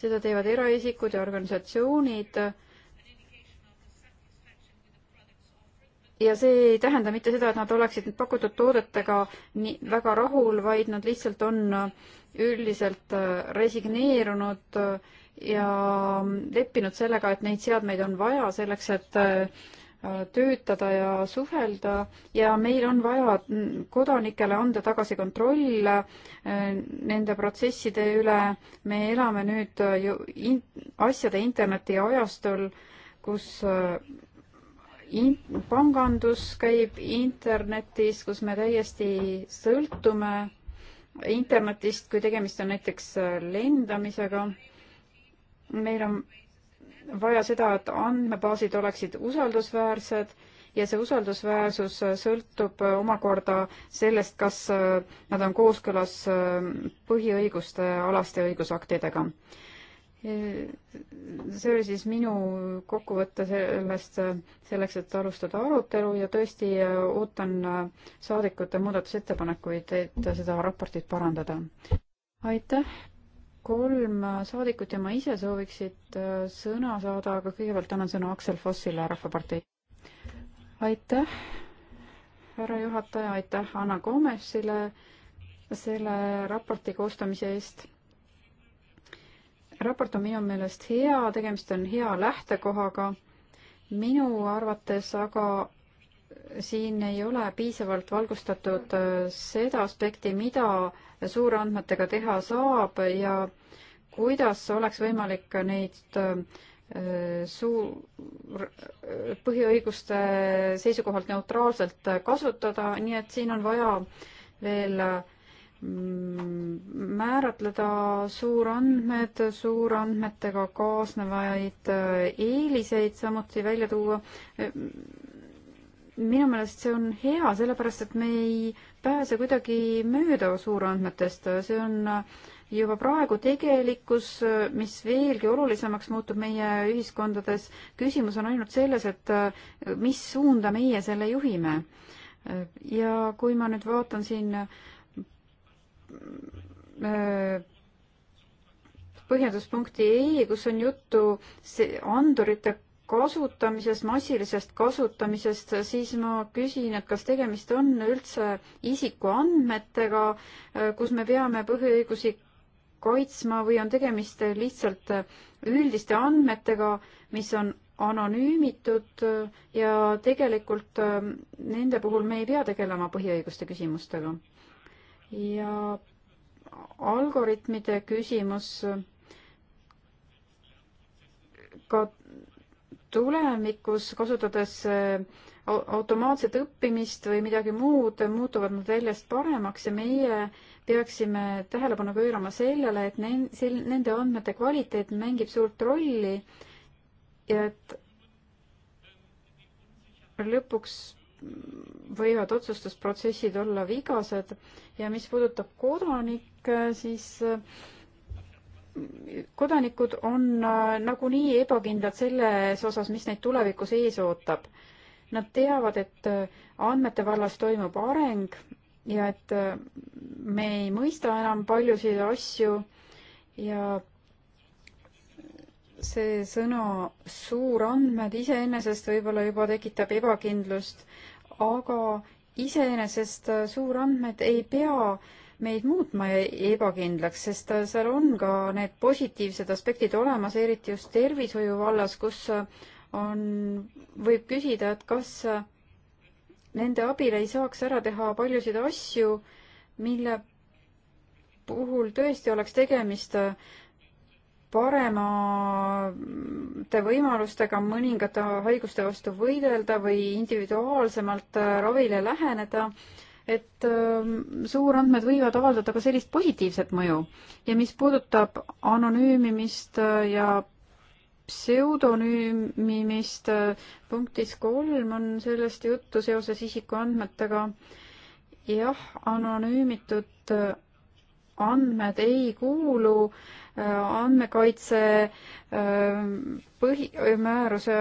seda teevad eraisikud ja organisatsioonid ja see ei tähenda mitte seda, et nad oleksid pakutud toodetega nii väga rahul, vaid nad lihtsalt on üldiselt äh, resigneerunud äh, ja mm, leppinud sellega, et neid seadmeid on vaja selleks, et äh, töötada ja suhelda ja meil on vaja mm, kodanikele anda tagasi kontroll nende protsesside üle. me elame nüüd ju in asjade interneti ajastul, kus in-, pangandus käib internetis, kus me täiesti sõltume internetist, kui tegemist on näiteks äh, lendamisega. meil on vaja seda, et andmebaasid oleksid usaldusväärsed ja see usaldusväärsus äh, sõltub äh, omakorda sellest, kas nad on kooskõlas põhiõiguste alaste õigusaktidega see oli siis minu kokkuvõte sellest, selleks, et alustada arutelu ja tõesti äh, ootan äh, saadikute muudatusettepanekuid, et äh, seda raportit parandada. aitäh, kolm saadikut ja ma ise sooviksid sõna saada, aga kõigepealt annan sõna Aksel Fossile Rahvapartei. aitäh, härra juhataja, aitäh Anna Komesile selle raporti koostamise eest raport on minu meelest hea, tegemist on hea lähtekohaga. minu arvates aga siin ei ole piisavalt valgustatud äh, seda aspekti, mida suurandmetega teha saab ja kuidas oleks võimalik neid äh, suur, äh, põhiõiguste seisukohalt neutraalselt kasutada, nii et siin on vaja veel äh, määratleda suurandmed, suurandmetega kaasnevaid äh, eeliseid samuti välja tuua. minu meelest see on hea, sellepärast et me ei pääse kuidagi mööda suurandmetest, see on äh, juba praegu tegelikkus, äh, mis veelgi olulisemaks muutub meie ühiskondades. küsimus on ainult selles, et mis suunda meie selle juhime. ja kui ma nüüd vaatan siin äh, Äh, põhjenduspunkti E, kus on juttu andurite kasutamisest, massilisest kasutamisest, siis ma küsin, et kas tegemist on üldse isikuandmetega, äh, kus me peame põhiõigusi kaitsma või on tegemist lihtsalt äh, üldiste andmetega, mis on anonüümitud ja tegelikult nende puhul me ei pea tegelema põhiõiguste küsimustega ja algoritmide küsimus ka tulevikus kasutades äh, automaatset õppimist või midagi muud, muutuvad nad väljast paremaks ja meie peaksime tähelepanu pöörama sellele, et ne-, sel-, nende andmete kvaliteet mängib suurt rolli ja et lõpuks võivad otsustusprotsessid olla vigased ja mis puudutab kodanikke, siis äh, kodanikud on äh, nagunii ebakindlad selles osas, mis neid tulevikus ees ootab. Nad teavad, et äh, andmete vallas toimub areng ja et me ei mõista enam paljusid asju ja see sõna suurandmed iseenesest võib-olla juba tekitab ebakindlust aga iseenesest suurandmed ei pea meid muutma ebakindlaks, sest seal on ka need positiivsed aspektid olemas, eriti just tervishoiu vallas, kus on, võib küsida, et kas nende abil ei saaks ära teha paljusid asju, mille puhul tõesti oleks tegemist äh, paremate võimalustega mõningate haiguste vastu võidelda või individuaalsemalt äh, ravile läheneda, et ähm, suurandmed võivad avaldada ka sellist positiivset mõju. ja mis puudutab anonüümimist äh, ja pseudonüümimist, äh, punktis kolm on sellest juttu seoses isikuandmetega. jah, anonüümitud andmed ei kuulu äh, andmekaitse äh, põhimääruse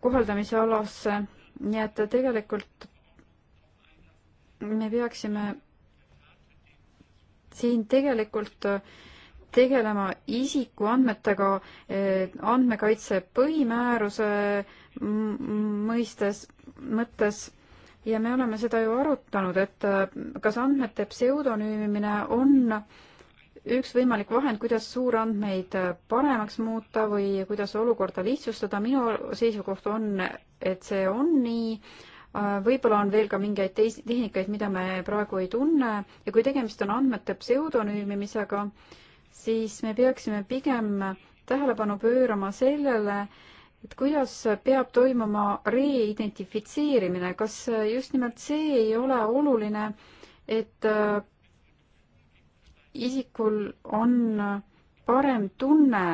kohaldamise alasse, nii et tegelikult me peaksime siin tegelikult tegelema isikuandmetega eh, andmekaitse põhimääruse mõistes, mõttes ja me oleme seda ju arutanud, et eh, kas andmete pseudonüümine on äh, üks võimalik vahend, kuidas suurandmeid äh, paremaks muuta või kuidas olukorda lihtsustada, minu seisukoht on, et see on nii, äh, võib-olla on veel ka mingeid teis-, tehnikaid, mida me praegu ei tunne ja kui tegemist on andmete pseudonüümimisega, siis me peaksime pigem tähelepanu pöörama sellele, et kuidas peab toimuma reidentifitseerimine, kas just nimelt see ei ole oluline, et äh, isikul on parem tunne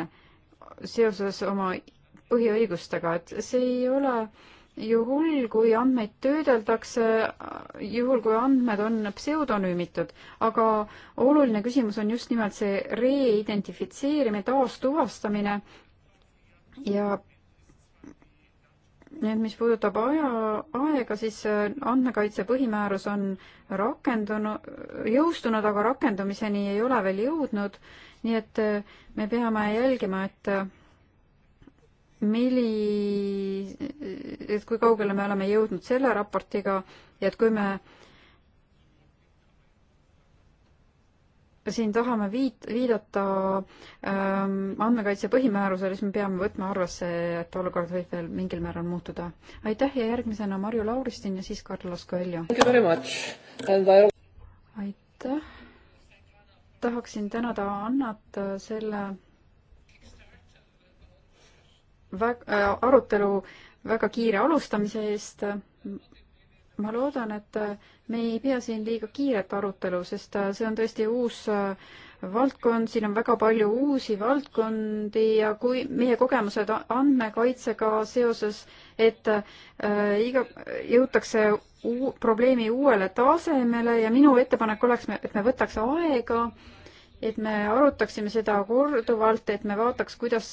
seoses oma põhiõigustega, et see ei ole ju hull, kui andmeid töödeldakse, juhul kui andmed on pseudonüümitud, aga oluline küsimus on just nimelt see reidentifitseerimine, taastuvastamine ja nüüd, mis puudutab aja, aega, siis äh, andmekaitse põhimäärus on rakendunud, jõustunud, aga rakendumiseni ei ole veel jõudnud, nii et äh, me peame jälgima, et äh, milli, et kui kaugele me oleme jõudnud selle raportiga ja et kui me äh, siin tahame viit-, viidata ähm, andmekaitse põhimäärusele, siis me peame võtma arvesse, et olukord võib veel mingil määral muutuda. aitäh ja järgmisena Marju Lauristin ja siis Carlos Coelho. aitäh. tahaksin tänada Annat äh, selle väg- äh,, arutelu väga kiire alustamise eest ma loodan, et äh, me ei pea siin liiga kiiret arutelu, sest äh, see on tõesti uus äh, valdkond, siin on väga palju uusi valdkondi ja kui meie kogemused andmekaitsega seoses, et äh, iga, jõutakse uu, probleemi uuele tasemele ja minu ettepanek oleks, et me võtaks aega et me arutaksime seda korduvalt, et me vaataks, kuidas,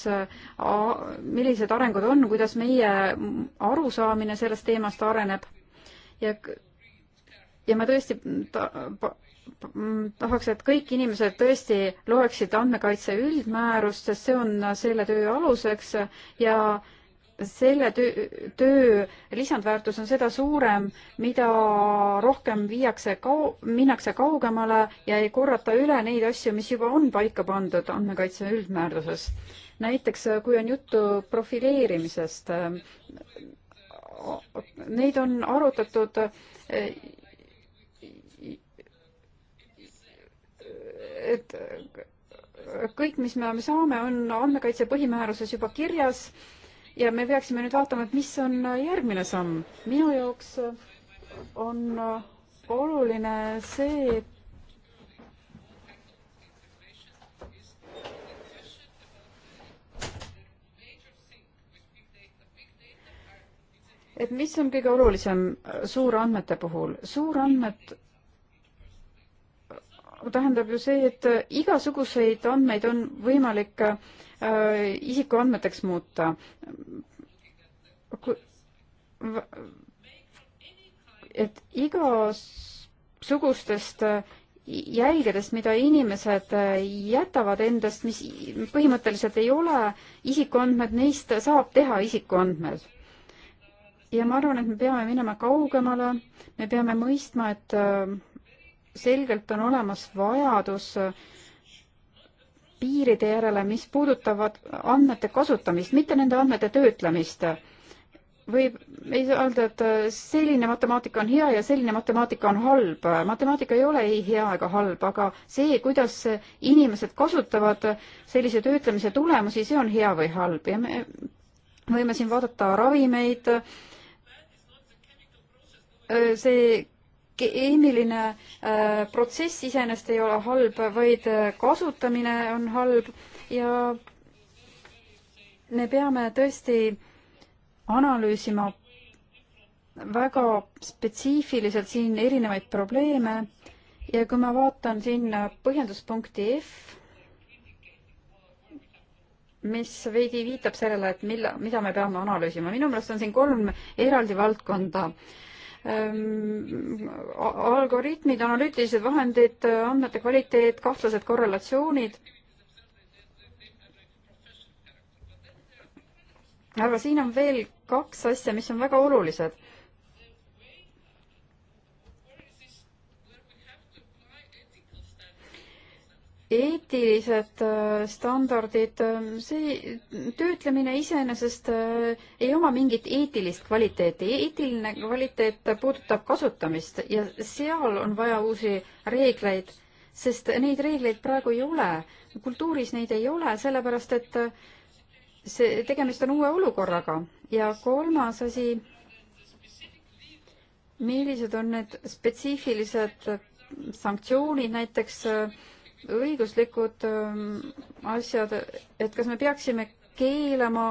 millised arengud on, kuidas meie arusaamine sellest teemast areneb ja, ja ma tõesti ta, pa, mm, tahaks, et kõik inimesed tõesti loeksid andmekaitse üldmäärust, sest see on selle töö aluseks ja selle töö, töö lisandväärtus on seda suurem, mida rohkem viiakse kau-, minnakse kaugemale ja ei korrata üle neid asju, mis juba on paika pandud andmekaitse üldmääruses. näiteks kui on juttu profileerimisest neid on arutatud et kõik, mis me saame, on andmekaitse põhimääruses juba kirjas ja me peaksime nüüd vaatama, et mis on järgmine samm. minu jaoks on oluline see, et et mis on kõige olulisem äh, suurandmete puhul? suurandmed äh, tähendab ju see, et äh, igasuguseid andmeid on võimalik äh, isikuandmeteks muuta. et igasugustest jälgedest, mida inimesed jätavad endast, mis põhimõtteliselt ei ole isikuandmed, neist saab teha isikuandmed ja ma arvan, et me peame minema kaugemale, me peame mõistma, et äh, selgelt on olemas vajadus äh, piiride järele, mis puudutavad andmete kasutamist, mitte nende andmete töötlemist. võib, ei saa öelda, et äh, selline matemaatika on hea ja selline matemaatika on halb. matemaatika ei ole ei hea ega halb, aga see, kuidas inimesed kasutavad sellise töötlemise tulemusi, see on hea või halb ja me võime siin vaadata ravimeid, see keemiline äh, protsess iseenesest ei ole halb, vaid kasutamine on halb ja me peame tõesti analüüsima väga spetsiifiliselt siin erinevaid probleeme ja kui ma vaatan siin põhjenduspunkti F, mis veidi viitab sellele, et mille, mida me peame analüüsima, minu meelest on siin kolm eraldi valdkonda äh, ähm, algoritmid, analüütilised vahendid, andmete kvaliteet, kahtlased korrelatsioonid. aga siin on veel kaks asja, mis on väga olulised. eetilised äh, standardid, ähm, see töötlemine iseenesest äh, ei oma mingit eetilist kvaliteeti. eetiline kvaliteet puudutab kasutamist ja seal on vaja uusi reegleid, sest neid reegleid praegu ei ole. kultuuris neid ei ole, sellepärast et äh, see, tegemist on uue olukorraga. ja kolmas asi, millised on need spetsiifilised sanktsioonid näiteks äh, õiguslikud ähm, asjad, et kas me peaksime keelama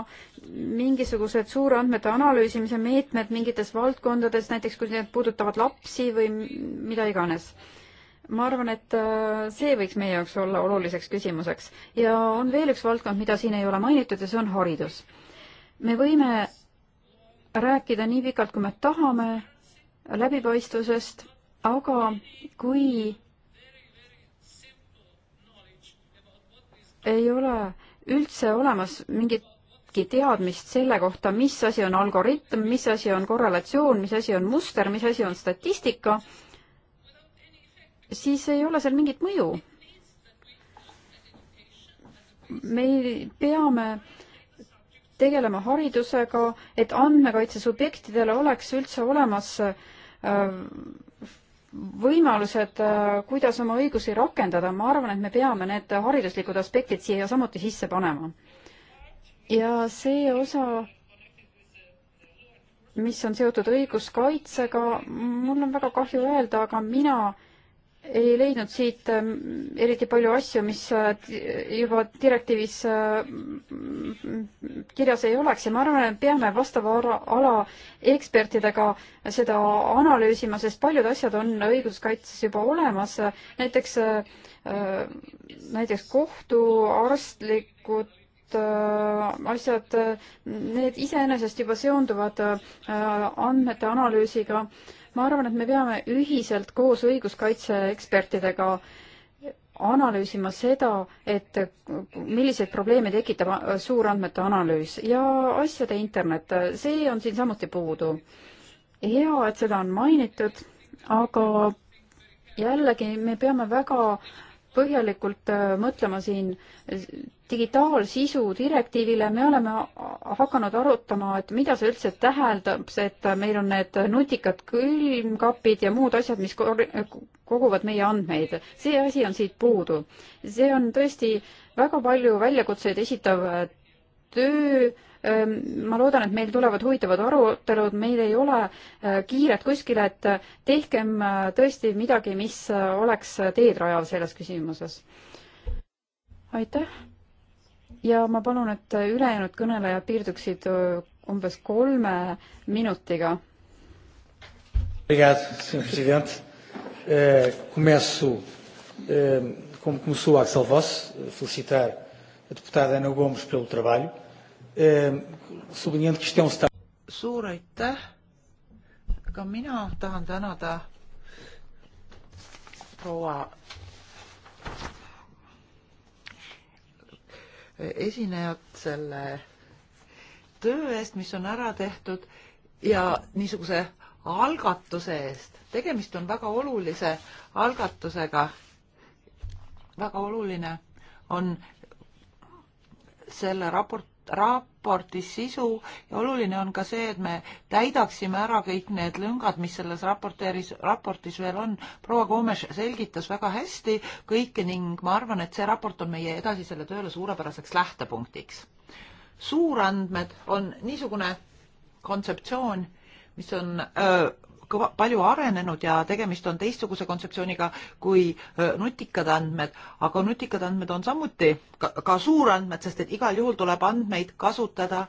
mingisugused suurandmete analüüsimise meetmed mingites valdkondades, näiteks kui need puudutavad lapsi või mida iganes. ma arvan, et äh, see võiks meie jaoks olla oluliseks küsimuseks. ja on veel üks valdkond, mida siin ei ole mainitud ja see on haridus. me võime rääkida nii pikalt, kui me tahame läbipaistvusest, aga kui ei ole üldse olemas mingitki teadmist selle kohta, mis asi on algoritm, mis asi on korrelatsioon, mis asi on muster, mis asi on statistika, siis ei ole seal mingit mõju. me peame tegelema haridusega, et andmekaitse subjektidel oleks üldse olemas äh, võimalused, äh, kuidas oma õigusi rakendada, ma arvan, et me peame need hariduslikud aspektid siia samuti sisse panema. ja see osa, mis on seotud õiguskaitsega, mul on väga kahju öelda, aga mina äh, ei leidnud siit ähm, eriti palju asju, mis äh, juba direktiivis äh, kirjas ei oleks ja ma arvan, et peame vastava ala ekspertidega seda analüüsima, sest paljud asjad on õiguskaitses juba olemas, näiteks, äh, näiteks kohtuarstlikud asjad, need iseenesest juba seonduvad andmete analüüsiga ma arvan, et me peame ühiselt koos õiguskaitseekspertidega analüüsima seda, et milliseid probleeme tekitab suurandmete analüüs ja asjade internet, see on siin samuti puudu. hea, et seda on mainitud, aga jällegi me peame väga äh, põhjalikult äh, mõtlema siin digitaalsisu direktiivile, me oleme hakanud arutama, et mida see üldse tähendab, see, et meil on need nutikad külmkapid ja muud asjad, mis koguvad meie andmeid. see asi on siit puudu. see on tõesti väga palju väljakutseid esitav töö ma loodan, et meil tulevad huvitavad arutelud, meil ei ole kiiret kuskile, et tehkem tõesti midagi, mis oleks teed rajav selles küsimuses. aitäh! ja ma palun, et ülejäänud kõnelejad piirduksid umbes kolme minutiga. Obrigado, senhor presidente. Eh, começo, eh, como começou Axel Voss, felicitar a deputada Ana Gomes pelo trabalho E, suur aitäh. ka mina tahan tänada proua esinejat selle töö eest, mis on ära tehtud ja niisuguse algatuse eest. tegemist on väga olulise algatusega. väga oluline on selle raport, raporti sisu ja oluline on ka see, et me täidaksime ära kõik need lüngad, mis selles raporteeris, raportis veel on. proua Koomes selgitas väga hästi kõike ning ma arvan, et see raport on meie edasisele tööle suurepäraseks lähtepunktiks. suurandmed on niisugune kontseptsioon, mis on öö, kõva, palju arenenud ja tegemist on teistsuguse kontseptsiooniga kui nutikad andmed, aga nutikad andmed on samuti ka, ka suurandmed, sest et igal juhul tuleb andmeid kasutada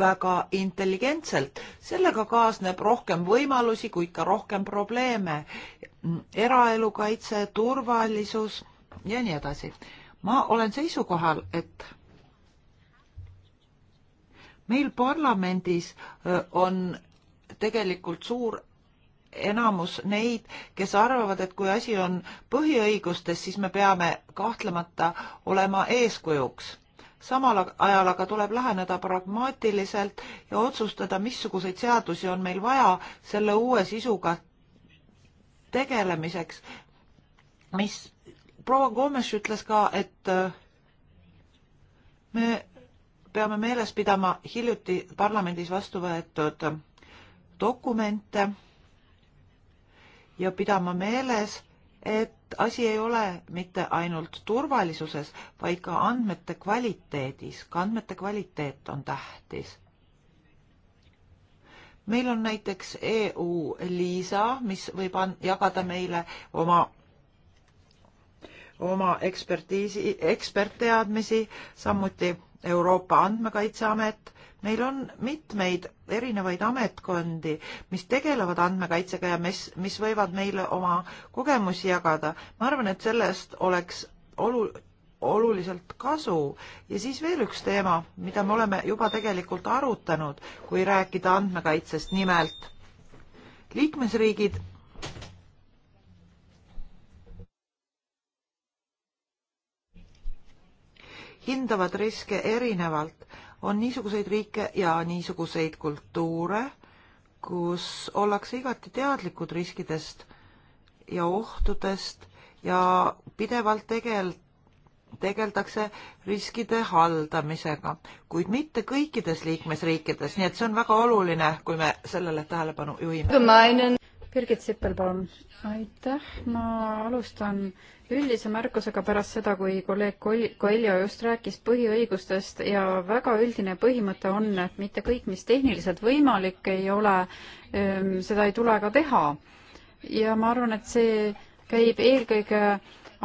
väga intelligentselt. sellega kaasneb rohkem võimalusi, kuid ka rohkem probleeme. eraelu kaitse, turvalisus ja nii edasi. ma olen seisukohal, et meil parlamendis on tegelikult suur enamus neid, kes arvavad, et kui asi on põhiõigustes, siis me peame kahtlemata olema eeskujuks. samal ajal aga tuleb läheneda pragmaatiliselt ja otsustada, missuguseid seadusi on meil vaja selle uue sisuga tegelemiseks, mis proua Gomes ütles ka, et äh, me peame meeles pidama hiljuti parlamendis vastu võetud dokumente ja pidama meeles, et asi ei ole mitte ainult turvalisuses, vaid ka andmete kvaliteedis, ka andmete kvaliteet on tähtis. meil on näiteks EU Liisa, mis võib jagada meile oma oma ekspertiisi, ekspertteadmisi, samuti Euroopa Andmekaitseamet meil on mitmeid erinevaid ametkondi, mis tegelevad andmekaitsega ja mis, mis võivad meile oma kogemusi jagada. ma arvan, et sellest oleks olu-, oluliselt kasu. ja siis veel üks teema, mida me oleme juba tegelikult arutanud, kui rääkida andmekaitsest, nimelt liikmesriigid hindavad riske erinevalt on niisuguseid riike ja niisuguseid kultuure, kus ollakse igati teadlikud riskidest ja ohtudest ja pidevalt tegel-, tegeldakse riskide haldamisega, kuid mitte kõikides liikmesriikides, nii et see on väga oluline, kui me sellele tähelepanu juhime. Birgit Sippel, palun. aitäh, ma alustan üldise märkusega pärast seda, kui kolleeg Koeljo just rääkis põhiõigustest ja väga üldine põhimõte on, et mitte kõik, mis tehniliselt võimalik ei ole, ehm, seda ei tule ka teha. ja ma arvan, et see käib eelkõige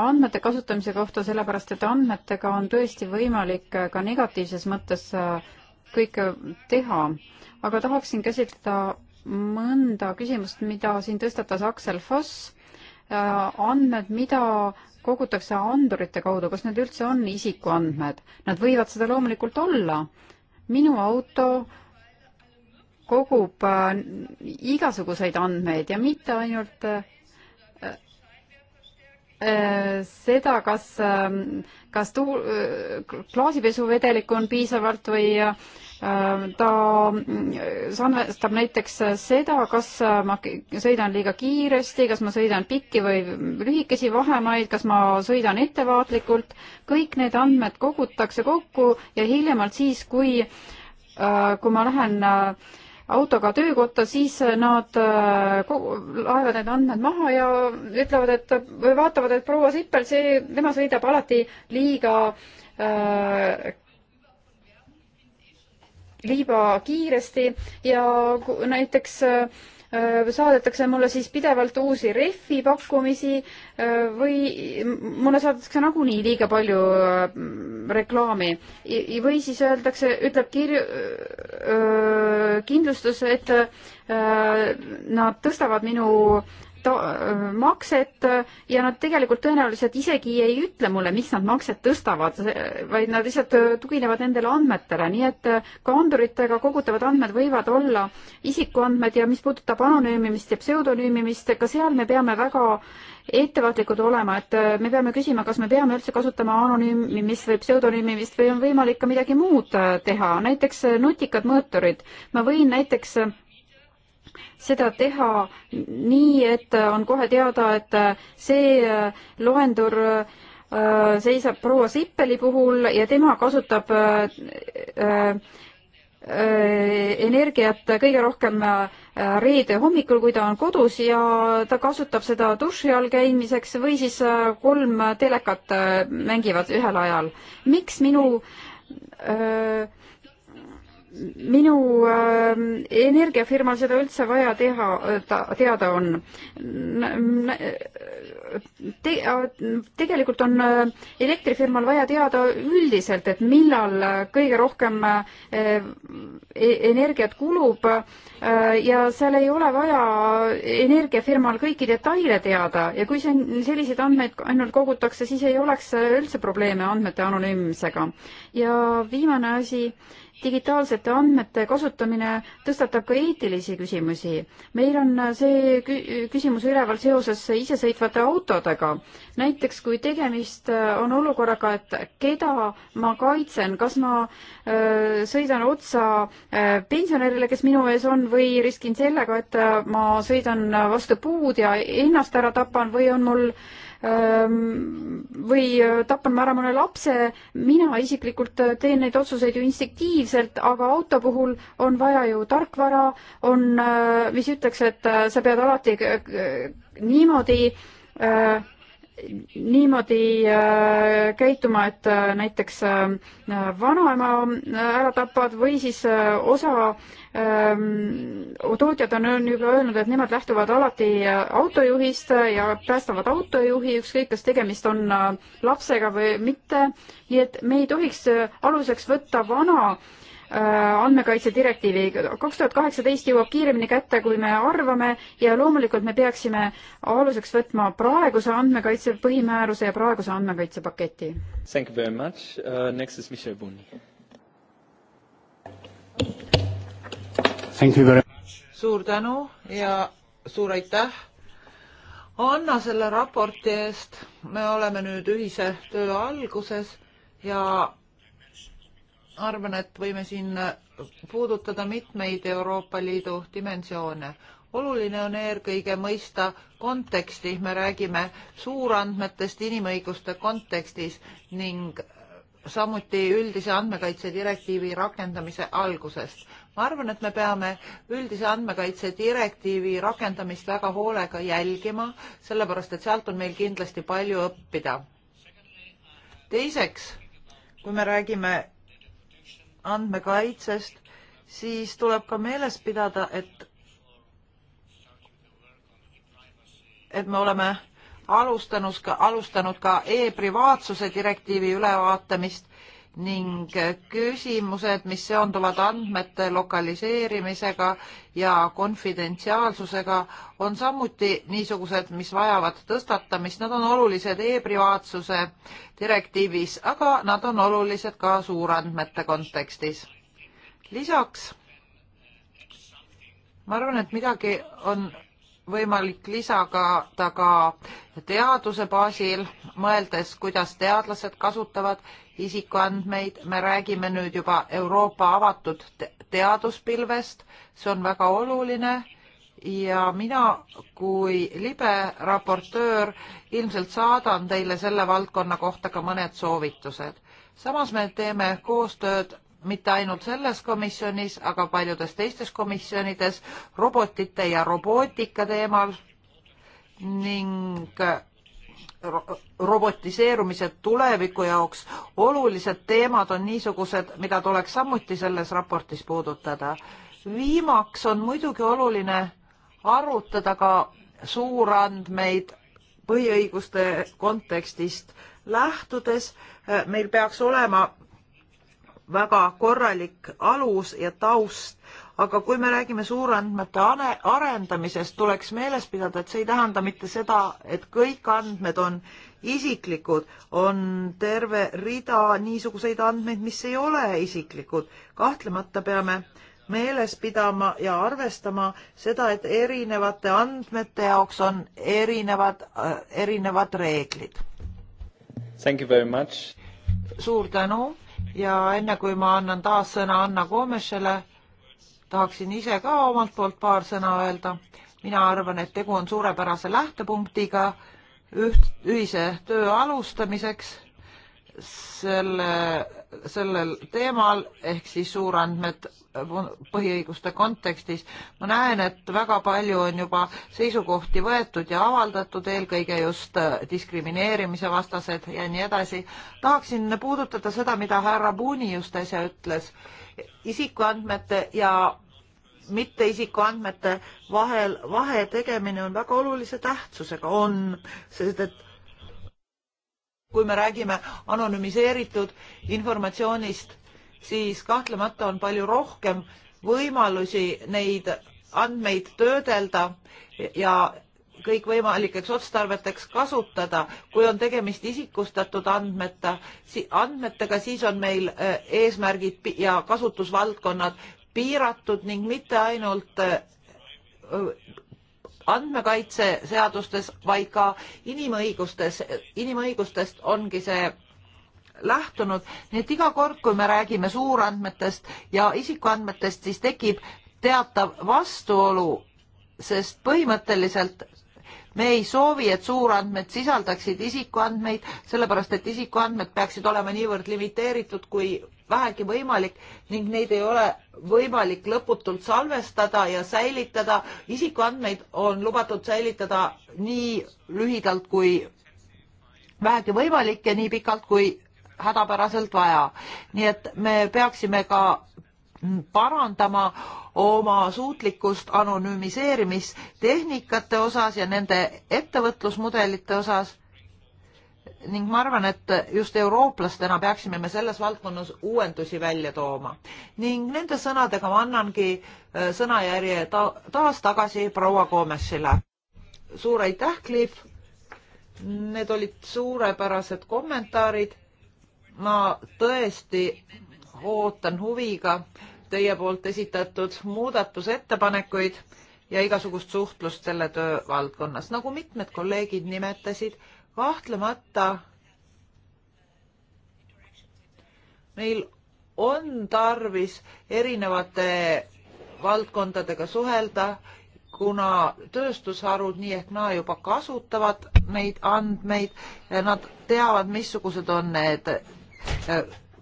andmete kasutamise kohta, sellepärast et andmetega on tõesti võimalik ka negatiivses mõttes äh, kõike teha, aga tahaksin käsitleda mõnda küsimust, mida siin tõstatas Aksel Foss, äh, andmed, mida kogutakse andurite kaudu, kas need üldse on isikuandmed? Nad võivad seda loomulikult olla. minu auto kogub äh, igasuguseid andmeid ja mitte ainult äh, seda, kas, kas tuul, klaasipesuvedelikku on piisavalt või äh, Ähm, ta mm, salvestab näiteks seda, kas ma sõidan liiga kiiresti, kas ma sõidan pikki või lühikesi vahemaid, kas ma sõidan ettevaatlikult, kõik need andmed kogutakse kokku ja hiljemalt siis, kui, äh, kui ma lähen äh, autoga töökotta, siis äh, nad laevad need andmed maha ja ütlevad, et või vaatavad, et proua Sippel, see, tema sõidab alati liiga äh, liiba kiiresti ja näiteks äh, saadetakse mulle siis pidevalt uusi rehvi pakkumisi äh, või mulle saadetakse nagunii liiga palju äh, reklaami või siis öeldakse, ütleb kirju, kindlustus, et nad tõstavad minu makset ja nad tegelikult tõenäoliselt isegi ei ütle mulle, miks nad makset tõstavad, vaid nad lihtsalt tuginevad nendele andmetele, nii et äh, kanduritega kogutavad andmed võivad olla isikuandmed ja mis puudutab anonüümimist ja pseudonüümimist, ka seal me peame väga ettevaatlikud olema, et äh, me peame küsima, kas me peame üldse kasutama anonüümimist või pseudonüümimist või on võimalik ka midagi muud äh, teha, näiteks nutikad mõõturid. ma võin näiteks seda teha nii, et on kohe teada, et see äh, loendur äh, seisab proua Sippeli puhul ja tema kasutab äh, energiat kõige rohkem reede hommikul, kui ta on kodus ja ta kasutab seda duši all käimiseks või siis kolm telekat mängivad ühel ajal. miks minu öö, minu äh, energiafirmal seda üldse vaja teha, teada on te,. Äh, tegelikult on äh, elektrifirmal vaja teada üldiselt, et millal äh, kõige rohkem äh, e-, energiat kulub äh, ja seal ei ole vaja energiafirmal kõiki detaile teada ja kui see, selliseid andmeid ainult kogutakse, siis ei oleks üldse probleeme andmete anonüümsega. ja viimane asi digitaalsete andmete kasutamine tõstatab ka eetilisi küsimusi. meil on äh, see küsimus üleval seoses isesõitvate autodega. näiteks kui tegemist äh, on olukorraga, et keda ma kaitsen, kas ma öö, äh, sõidan otsa pensionärile, kes minu ees on, või riskin sellega, et ma sõidan vastu puud ja ennast ära tapan või on mul öö, või tapan ma ära mõne lapse, mina isiklikult teen neid otsuseid ju instinktiivselt, aga auto puhul on vaja ju tarkvara, on, mis ütleks, et sa pead alati niimoodi äh, niimoodi äh, käituma, et äh, näiteks äh, vanaema ära tapad või siis osa ähm, tootjad on juba öelnud, et nemad lähtuvad alati autojuhist ja päästavad autojuhi, ükskõik kas tegemist on lapsega või mitte. nii et me ei tohiks aluseks võtta vana äh, Äh, andmekaitse direktiivi. kaks tuhat kaheksateist jõuab kiiremini kätte, kui me arvame ja loomulikult me peaksime aluseks võtma praeguse andmekaitse põhimääruse ja praeguse andmekaitse paketi. Thank you very much uh,, next is Michel Bonni. Thank you very much. suur tänu ja suur aitäh Anna selle raporti eest. me oleme nüüd ühise töö alguses ja arvan, et võime siin puudutada mitmeid Euroopa Liidu dimensioone. oluline on eelkõige mõista konteksti, me räägime suurandmetest inimõiguste kontekstis ning samuti üldise andmekaitse direktiivi rakendamise algusest. ma arvan, et me peame üldise andmekaitse direktiivi rakendamist väga hoolega jälgima, sellepärast et sealt on meil kindlasti palju õppida. teiseks, kui me räägime andmekaitsest, siis tuleb ka meeles pidada, et et me oleme alustanud ka, alustanud ka e-privaatsuse direktiivi ülevaatamist ning küsimused, mis seonduvad andmete lokaliseerimisega ja konfidentsiaalsusega, on samuti niisugused, mis vajavad tõstatamist. Nad on olulised e-privaatsuse direktiivis, aga nad on olulised ka suurandmete kontekstis. lisaks ma arvan, et midagi on võimalik lisada ka teaduse baasil, mõeldes, kuidas teadlased kasutavad isikuandmeid. me räägime nüüd juba Euroopa avatud teaduspilvest, see on väga oluline ja mina kui libe raportöör ilmselt saadan teile selle valdkonna kohta ka mõned soovitused. samas me teeme koostööd mitte ainult selles komisjonis, aga paljudes teistes komisjonides robotite ja robootika teemal ning robotiseerumise tuleviku jaoks olulised teemad on niisugused, mida tuleks samuti selles raportis puudutada. viimaks on muidugi oluline arutada ka suurandmeid põhiõiguste kontekstist lähtudes. Eh, meil peaks olema väga korralik alus ja taust, aga kui me räägime suurandmete arendamisest, tuleks meeles pidada, et see ei tähenda mitte seda, et kõik andmed on isiklikud, on terve rida niisuguseid andmeid, mis ei ole isiklikud. kahtlemata peame meeles pidama ja arvestama seda, et erinevate andmete jaoks on erinevad, erinevad reeglid. suur tänu ja enne kui ma annan taas sõna Anna Koomesele, tahaksin ise ka omalt poolt paar sõna öelda. mina arvan, et tegu on suurepärase lähtepunktiga üht, ühise töö alustamiseks. selle sellel teemal ehk siis suurandmed põhiõiguste kontekstis. ma näen, et väga palju on juba seisukohti võetud ja avaldatud, eelkõige just äh, diskrimineerimise vastased ja nii edasi. tahaksin puudutada seda, mida härra Puuni just äsja ütles isikuandmete ja mitte isikuandmete vahel vahe tegemine on väga olulise tähtsusega, on, sest et kui me räägime anonüümiseeritud informatsioonist, siis kahtlemata on palju rohkem võimalusi neid andmeid töödelda ja kõikvõimalikeks otstarveteks kasutada. kui on tegemist isikustatud andmeta, andmetega, siis on meil eh, eesmärgid ja kasutusvaldkonnad piiratud ning mitte ainult eh, andmekaitseseadustes, vaid ka inimõigustes, inimõigustest ongi see lähtunud, nii et iga kord, kui me räägime suurandmetest ja isikuandmetest, siis tekib teatav vastuolu, sest põhimõtteliselt me ei soovi, et suurandmed sisaldaksid isikuandmeid, sellepärast et isikuandmed peaksid olema niivõrd limiteeritud kui vähegi võimalik ning neid ei ole võimalik lõputult salvestada ja säilitada. isikuandmeid on lubatud säilitada nii lühidalt kui vähegi võimalik ja nii pikalt kui hädapäraselt vaja. nii et me peaksime ka parandama oma suutlikkust anonüümiseerimistehnikate osas ja nende ettevõtlusmudelite osas ning ma arvan, et just eurooplastena peaksime me selles valdkonnas uuendusi välja tooma. ning nende sõnadega ma annangi äh, sõnajärje ta taas tagasi proua Koomessile. suur aitäh, Cliff! Need olid suurepärased kommentaarid. ma tõesti ootan huviga teie poolt esitatud muudatusettepanekuid ja igasugust suhtlust selle töövaldkonnas. nagu mitmed kolleegid nimetasid, kahtlemata meil on tarvis erinevate valdkondadega suhelda, kuna tööstusharud nii ehk naa juba kasutavad neid andmeid, nad teavad, missugused on need äh,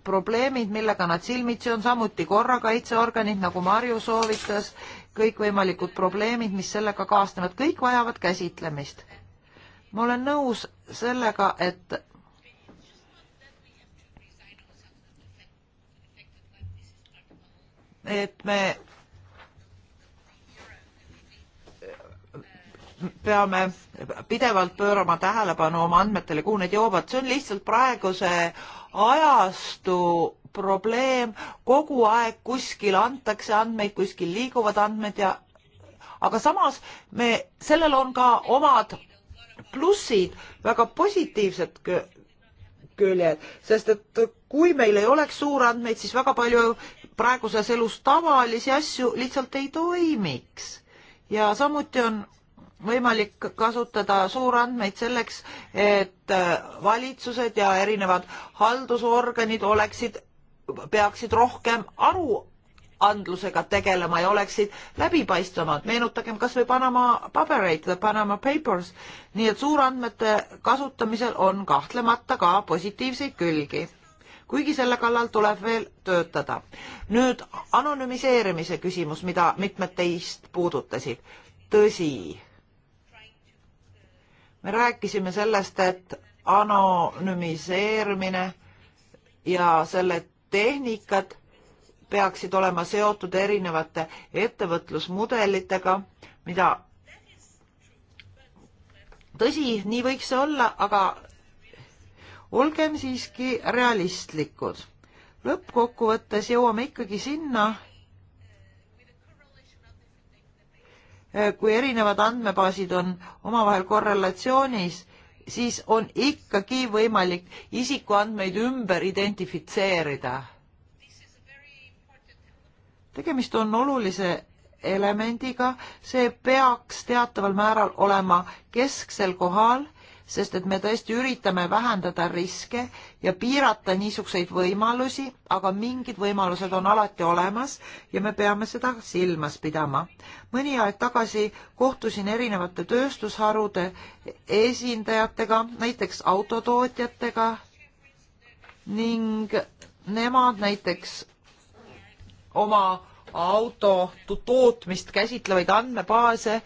probleemid, millega nad silmitsi on, samuti korrakaitseorganid, nagu Marju soovitas, kõikvõimalikud probleemid, mis sellega kaasnevad, kõik vajavad käsitlemist ma olen nõus sellega, et et me peame pidevalt pöörama tähelepanu oma andmetele, kuhu need joovad, see on lihtsalt praeguse ajastu probleem, kogu aeg kuskil antakse andmeid, kuskil liiguvad andmed ja aga samas me, sellel on ka omad plussid, väga positiivsed küljed, sest et kui meil ei oleks suurandmeid, siis väga palju praeguses elus tavalisi asju lihtsalt ei toimiks. ja samuti on võimalik kasutada suurandmeid selleks, et äh, valitsused ja erinevad haldusorganid oleksid, peaksid rohkem aru andlusega tegelema ja oleksid läbipaistvamad. meenutagem kas või Panama pabereid, Panama Papers. nii et suurandmete kasutamisel on kahtlemata ka positiivseid külgi. kuigi selle kallal tuleb veel töötada. nüüd anonüümiseerimise küsimus, mida mitmed teist puudutasid. tõsi, me rääkisime sellest, et anonüümiseerimine ja selle tehnikad peaksid olema seotud erinevate ettevõtlusmudelitega, mida tõsi, nii võiks see olla, aga olgem siiski realistlikud. lõppkokkuvõttes jõuame ikkagi sinna, kui erinevad andmebaasid on omavahel korrelatsioonis, siis on ikkagi võimalik isikuandmeid ümber identifitseerida tegemist on olulise elemendiga, see peaks teataval määral olema kesksel kohal, sest et me tõesti üritame vähendada riske ja piirata niisuguseid võimalusi, aga mingid võimalused on alati olemas ja me peame seda silmas pidama. mõni aeg tagasi kohtusin erinevate tööstusharude esindajatega, näiteks autotootjatega ning nemad näiteks oma auto tootmist käsitlevaid andmebaase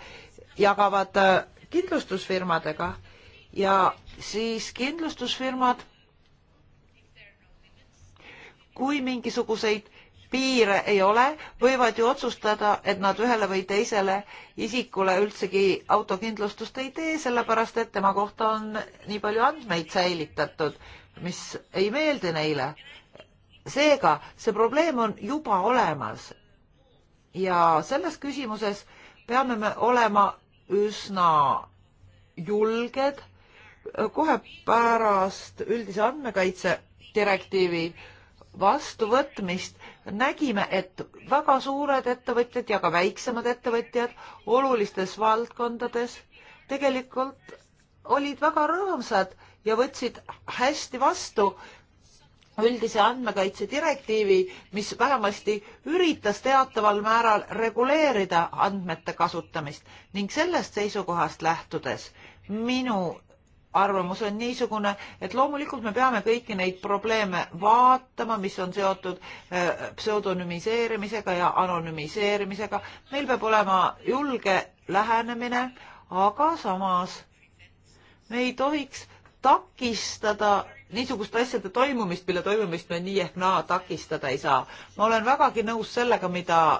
jagavad äh, kindlustusfirmadega ja siis kindlustusfirmad, kui mingisuguseid piire ei ole, võivad ju otsustada, et nad ühele või teisele isikule üldsegi autokindlustust ei tee, sellepärast et tema kohta on nii palju andmeid säilitatud, mis ei meeldi neile seega see probleem on juba olemas ja selles küsimuses peame me olema üsna julged kohe pärast üldise andmekaitse direktiivi vastuvõtmist nägime, et väga suured ettevõtjad ja ka väiksemad ettevõtjad olulistes valdkondades tegelikult olid väga rõõmsad ja võtsid hästi vastu üldise andmekaitse direktiivi, mis vähemasti üritas teataval määral reguleerida andmete kasutamist ning sellest seisukohast lähtudes minu arvamus on niisugune, et loomulikult me peame kõiki neid probleeme vaatama, mis on seotud äh, pseudonümiseerimisega ja anonümiseerimisega. meil peab olema julge lähenemine, aga samas me ei tohiks takistada niisuguste asjade toimumist, mille toimumist me nii ehk naa takistada ei saa. ma olen vägagi nõus sellega, mida äh,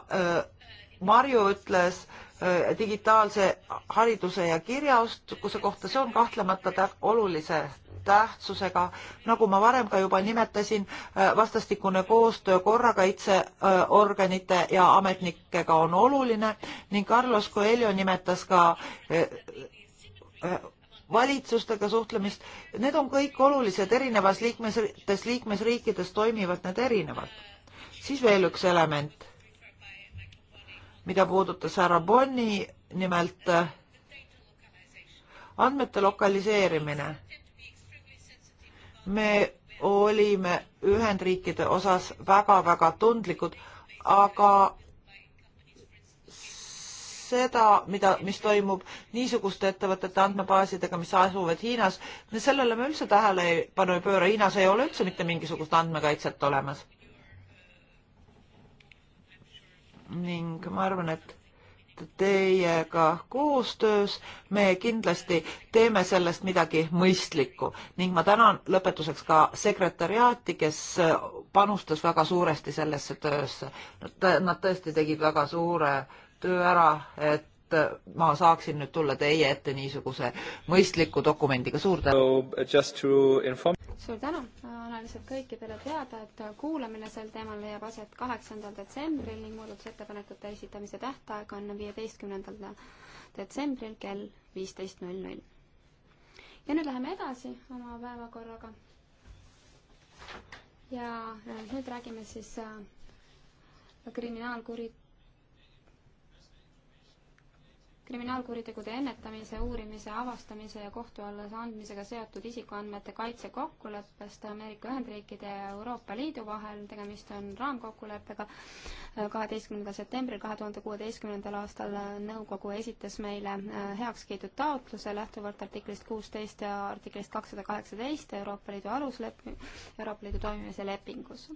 Marju ütles äh, digitaalse hariduse ja kirjaoskuse kohta, see on kahtlemata tä olulise tähtsusega. nagu ma varem ka juba nimetasin, äh, vastastikune koostöö korrakaitseorganite ja ametnikega on oluline ning Carlos Coelho nimetas ka valitsustega suhtlemist, need on kõik olulised, erinevas liikmesriikides, liikmesriikides toimivad need erinevalt. siis veel üks element, mida puudutas härra Bonni, nimelt äh, andmete lokaliseerimine. me olime Ühendriikide osas väga-väga tundlikud, aga seda, mida, mis toimub niisuguste ettevõtete andmebaasidega, mis asuvad Hiinas. sellele me üldse tähelepanu ei pööra, Hiinas ei ole üldse mitte mingisugust andmekaitset olemas. ning ma arvan, et teiega koostöös me kindlasti teeme sellest midagi mõistlikku ning ma tänan lõpetuseks ka sekretäriaati, kes panustas väga suuresti sellesse töösse. Nad tõesti tegid väga suure töö ära, et ma saaksin nüüd tulla teie ette niisuguse mõistliku dokumendiga, suur tänu! suur tänu, annan lihtsalt kõikidele teada, et kuulamine sel teemal leiab aset kaheksandal detsembril ning muudatusettepanekute esitamise tähtaeg on viieteistkümnendal detsembril kell viisteist null null. ja nüüd läheme edasi oma päevakorraga. ja nüüd räägime siis äh, kriminaalkurit-, kriminaalkuritegude ennetamise, uurimise, avastamise ja kohtu alla andmisega seotud isikuandmete kaitse kokkuleppest Ameerika Ühendriikide ja Euroopa Liidu vahel, tegemist on raamkokkuleppega, kaheteistkümnendal septembril kahe tuhande kuueteistkümnendal aastal nõukogu esitas meile äh, heakskiidu taotluse lähtuvalt artiklist kuusteist ja artiklist kakssada kaheksateist Euroopa Liidu alusleping, Euroopa Liidu toimimise lepingus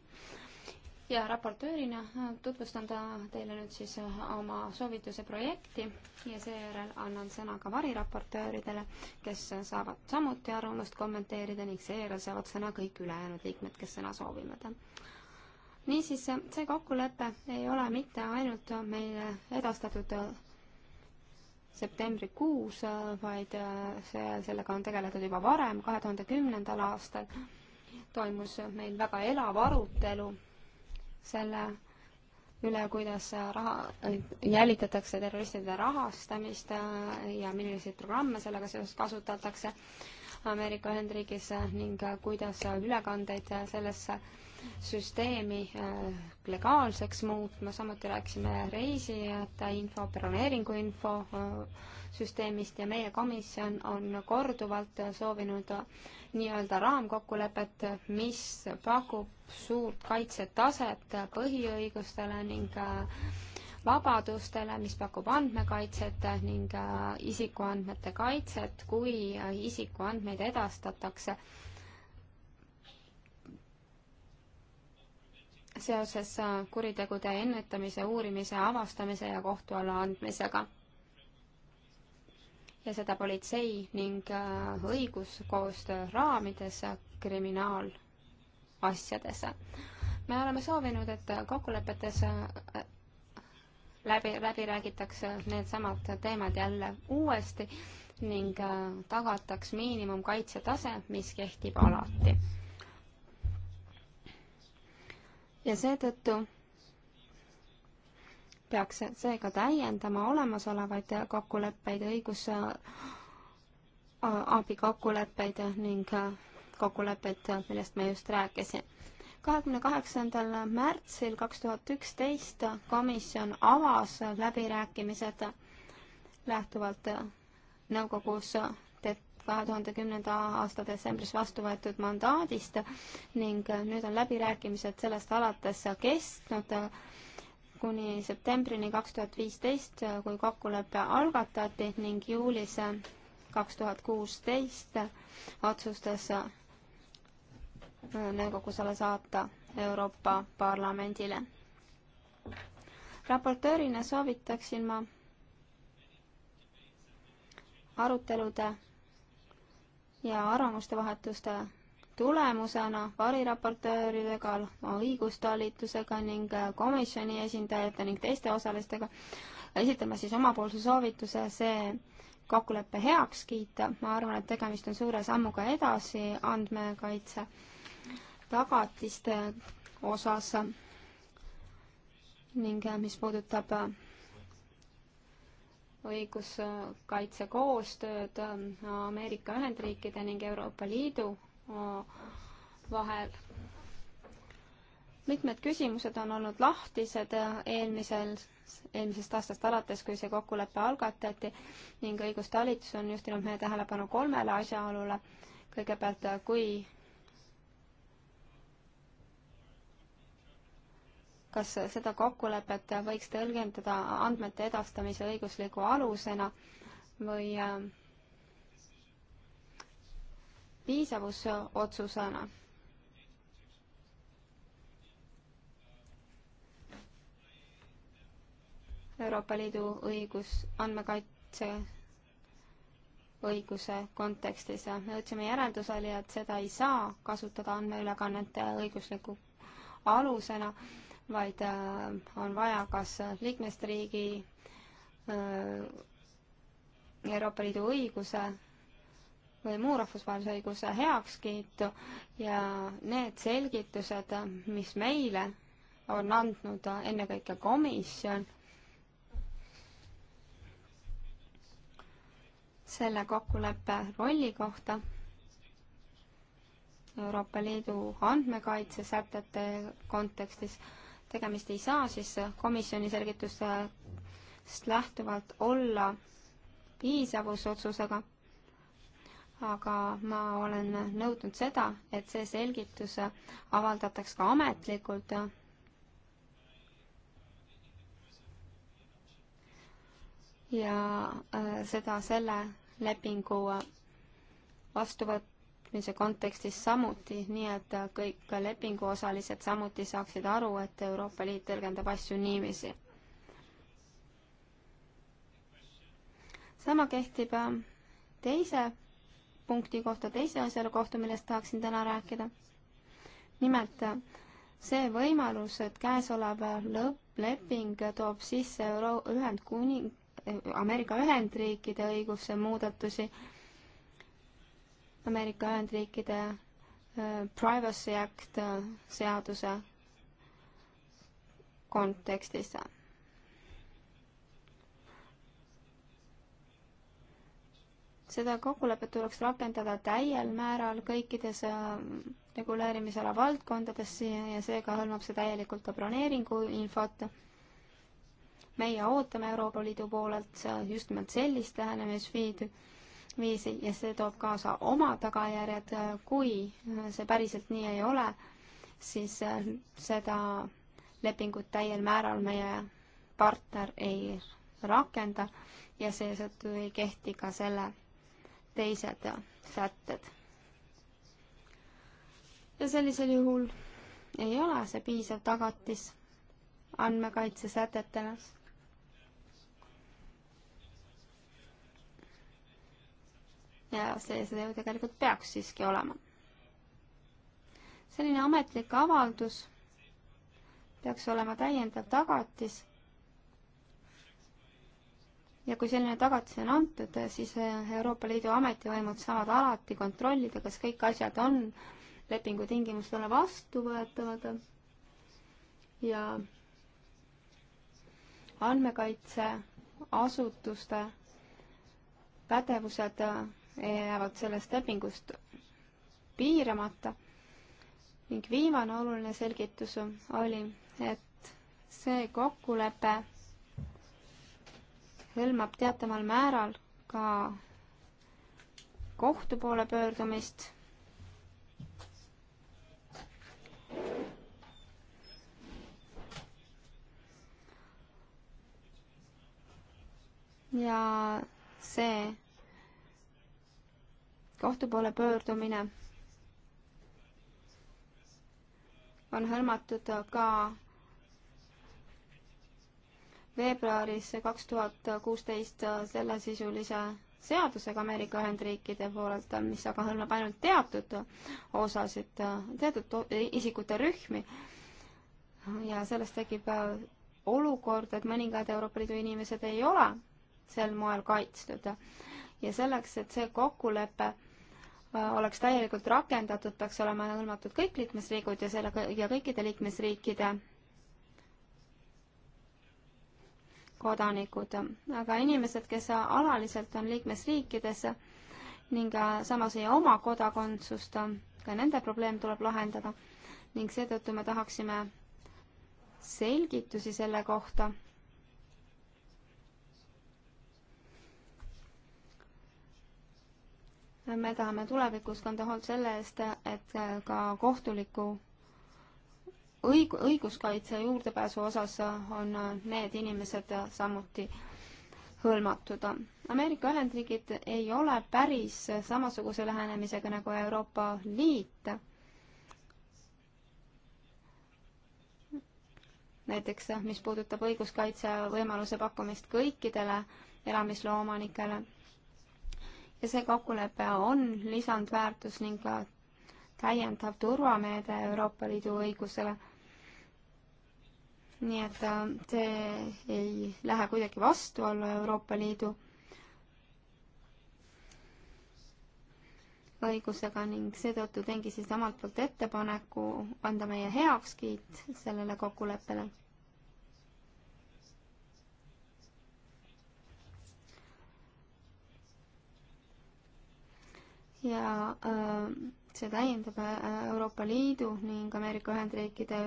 ja raportöörina äh, tutvustan ta teile nüüd siis äh, oma soovituse projekti ja seejärel annan sõna ka variraportööridele, kes äh, saavad samuti arvamust kommenteerida ning seejärel saavad sõna kõik ülejäänud liikmed, kes sõna soovivad. niisiis, see kokkulepe ei ole mitte ainult meile edastatud septembrikuus, vaid see, sellega on tegeletud juba varem, kahe tuhande kümnendal aastal toimus meil väga elav arutelu selle üle, kuidas raha, jälitatakse terroristide rahastamist äh, ja milliseid programme sellega seoses kasutatakse Ameerika Ühendriigis ning kuidas ülekandeid sellesse süsteemi äh, legaalseks muutma, samuti rääkisime reisijate info, broneeringu info äh, süsteemist ja meie komisjon on korduvalt soovinud nii-öelda raamkokkulepet, mis pakub suurt kaitsetaset põhiõigustele ning äh, vabadustele, mis pakub andmekaitset ning äh, isikuandmete kaitset, kui äh, isikuandmeid edastatakse seoses kuritegude ennetamise, uurimise, avastamise ja kohtu alla andmisega ja seda politsei ning äh, õiguskoostöö raamides kriminaalasjades. me oleme soovinud, et kokkulepetes äh, läbi, läbi räägitakse needsamad teemad jälle uuesti ning äh, tagataks miinimumkaitsetase, mis kehtib alati. ja seetõttu peaks seega täiendama olemasolevaid kokkuleppeid, õigusabi kokkuleppeid ning kokkulepet, millest ma just rääkisin. kahekümne kaheksandal märtsil kaks tuhat üksteist komisjon avas läbirääkimised lähtuvalt nõukogus kahe tuhande kümnenda aasta detsembris vastu võetud mandaadist ning nüüd on läbirääkimised sellest alates kestnud kuni septembrini kaks tuhat viisteist, kui kokkulepe algatati ning juulis kaks tuhat kuusteist otsustas äh, nõukogu selle saata Euroopa Parlamendile. raportöörina soovitaksin ma arutelude ja arvamuste vahetuste tulemusena variraportööridega, õigustalitusega ning komisjoni esindajate ning teiste osalistega esitame siis omapoolse soovituse see kokkulepe heaks kiita. ma arvan, et tegemist on suure sammuga edasi andmekaitse tagatiste osas ning mis puudutab õiguskaitsekoostööd Ameerika Ühendriikide ning Euroopa Liidu vahel. mitmed küsimused on olnud lahtised eelmisel, eelmisest aastast alates, kui see kokkulepe algatati ning õigustalitus on juhtinud meie tähelepanu kolmele asjaolule. kõigepealt, kui kas seda kokkulepet võiks tõlgendada andmete edastamise õigusliku alusena või äh, piisavusotsusena. Euroopa Liidu õigus andmekaitse õiguse kontekstis. me jõudsime järeldusele, et seda ei saa kasutada andmeülekannete õigusliku alusena, vaid äh, on vaja kas liikmesriigi äh, Euroopa Liidu õiguse või muu rahvusvahelise õiguse heakskiitu ja need selgitused, mis meile on andnud ennekõike komisjon, selle kokkuleppe rolli kohta Euroopa Liidu andmekaitsesätete kontekstis, tegemist ei saa siis komisjoni selgitustest lähtuvalt olla piisavusotsusega aga ma olen nõudnud seda, et see selgitus avaldataks ka ametlikult. ja äh, seda selle lepingu vastuvõtmise kontekstis samuti, nii et kõik lepinguosalised samuti saaksid aru, et Euroopa Liit tõlgendab asju niiviisi. sama kehtib äh, teise punkti kohta teise asjaolu kohta, millest tahaksin täna rääkida. nimelt see võimalus, et käesolev lõppleping toob sisse Euro-, Ühendkuning-, Ameerika Ühendriikide õiguse muudatusi, Ameerika Ühendriikide äh, Privacy Act äh, seaduse kontekstis seda kokkulepet tuleks rakendada täiel määral kõikides äh, reguleerimisala valdkondades ja seega hõlmab see täielikult ka broneeringuinfot. meie ootame Euroopa Liidu poolelt just nimelt sellist lähenemisviidi viisi ja see toob kaasa oma tagajärjed, kui see päriselt nii ei ole, siis äh, seda lepingut täiel määral meie partner ei rakenda ja seetõttu ei kehti ka selle teised sätted. ja sellisel juhul ei ole see piisav tagatis andmekaitsesätetele ja see, seda ju tegelikult peaks siiski olema. selline ametlik avaldus peaks olema täiendav tagatis ja kui selline tagatis on antud, siis eh, Euroopa Liidu ametivõimud saavad alati kontrollida, kas kõik asjad on lepingu tingimustele vastuvõetavad ja andmekaitseasutuste pädevused eh, jäävad sellest lepingust piiramata ning viimane oluline selgitus oli, et see kokkulepe hõlmab teataval määral ka kohtu poole pöördumist. ja see kohtu poole pöördumine on hõlmatud ka veebruaris kaks tuhat kuusteist sellesisulise seadusega Ameerika Ühendriikide poolelt, mis aga hõlmab ainult teatud osasid, teatud isikute rühmi. ja sellest tekib olukord, et mõningad Euroopa Liidu inimesed ei ole sel moel kaitstud. ja selleks, et see kokkulepe oleks täielikult rakendatud, peaks olema hõlmatud kõik liikmesriigid ja selle, ja kõikide liikmesriikide kodanikud, aga inimesed, kes alaliselt on liikmesriikides ning samas ei oma kodakondsust, ka nende probleem tuleb lahendada ning seetõttu me tahaksime selgitusi selle kohta me tahame tulevikus kanda hoolt selle eest, et ka kohtuliku õig-, õiguskaitse juurdepääsu osas on need inimesed samuti hõlmatud. Ameerika Ühendriigid ei ole päris samasuguse lähenemisega nagu Euroopa Liit. näiteks mis puudutab õiguskaitse võimaluse pakkumist kõikidele elamisloomanikele. ja see kokkulepe on lisandväärtus ning ka täiendav turvameede Euroopa Liidu õigusele nii et äh, see ei lähe kuidagi vastuollu Euroopa Liidu õigusega ning seetõttu teengi siis omalt poolt ettepaneku anda meie heakskiit sellele kokkuleppele. ja öö, äh, see täiendab äh, Euroopa Liidu ning Ameerika Ühendriikide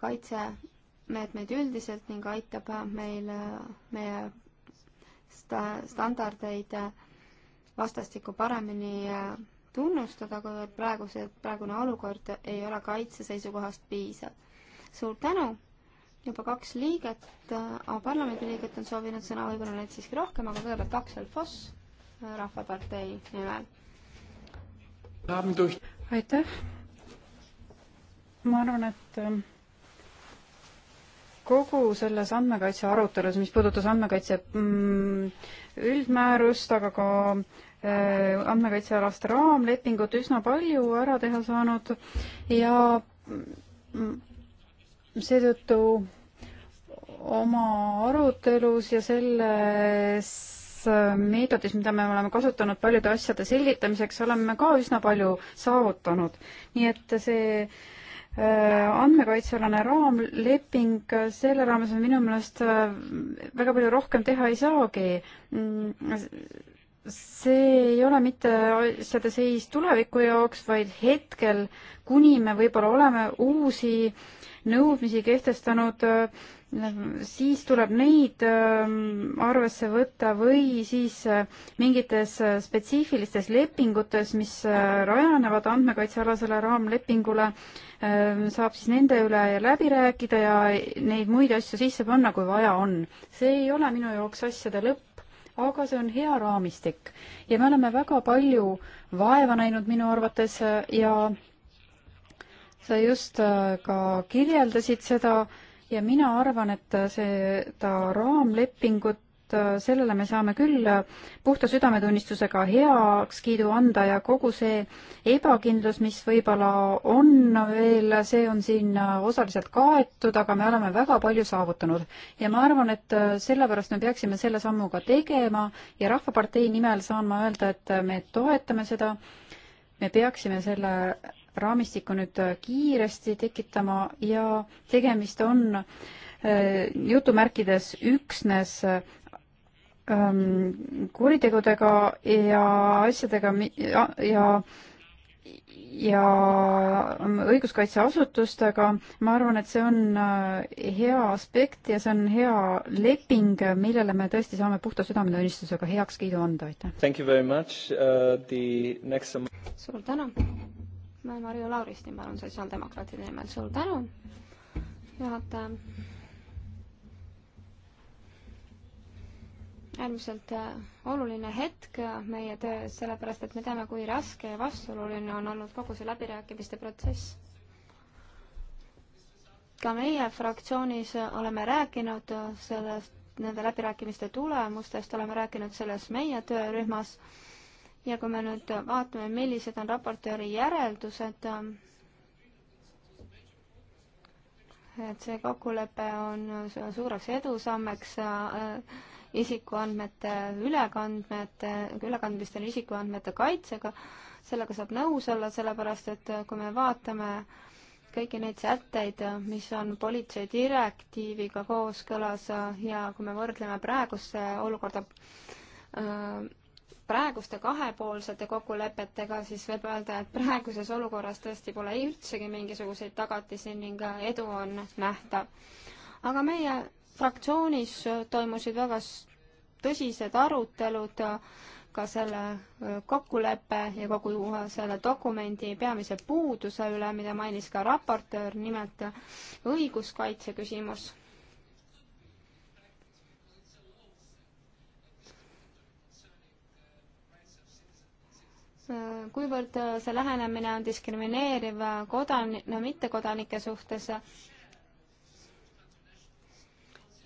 kaitsemeetmeid üldiselt ning aitab meil meie sta-, standardeid vastastikku paremini tunnustada, kuivõrd praeguse, praegune olukord ei ole kaitse seisukohast piisav. suur tänu, juba kaks liiget, äh, parlamendiliiget on soovinud sõna, võib-olla neid siiski rohkem, aga kõigepealt Aksel Foss äh, Rahvapartei nimel. aitäh, ma arvan, et ähm, kogu selles andmekaitse arutelus, mis puudutas andmekaitse mm, üldmäärust, aga ka äh, andmekaitsealast raamlepingut üsna palju ära teha saanud ja mm, seetõttu oma arutelus ja selles meetodis, mida me oleme kasutanud paljude asjade selgitamiseks, oleme ka üsna palju saavutanud. nii et see äh, Äh, andmekaitsealane raamleping, äh, selle raames on minu meelest äh, väga palju rohkem teha ei saagi. Mm, see ei ole mitte asjade seis tuleviku jaoks, vaid hetkel, kuni me võib-olla oleme uusi nõudmisi kehtestanud siis tuleb neid ähm, arvesse võtta või siis äh, mingites äh, spetsiifilistes lepingutes, mis äh, rajanevad andmekaitsealasele raamlepingule, ähm, saab siis nende üle läbi rääkida ja neid muid asju sisse panna, kui vaja on. see ei ole minu jaoks asjade lõpp, aga see on hea raamistik ja me oleme väga palju vaeva näinud minu arvates ja sa just ka kirjeldasid seda äh, ja mina arvan, et seda raamlepingut sellele me saame küll puhta südametunnistusega heakskiidu anda ja kogu see ebakindlus, mis võib-olla on veel, see on siin osaliselt kaetud, aga me oleme väga palju saavutanud. ja ma arvan, et sellepärast me peaksime selle sammu ka tegema ja Rahvapartei nimel saan ma öelda, et me toetame seda, me peaksime selle raamistikku nüüd kiiresti tekitama ja tegemist on äh, jutumärkides üksnes ähm, kuritegudega ja asjadega ja ja ähm, õiguskaitseasutustega, ma arvan, et see on äh, hea aspekt ja see on hea leping, millele me tõesti saame puhta südametunnistusega heakskiidu anda, aitäh! Uh, suur tänu! me Marju Lauristin, palun, sotsiaaldemokraatide nimel, suur tänu, juhataja. äärmiselt äh, oluline hetk äh, meie töös, sellepärast et me teame, kui raske ja vastuoluline on olnud kogu see läbirääkimiste protsess. ka meie fraktsioonis oleme rääkinud äh, sellest, nende läbirääkimiste tulemustest, oleme rääkinud selles meie töörühmas ja kui me nüüd vaatame, millised on raportööri järeldused, et see kokkulepe on suureks edusammeks äh, isikuandmete ülekandmete, ülekandmistel isikuandmete kaitsega, sellega saab nõus olla, sellepärast et kui me vaatame kõiki neid sätteid, mis on politsei direktiiviga kooskõlas ja kui me võrdleme praegust olukorda äh, praeguste kahepoolsete kokkulepetega, siis võib öelda, et praeguses olukorras tõesti pole üldsegi mingisuguseid tagatisi ning edu on nähtav. aga meie fraktsioonis toimusid väga tõsised arutelud ka selle kokkuleppe ja kogu selle dokumendi peamise puuduse üle, mida mainis ka raportöör, nimelt õiguskaitse küsimus kuivõrd äh, see lähenemine on diskrimineeriv kodan-, no mittekodanike suhtes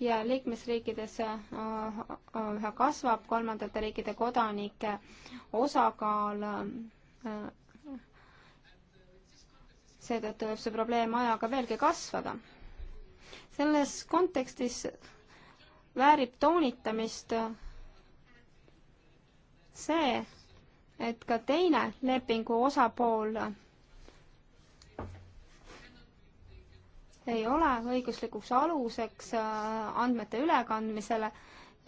ja liikmesriikides üha äh, äh, kasvab kolmandate riikide kodanike osakaal seetõttu võib see probleem ajaga veelgi kasvada. selles kontekstis väärib toonitamist see, et ka teine lepingu osapool ei ole õiguslikuks aluseks äh, andmete ülekandmisele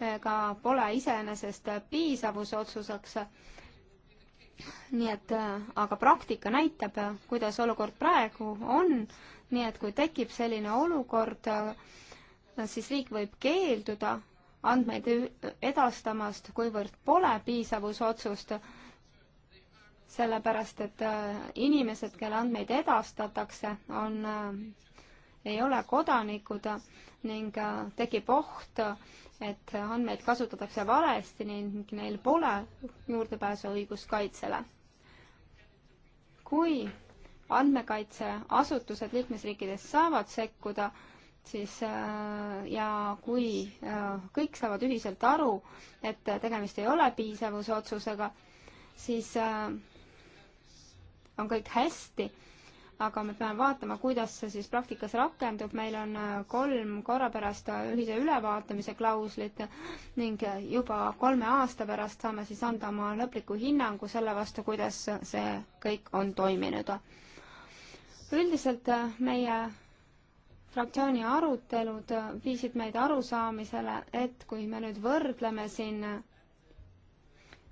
ega äh, pole iseenesest piisavusotsuseks. nii et, äh, aga praktika näitab, kuidas olukord praegu on, nii et kui tekib selline olukord, siis riik võib keelduda andmeid edastamast, kuivõrd pole piisavusotsust sellepärast et äh, inimesed, kelle andmeid edastatakse, on, äh, ei ole kodanikud ning äh, tekib oht, et andmeid kasutatakse valesti ning neil pole juurdepääsu õiguskaitsele. kui andmekaitseasutused liikmesriikides saavad sekkuda, siis ja kui kõik saavad ühiselt aru, et tegemist ei ole piisavusotsusega, siis äh, on kõik hästi, aga me peame vaatama, kuidas see siis praktikas rakendub, meil on äh, kolm korra pärast äh, ühise ülevaatamise klauslit ning äh, juba kolme aasta pärast saame siis anda oma lõpliku hinnangu selle vastu, kuidas see kõik on toiminud. üldiselt meie fraktsiooni arutelud viisid meid arusaamisele, et kui me nüüd võrdleme siin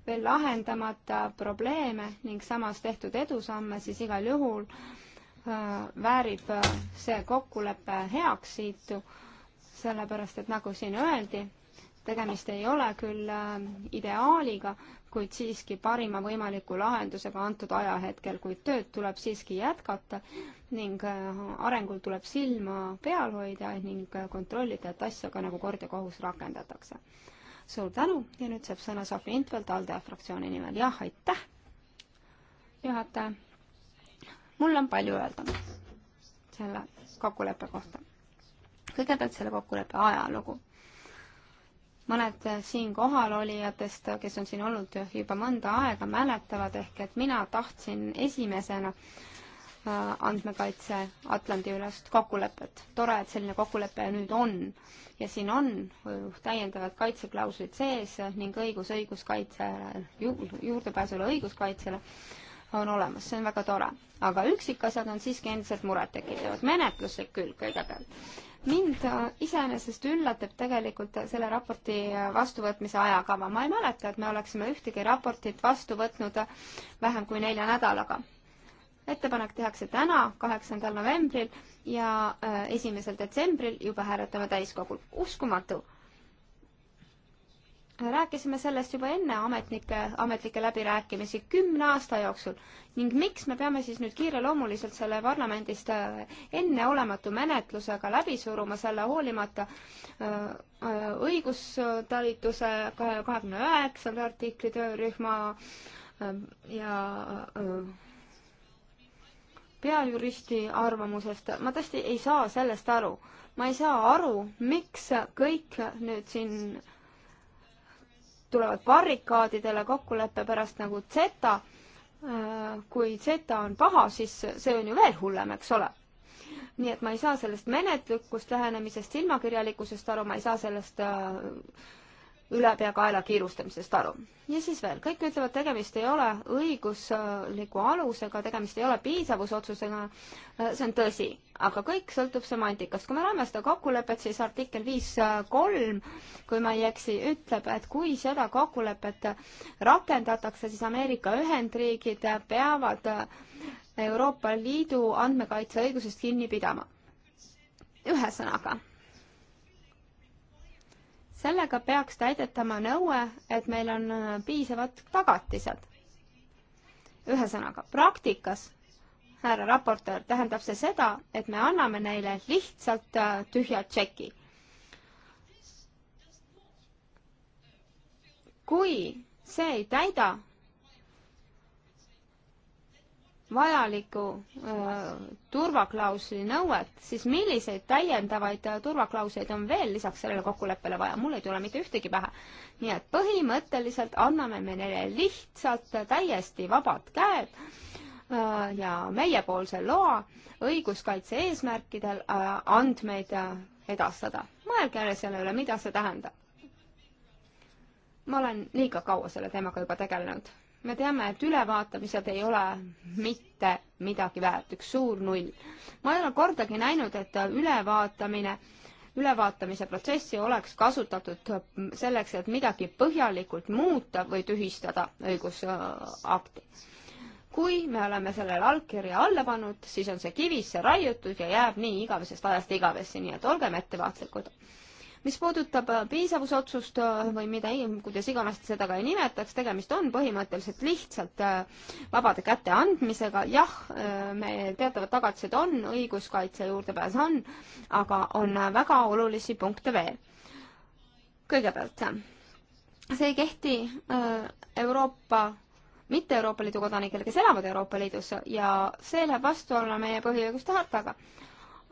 veel lahendamata probleeme ning samas tehtud edusamme, siis igal juhul äh, väärib äh, see kokkulepe heakskiitu, sellepärast et nagu siin öeldi, tegemist ei ole küll äh, ideaaliga, kuid siiski parima võimaliku lahendusega antud ajahetkel, kuid tööd tuleb siiski jätkata ning arengul tuleb silma peal hoida ning kontrollida, et asja ka nagu kord ja kohus rakendatakse suur tänu ja nüüd saab sõna Sofi Intvelt ALDE fraktsiooni nimel. jah, aitäh, juhataja. mul on palju öelda selle kokkuleppe kohta. kõigepealt selle kokkuleppe ajalugu. mõned siin kohalolijatest, kes on siin olnud juba mõnda aega, mäletavad ehk, et mina tahtsin esimesena äh, Äh, andmekaitse Atlandi-ülest kokkulepet. tore, et selline kokkulepe nüüd on ja siin on äh, täiendavad kaitseklauslid sees ning õigus õiguskaitsele ju,, juurdepääsule õiguskaitsele on olemas, see on väga tore. aga üksikasjad on siiski endiselt murettekitavad, menetluslik külg kõigepealt. mind äh, iseenesest üllatab tegelikult selle raporti vastuvõtmise ajakava, ma ei mäleta, et me oleksime ühtegi raportit vastu võtnud vähem kui nelja nädalaga ettepanek tehakse täna, kaheksandal novembril ja äh, esimesel detsembril juba hääletame täiskogul. uskumatu! rääkisime sellest juba enne ametnike, ametlikke läbirääkimisi kümne aasta jooksul ning miks me peame siis nüüd kiireloomuliselt selle parlamendist äh, enneolematu menetlusega läbi suruma, selle hoolimata äh, õigustalituse kahekümne üheksanda artikli töörühma ja öö, peajuristi arvamusest, ma tõesti ei saa sellest aru. ma ei saa aru, miks kõik nüüd siin tulevad barrikaadidele kokkuleppe pärast nagu Zeta. kui Zeta on paha, siis see on ju veel hullem, eks ole. nii et ma ei saa sellest menetlikust lähenemisest, silmakirjalikkusest aru, ma ei saa sellest äh, ülepeakaela kiirustamisest aru. ja siis veel, kõik ütlevad, tegemist ei ole õigusliku alusega, tegemist ei ole piisavusotsusega, see on tõsi, aga kõik sõltub semantikast. kui me loeme seda kokkulepet, siis artikkel viis kolm, kui ma ei eksi, ütleb, et kui seda kokkulepet rakendatakse, siis Ameerika Ühendriigid peavad Euroopa Liidu andmekaitseõigusest kinni pidama. ühesõnaga sellega peaks täidetama nõue, et meil on äh, piisavad tagatised. ühesõnaga, praktikas, härra raportöör, tähendab see seda, et me anname neile lihtsalt äh, tühja tšeki. kui see ei täida vajalikku turvaklausli nõuet, siis milliseid täiendavaid turvaklausleid on veel lisaks sellele kokkuleppele vaja, mul ei tule mitte ühtegi pähe. nii et põhimõtteliselt anname me neile lihtsalt täiesti vabad käed ja meiepoolse loa õiguskaitse eesmärkidel andmeid edastada. mõelge selle üle, mida see tähendab. ma olen liiga kaua selle teemaga juba tegelenud me teame, et ülevaatamised ei ole mitte midagi väärt, üks suur null. ma ei ole kordagi näinud, et ülevaatamine, ülevaatamise protsessi oleks kasutatud selleks, et midagi põhjalikult muuta või tühistada õigusakti. kui me oleme sellele allkirja alla pannud, siis on see kivisse raiutud ja jääb nii igavesest ajast igavesse, nii et olgem ettevaatlikud mis puudutab äh, piisavusotsust äh, või mida, kuidas iganes seda ka ei nimetaks, tegemist on põhimõtteliselt lihtsalt äh, vabade käte andmisega, jah, me teatavad tagatised on, õiguskaitse juurdepääs on, aga on väga olulisi punkte veel. kõigepealt, see ei kehti Euroopa mitte Euroopa Liidu kodanikele, kes elavad Euroopa Liidus ja see läheb vastuollu meie põhiõiguste hartaga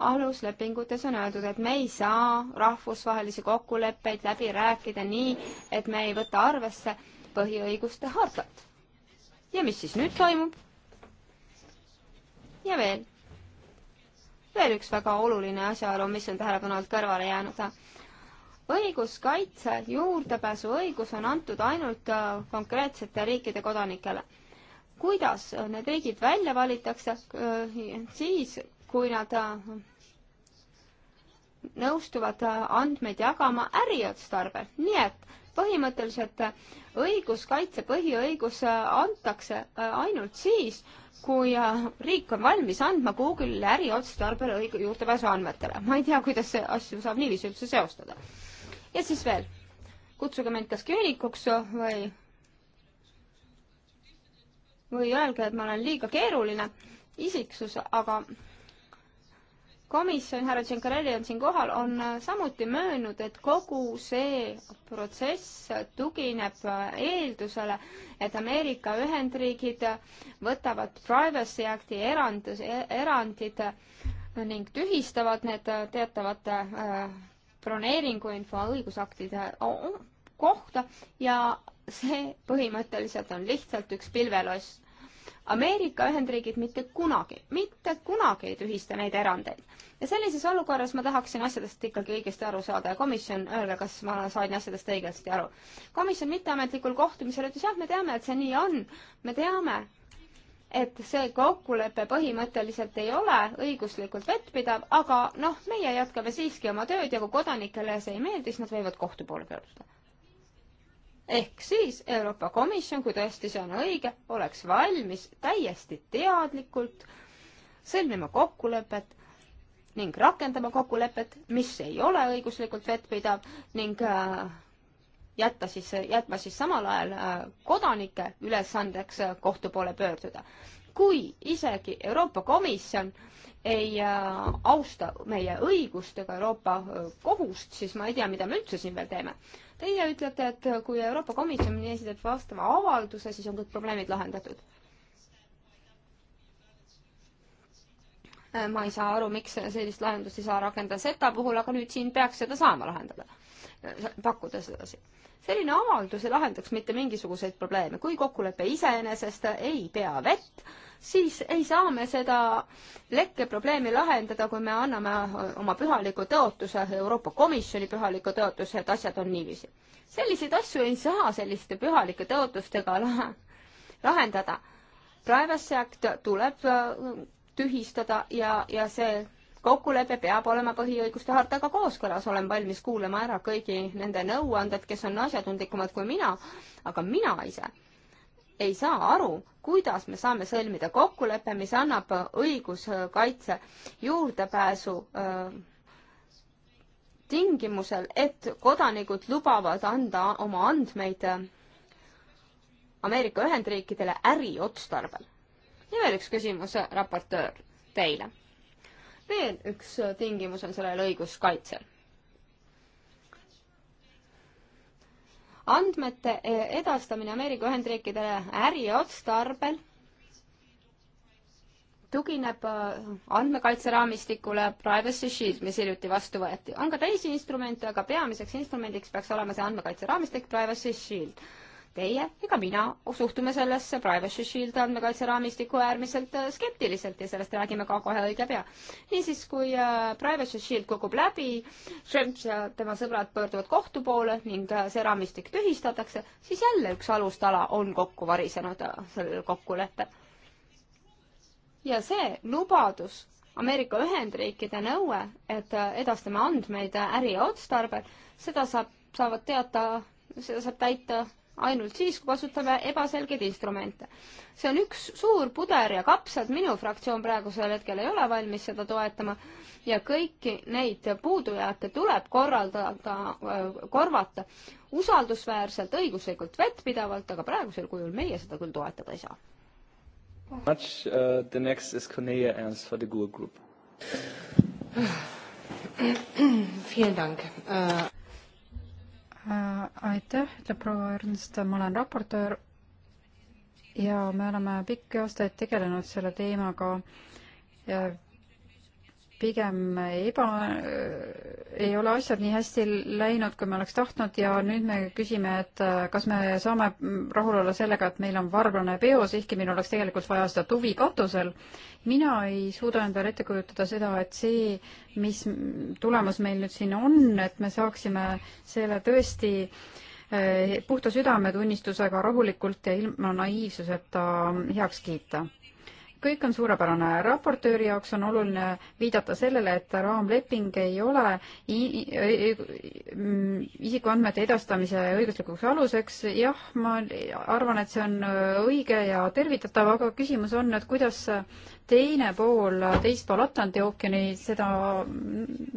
aluslepingutes on öeldud, et me ei saa rahvusvahelisi kokkuleppeid läbi rääkida nii, et me ei võta arvesse põhiõiguste hartat. ja mis siis nüüd toimub? ja veel, veel üks väga oluline asjaolu, mis on tähelepanu alt kõrvale jäänud. õiguskaitse juurdepääsuõigus on antud ainult äh, konkreetsete riikide kodanikele. kuidas need riigid välja valitakse, äh, siis kui nad äh, nõustuvad andmeid jagama äriotstarbel, nii et põhimõtteliselt õiguskaitse, põhiõigus antakse äh, ainult siis, kui äh, riik on valmis andma Google'ile äriotstarbel õig-, juurdepääsu andmetele. ma ei tea, kuidas see asju saab niiviisi üldse seostada. ja siis veel, kutsuge mind kas küünikuks või või öelge, et ma olen liiga keeruline isiksus, aga komisjon, härra Tšenkarelli on siin kohal, on äh, samuti möönnud, et kogu see protsess tugineb äh, eeldusele, et Ameerika Ühendriigid võtavad Privacy Acti erand, e-, erandid ning tühistavad need äh, teatavate broneeringuinfo õigusaktide kohta ja see põhimõtteliselt on lihtsalt üks pilveloss Ameerika Ühendriigid mitte kunagi, mitte kunagi ei tühista neid erandeid. ja sellises olukorras ma tahaksin asjadest ikkagi õigesti aru saada ja komisjon, öelge, kas ma sain asjadest õigesti aru. komisjon mitteametlikul kohtumisel ütles jah, me teame, et see nii on, me teame, et see kokkulepe põhimõtteliselt ei ole õiguslikult vettpidav, aga noh, meie jätkame siiski oma tööd ja kui kodanikele see ei meeldi, siis nad võivad kohtu poole pöörduda ehk siis Euroopa Komisjon, kui tõesti see on õige, oleks valmis täiesti teadlikult sõlmima kokkulepet ning rakendama kokkulepet, mis ei ole õiguslikult vettpidav ning äh, jätta siis, jätma siis samal ajal äh, kodanike ülesandeks äh, kohtu poole pöörduda. kui isegi Euroopa Komisjon ei austa meie õigust ega Euroopa kohust, siis ma ei tea, mida me üldse siin veel teeme Teie ütlete, et kui Euroopa Komisjon esitab vastava avalduse, siis on kõik probleemid lahendatud. Äh, ma ei saa aru, miks sellist lahendust ei saa rakendada seta puhul, aga nüüd siin peaks seda saama lahendada, äh, pakkuda sedasi. selline avaldus ei lahendaks mitte mingisuguseid probleeme, kui kokkulepe iseenesest ei pea vett, siis ei saa me seda lekkeprobleemi lahendada, kui me anname oma pühaliku tõotuse, Euroopa Komisjoni pühaliku tõotuse, et asjad on niiviisi. selliseid asju ei saa selliste pühalike tõotustega lahendada. Privacy Act tuleb äh, tühistada ja, ja see kokkulepe peab olema põhiõiguste hartaga kooskõlas, olen valmis kuulama ära kõigi nende nõuanded, kes on asjatundlikumad kui mina, aga mina ise ei saa aru, kuidas me saame sõlmida kokkuleppe, mis annab õiguskaitse juurdepääsu äh, tingimusel, et kodanikud lubavad anda oma andmeid äh, Ameerika Ühendriikidele äriotstarbel. ja veel üks küsimus, äh, raportöör, teile. veel üks tingimus on sellel õiguskaitsel andmete eh, edastamine Ameerika Ühendriikidele äriotstarbel tugineb äh, andmekaitseraamistikule Privacy Shield, mis hiljuti vastu võeti. on ka teisi instrumente, aga peamiseks instrumendiks peaks olema see andmekaitseraamistik Privacy Shield teie ega mina suhtume sellesse Privacy Shield andmekaitse raamistiku äärmiselt äh, skeptiliselt ja sellest räägime ka kohe õige pea. niisiis, kui äh, Privacy Shield kukub läbi, Schrems ja tema sõbrad pöörduvad kohtu poole ning äh, see raamistik tühistatakse, siis jälle üks alustala on kokku varisenud sellel kokkuleppel. ja see lubadus, Ameerika Ühendriikide nõue, et edastame andmeid äriotstarbel, seda saab, saavad teada, seda saab täita ainult siis, kui kasutame ebaselgeid instrumente. see on üks suur puder ja kapsad, minu fraktsioon praegusel hetkel ei ole valmis seda toetama ja kõiki neid puudujääke tuleb korraldada, äh, korvata usaldusväärselt, õiguslikult vettpidavalt, aga praegusel kujul meie seda küll toetada ei saa. Much uh, the next is Cornelia Ernst for the GUE group. Vielen Dank. Uh... Äh, aitäh, ütleb proua Ernst, ma olen raportöör ja me oleme pikki aastaid tegelenud selle teemaga ja pigem eba, ei ole asjad nii hästi läinud, kui me oleks tahtnud ja nüüd me küsime, et äh, kas me saame rahul olla sellega, et meil on varblane peos, ehkki meil oleks tegelikult vaja seda tuvi katusel. mina ei suuda endale ette kujutada seda, et see, mis tulemus meil nüüd siin on, et me saaksime selle tõesti äh, puhta südametunnistusega rahulikult ja ilma naiivsuseta heaks kiita kõik on suurepärane. raportööri jaoks on oluline viidata sellele, et raamleping ei ole isikuandmete edastamise õiguslikuks aluseks. jah, ma arvan, et see on õige ja tervitatav, aga küsimus on, et kuidas teine pool, teist pool Atlandi ookeani seda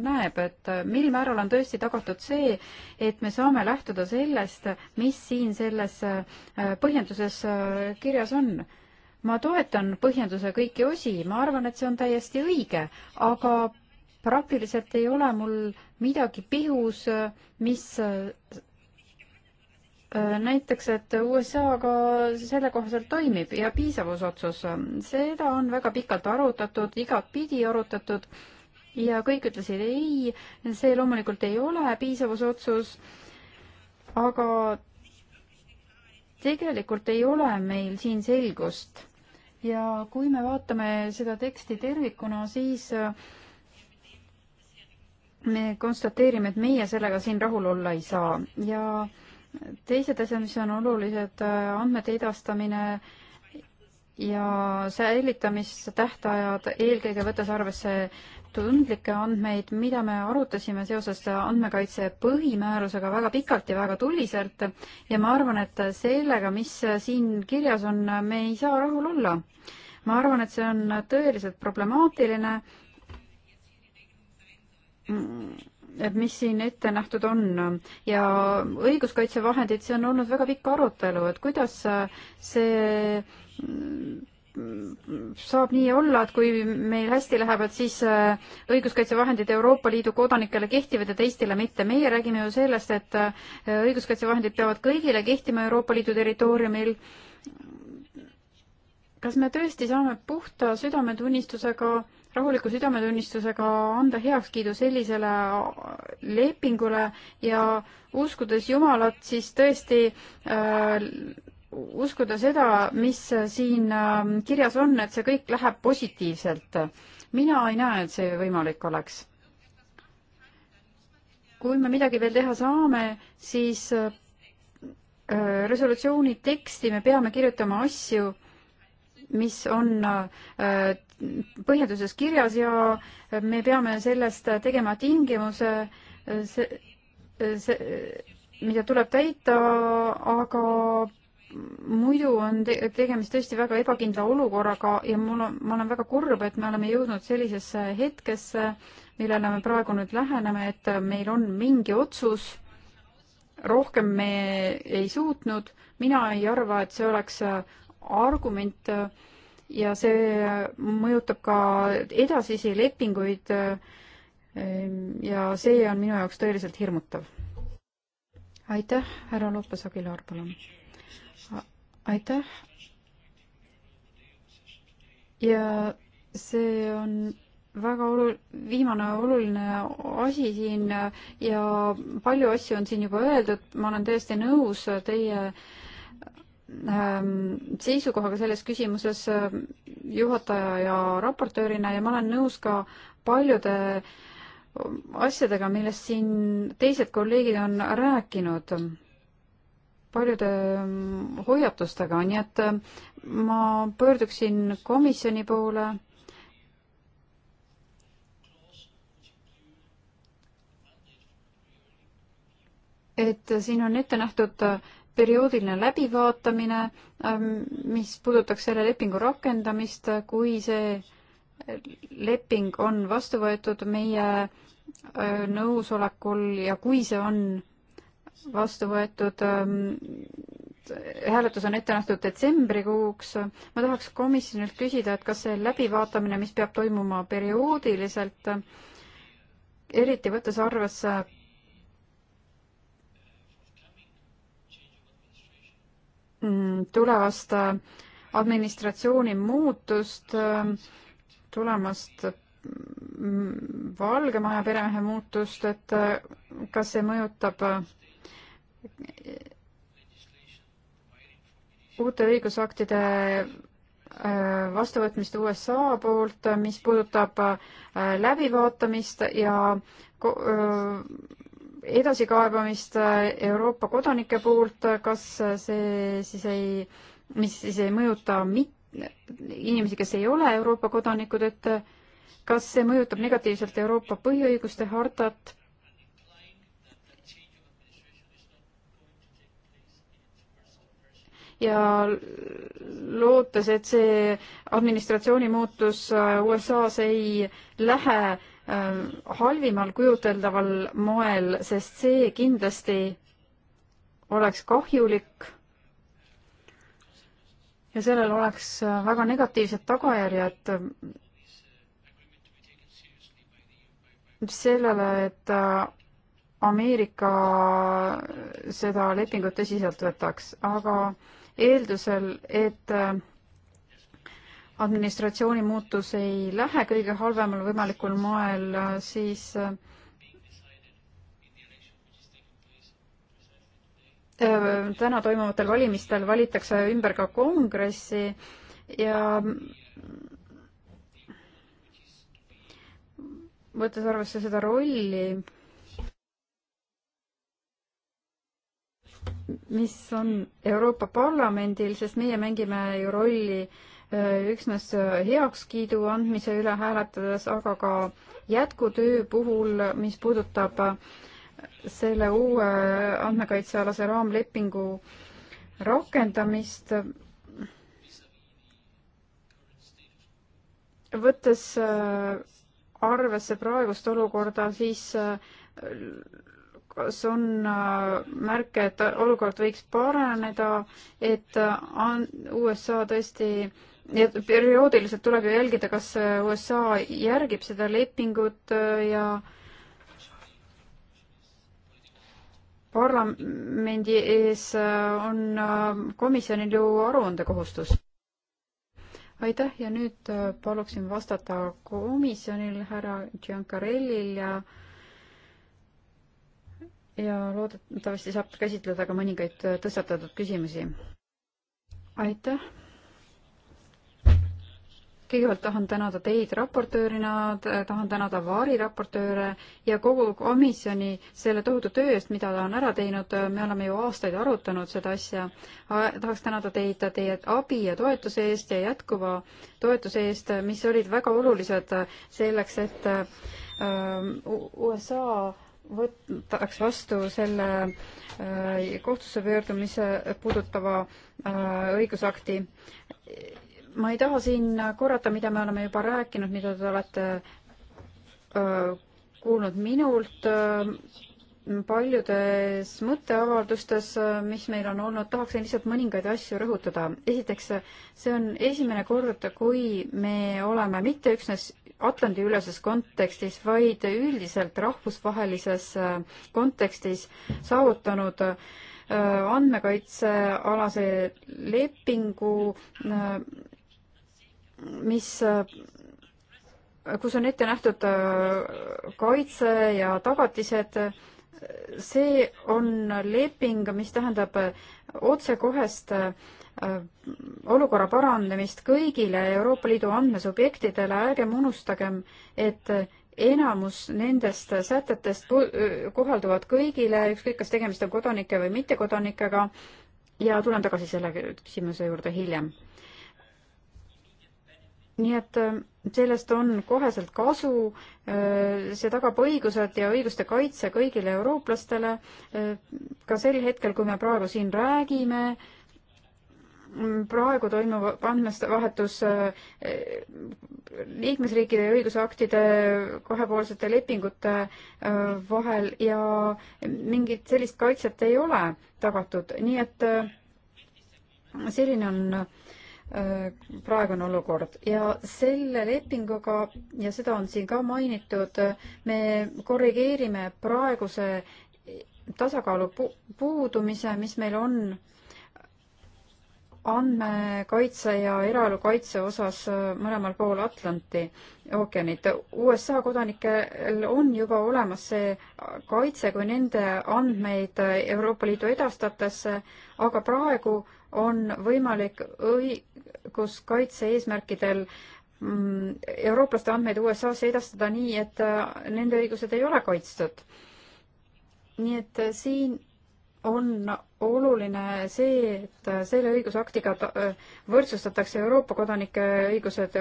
näeb, et mil määral on tõesti tagatud see, et me saame lähtuda sellest, mis siin selles põhjenduses kirjas on ma toetan põhjenduse kõiki osi, ma arvan, et see on täiesti õige, aga praktiliselt ei ole mul midagi pihus, mis äh, näiteks, et USA-ga selle kohaselt toimib ja piisavusotsus, seda on väga pikalt arutatud, igatpidi arutatud ja kõik ütlesid ei, see loomulikult ei ole piisavusotsus, aga tegelikult ei ole meil siin selgust ja kui me vaatame seda teksti tervikuna, siis äh, me konstateerime, et meie sellega siin rahul olla ei saa ja teised asjad, mis on olulised, äh, andmete edastamine ja säilitamistähtajad, eelkõige võttes arvesse tundlikke andmeid, mida me arutasime seoses andmekaitse põhimäärusega väga pikalt ja väga tuliselt ja ma arvan, et sellega, mis siin kirjas on, me ei saa rahul olla. ma arvan, et see on tõeliselt problemaatiline, et mis siin ette nähtud on ja õiguskaitsevahendid, see on olnud väga pikk arutelu, et kuidas see saab nii olla, et kui meil hästi läheb, et siis äh, õiguskaitsevahendid Euroopa Liidu kodanikele kehtivad ja teistele mitte. meie räägime ju sellest, et äh, õiguskaitsevahendid peavad kõigile kehtima Euroopa Liidu territooriumil. kas me tõesti saame puhta südametunnistusega rahuliku südametunnistusega anda heakskiidu sellisele äh, lepingule ja uskudes Jumalat, siis tõesti äh, uskuda seda, mis siin ähm, kirjas on, et see kõik läheb positiivselt. mina ei näe, et see võimalik oleks. kui me midagi veel teha saame, siis äh, resolutsiooni teksti me peame kirjutama asju, mis on äh, põhjenduses kirjas ja me peame sellest tegema tingimuse, see, äh, see, mida tuleb täita, aga muidu on te tegemist tõesti väga ebakindla olukorraga ja mul on, ma olen väga kurb, et me oleme jõudnud sellisesse hetkesse, millele me praegu nüüd läheneme, et meil on mingi otsus, rohkem me ei suutnud, mina ei arva, et see oleks argument ja see mõjutab ka edasisi lepinguid ja see on minu jaoks tõeliselt hirmutav. aitäh, härra Lopes Agilar, palun aitäh. ja see on väga olu-, viimane oluline asi siin ja palju asju on siin juba öeldud, ma olen täiesti nõus teie ähm, seisukohaga selles küsimuses ähm, juhataja ja raportöörina ja ma olen nõus ka paljude asjadega, millest siin teised kolleegid on rääkinud paljude mm, hoiatustega, nii et mm, ma pöörduksin komisjoni poole. et siin on ette nähtud mm, perioodiline läbivaatamine, mis puudutaks selle lepingu rakendamist, kui see leping on vastu võetud meie nõusolekul ja kui see on vastu võetud ähm, hääletus on ette nähtud detsembrikuuks. ma tahaks komisjonilt küsida, et kas see läbivaatamine, mis peab toimuma perioodiliselt, eriti võttes arvesse mm, tulevast äh, administratsiooni muutust, äh, tulemast mm, Valge Maja peremehe muutust, et äh, kas see mõjutab uute õigusaktide äh, vastuvõtmist USA poolt, mis puudutab äh, läbivaatamist ja äh, edasikaebamist Euroopa kodanike poolt, kas see siis ei, mis siis ei mõjuta mit-, inimesi, kes ei ole Euroopa kodanikud, et kas see mõjutab negatiivselt Euroopa põhiõiguste hartat ja lootes, et see administratsiooni muutus äh, USA-s ei lähe äh, halvimal kujuteldaval moel, sest see kindlasti oleks kahjulik ja sellel oleks äh, väga negatiivsed tagajärjed sellele, et Ameerika seda lepingut tõsiselt võtaks, aga eeldusel, et äh, administratsiooni muutus ei lähe kõige halvemal võimalikul moel, äh, siis äh, täna toimuvatel valimistel valitakse ümber ka kongressi ja mm, võttes arvesse seda rolli, mis on Euroopa Parlamendil, sest meie mängime ju rolli äh, üksnes äh, heakskiidu andmise üle hääletades, aga ka jätkutöö puhul, mis puudutab äh, selle uue andmekaitsealase raamlepingu rakendamist, võttes arvesse praegust olukorda, siis kas on äh, märke, et olukord võiks paraneda, et äh, USA tõesti ja perioodiliselt tuleb ju jälgida, kas äh, USA järgib seda lepingut ja parlamendi ees on komisjonil ju aruandekohustus. aitäh ja nüüd paluksin vastata komisjonil härra Giancarellil ja äh, ja loodetavasti saab käsitleda ka mõningaid tõstatatud küsimusi. aitäh! kõigepealt tahan tänada teid raportöörina, tahan tänada Vaari raportööre ja kogu komisjoni selle tohutu töö eest, mida ta on ära teinud, me oleme ju aastaid arutanud seda asja. tahaks tänada teid teie abi ja toetuse eest ja jätkuva toetuse eest, mis olid väga olulised selleks, et ähm, USA võtaks vastu selle äh, kohtusse pöördumise puudutava äh, õigusakti. ma ei taha siin korrata, mida me oleme juba rääkinud, mida te olete äh, kuulnud minult paljudes mõtteavaldustes, mis meil on olnud, tahaksin lihtsalt mõningaid asju rõhutada. esiteks, see on esimene kord, kui me oleme mitte üksnes Atlandi-üleses kontekstis, vaid üldiselt rahvusvahelises äh, kontekstis saavutanud äh, andmekaitsealase lepingu, äh, mis, kus on ette nähtud kaitse ja tagatised, see on leping, mis tähendab otsekohest äh, olukorra parandamist kõigile Euroopa Liidu andmesubjektidele, ärgem unustagem, et enamus nendest sätetest kohalduvad kõigile, ükskõik kas tegemist on kodanike või mittekodanikega ja tulen tagasi selle küsimuse juurde hiljem. nii et äh, sellest on koheselt kasu, äh, see tagab õigused ja õiguste kaitse kõigile eurooplastele, äh, ka sel hetkel, kui me praegu siin räägime, praegu toimuv andmevahetus äh, liikmesriikide õigusaktide kahepoolsete lepingute äh, vahel ja mingit sellist kaitset ei ole tagatud, nii et äh, selline on praegune olukord ja selle lepinguga ja seda on siin ka mainitud, me korrigeerime praeguse tasakaalu puudumise, mis meil on äh, andmekaitse ja eraelu kaitse osas äh, mõlemal pool Atlandi ookeanit. USA kodanikel on juba olemas see kaitse, kui nende andmeid äh, Euroopa Liidu edastatakse, aga praegu on võimalik õiguskaitse eesmärkidel mm, eurooplaste andmeid USA-sse edastada nii, et äh, nende õigused ei ole kaitstud. nii et siin on oluline see, et selle õigusaktiga võrdsustatakse Euroopa kodanike õigused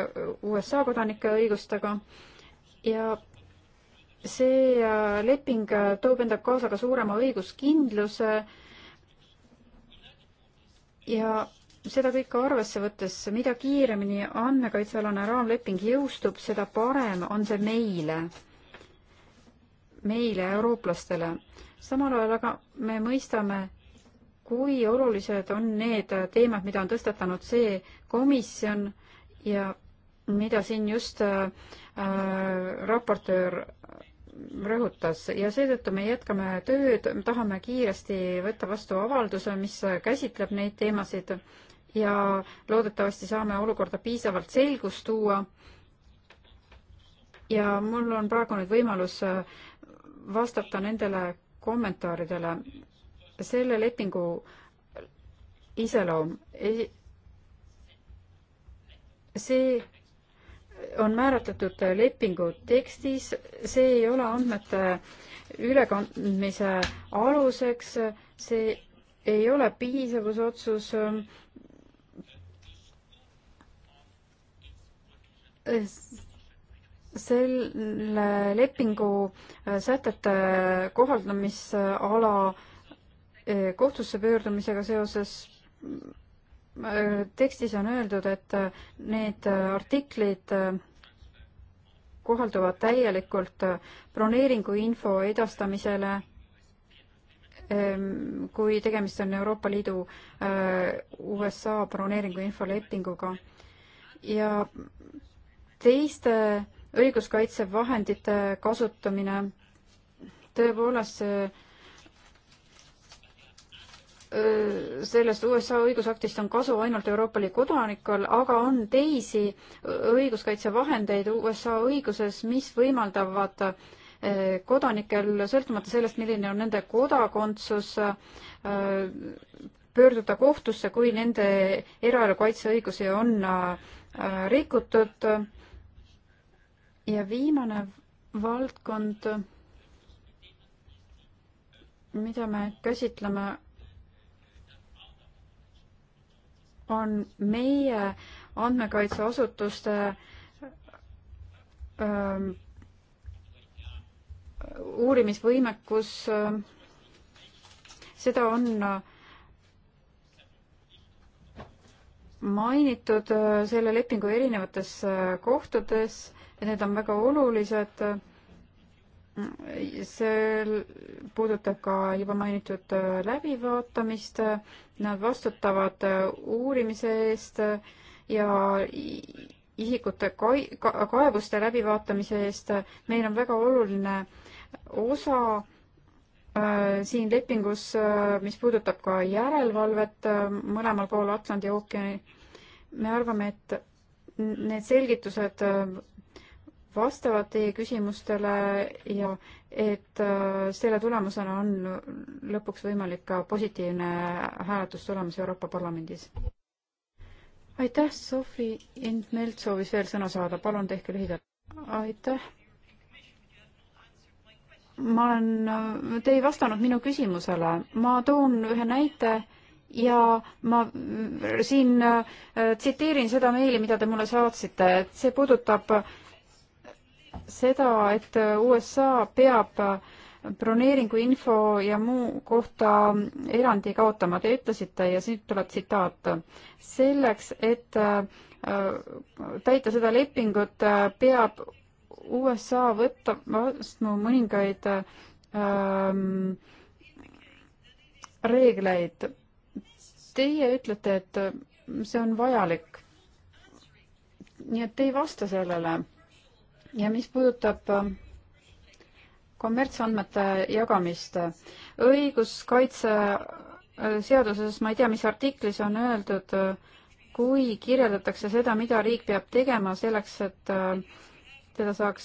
USA kodanike õigustega ja see äh, leping toob endaga kaasa ka suurema õiguskindluse ja seda kõike arvesse võttes, mida kiiremini andmekaitsealane raamleping jõustub, seda parem on see meile, meile, eurooplastele samal ajal aga me mõistame, kui olulised on need teemad, mida on tõstatanud see komisjon ja mida siin just äh, äh raportöör rõhutas ja seetõttu me jätkame tööd, tahame kiiresti võtta vastu avalduse, mis käsitleb neid teemasid ja loodetavasti saame olukorda piisavalt selgust tuua. ja mul on praegu nüüd võimalus äh, vastata nendele kommentaaridele. selle lepingu iseloom, e-, see on määratletud lepingu tekstis, see ei ole andmete ülekandmise aluseks, see ei ole piisavusotsus selle lepingu äh, sätete kohaldamisala äh, kohtusse pöördumisega seoses äh, tekstis on öeldud, et need artiklid kohalduvad täielikult broneeringuinfo edastamisele, ähm, kui tegemist on Euroopa Liidu USA broneeringuinfo lepinguga ja teiste õiguskaitsevahendite kasutamine, tõepoolest see äh, sellest USA õigusaktist on kasu ainult Euroopa Liidu kodanikul, aga on teisi õiguskaitsevahendeid USA õiguses, mis võimaldavad äh, kodanikel, sõltumata sellest, milline on nende kodakondsus, äh, pöörduda kohtusse, kui nende eraelu kaitseõigusi on rikutud ja viimane valdkond, mida me käsitleme, on meie andmekaitseasutuste ähm, uurimisvõimekus, seda on äh, mainitud äh, selle lepingu erinevates äh, kohtades need on väga olulised. see puudutab ka juba mainitud läbivaatamist, nad vastutavad uurimise eest ja isikute kaebuste läbivaatamise eest. meil on väga oluline osa äh, siin lepingus, äh, mis puudutab ka järelevalvet äh, mõlemal pool Atlandi ookeani. me arvame, et need selgitused vastavad teie küsimustele ja et äh, selle tulemusena on lõpuks võimalik ka positiivne hääletustulemus Euroopa Parlamendis. aitäh, Sofi Entmelt soovis veel sõna saada, palun tehke lühidalt. aitäh. ma olen, äh, te ei vastanud minu küsimusele, ma toon ühe näite ja ma siin äh, tsiteerin seda meili, mida te mulle saatsite, et see puudutab äh, seda, et USA peab broneeringu info ja muu kohta erandi kaotama, te ütlesite ja siit tuleb tsitaat. selleks, et äh, täita seda lepingut, äh, peab USA võtta vastu mõningaid ähm, reegleid. Teie ütlete, et see on vajalik. nii et te ei vasta sellele ja mis puudutab ähm, kommertsandmete jagamist, õiguskaitseseaduses, äh, ma ei tea, mis artiklis on öeldud, äh, kui kirjeldatakse seda, mida riik peab tegema selleks, et äh, teda saaks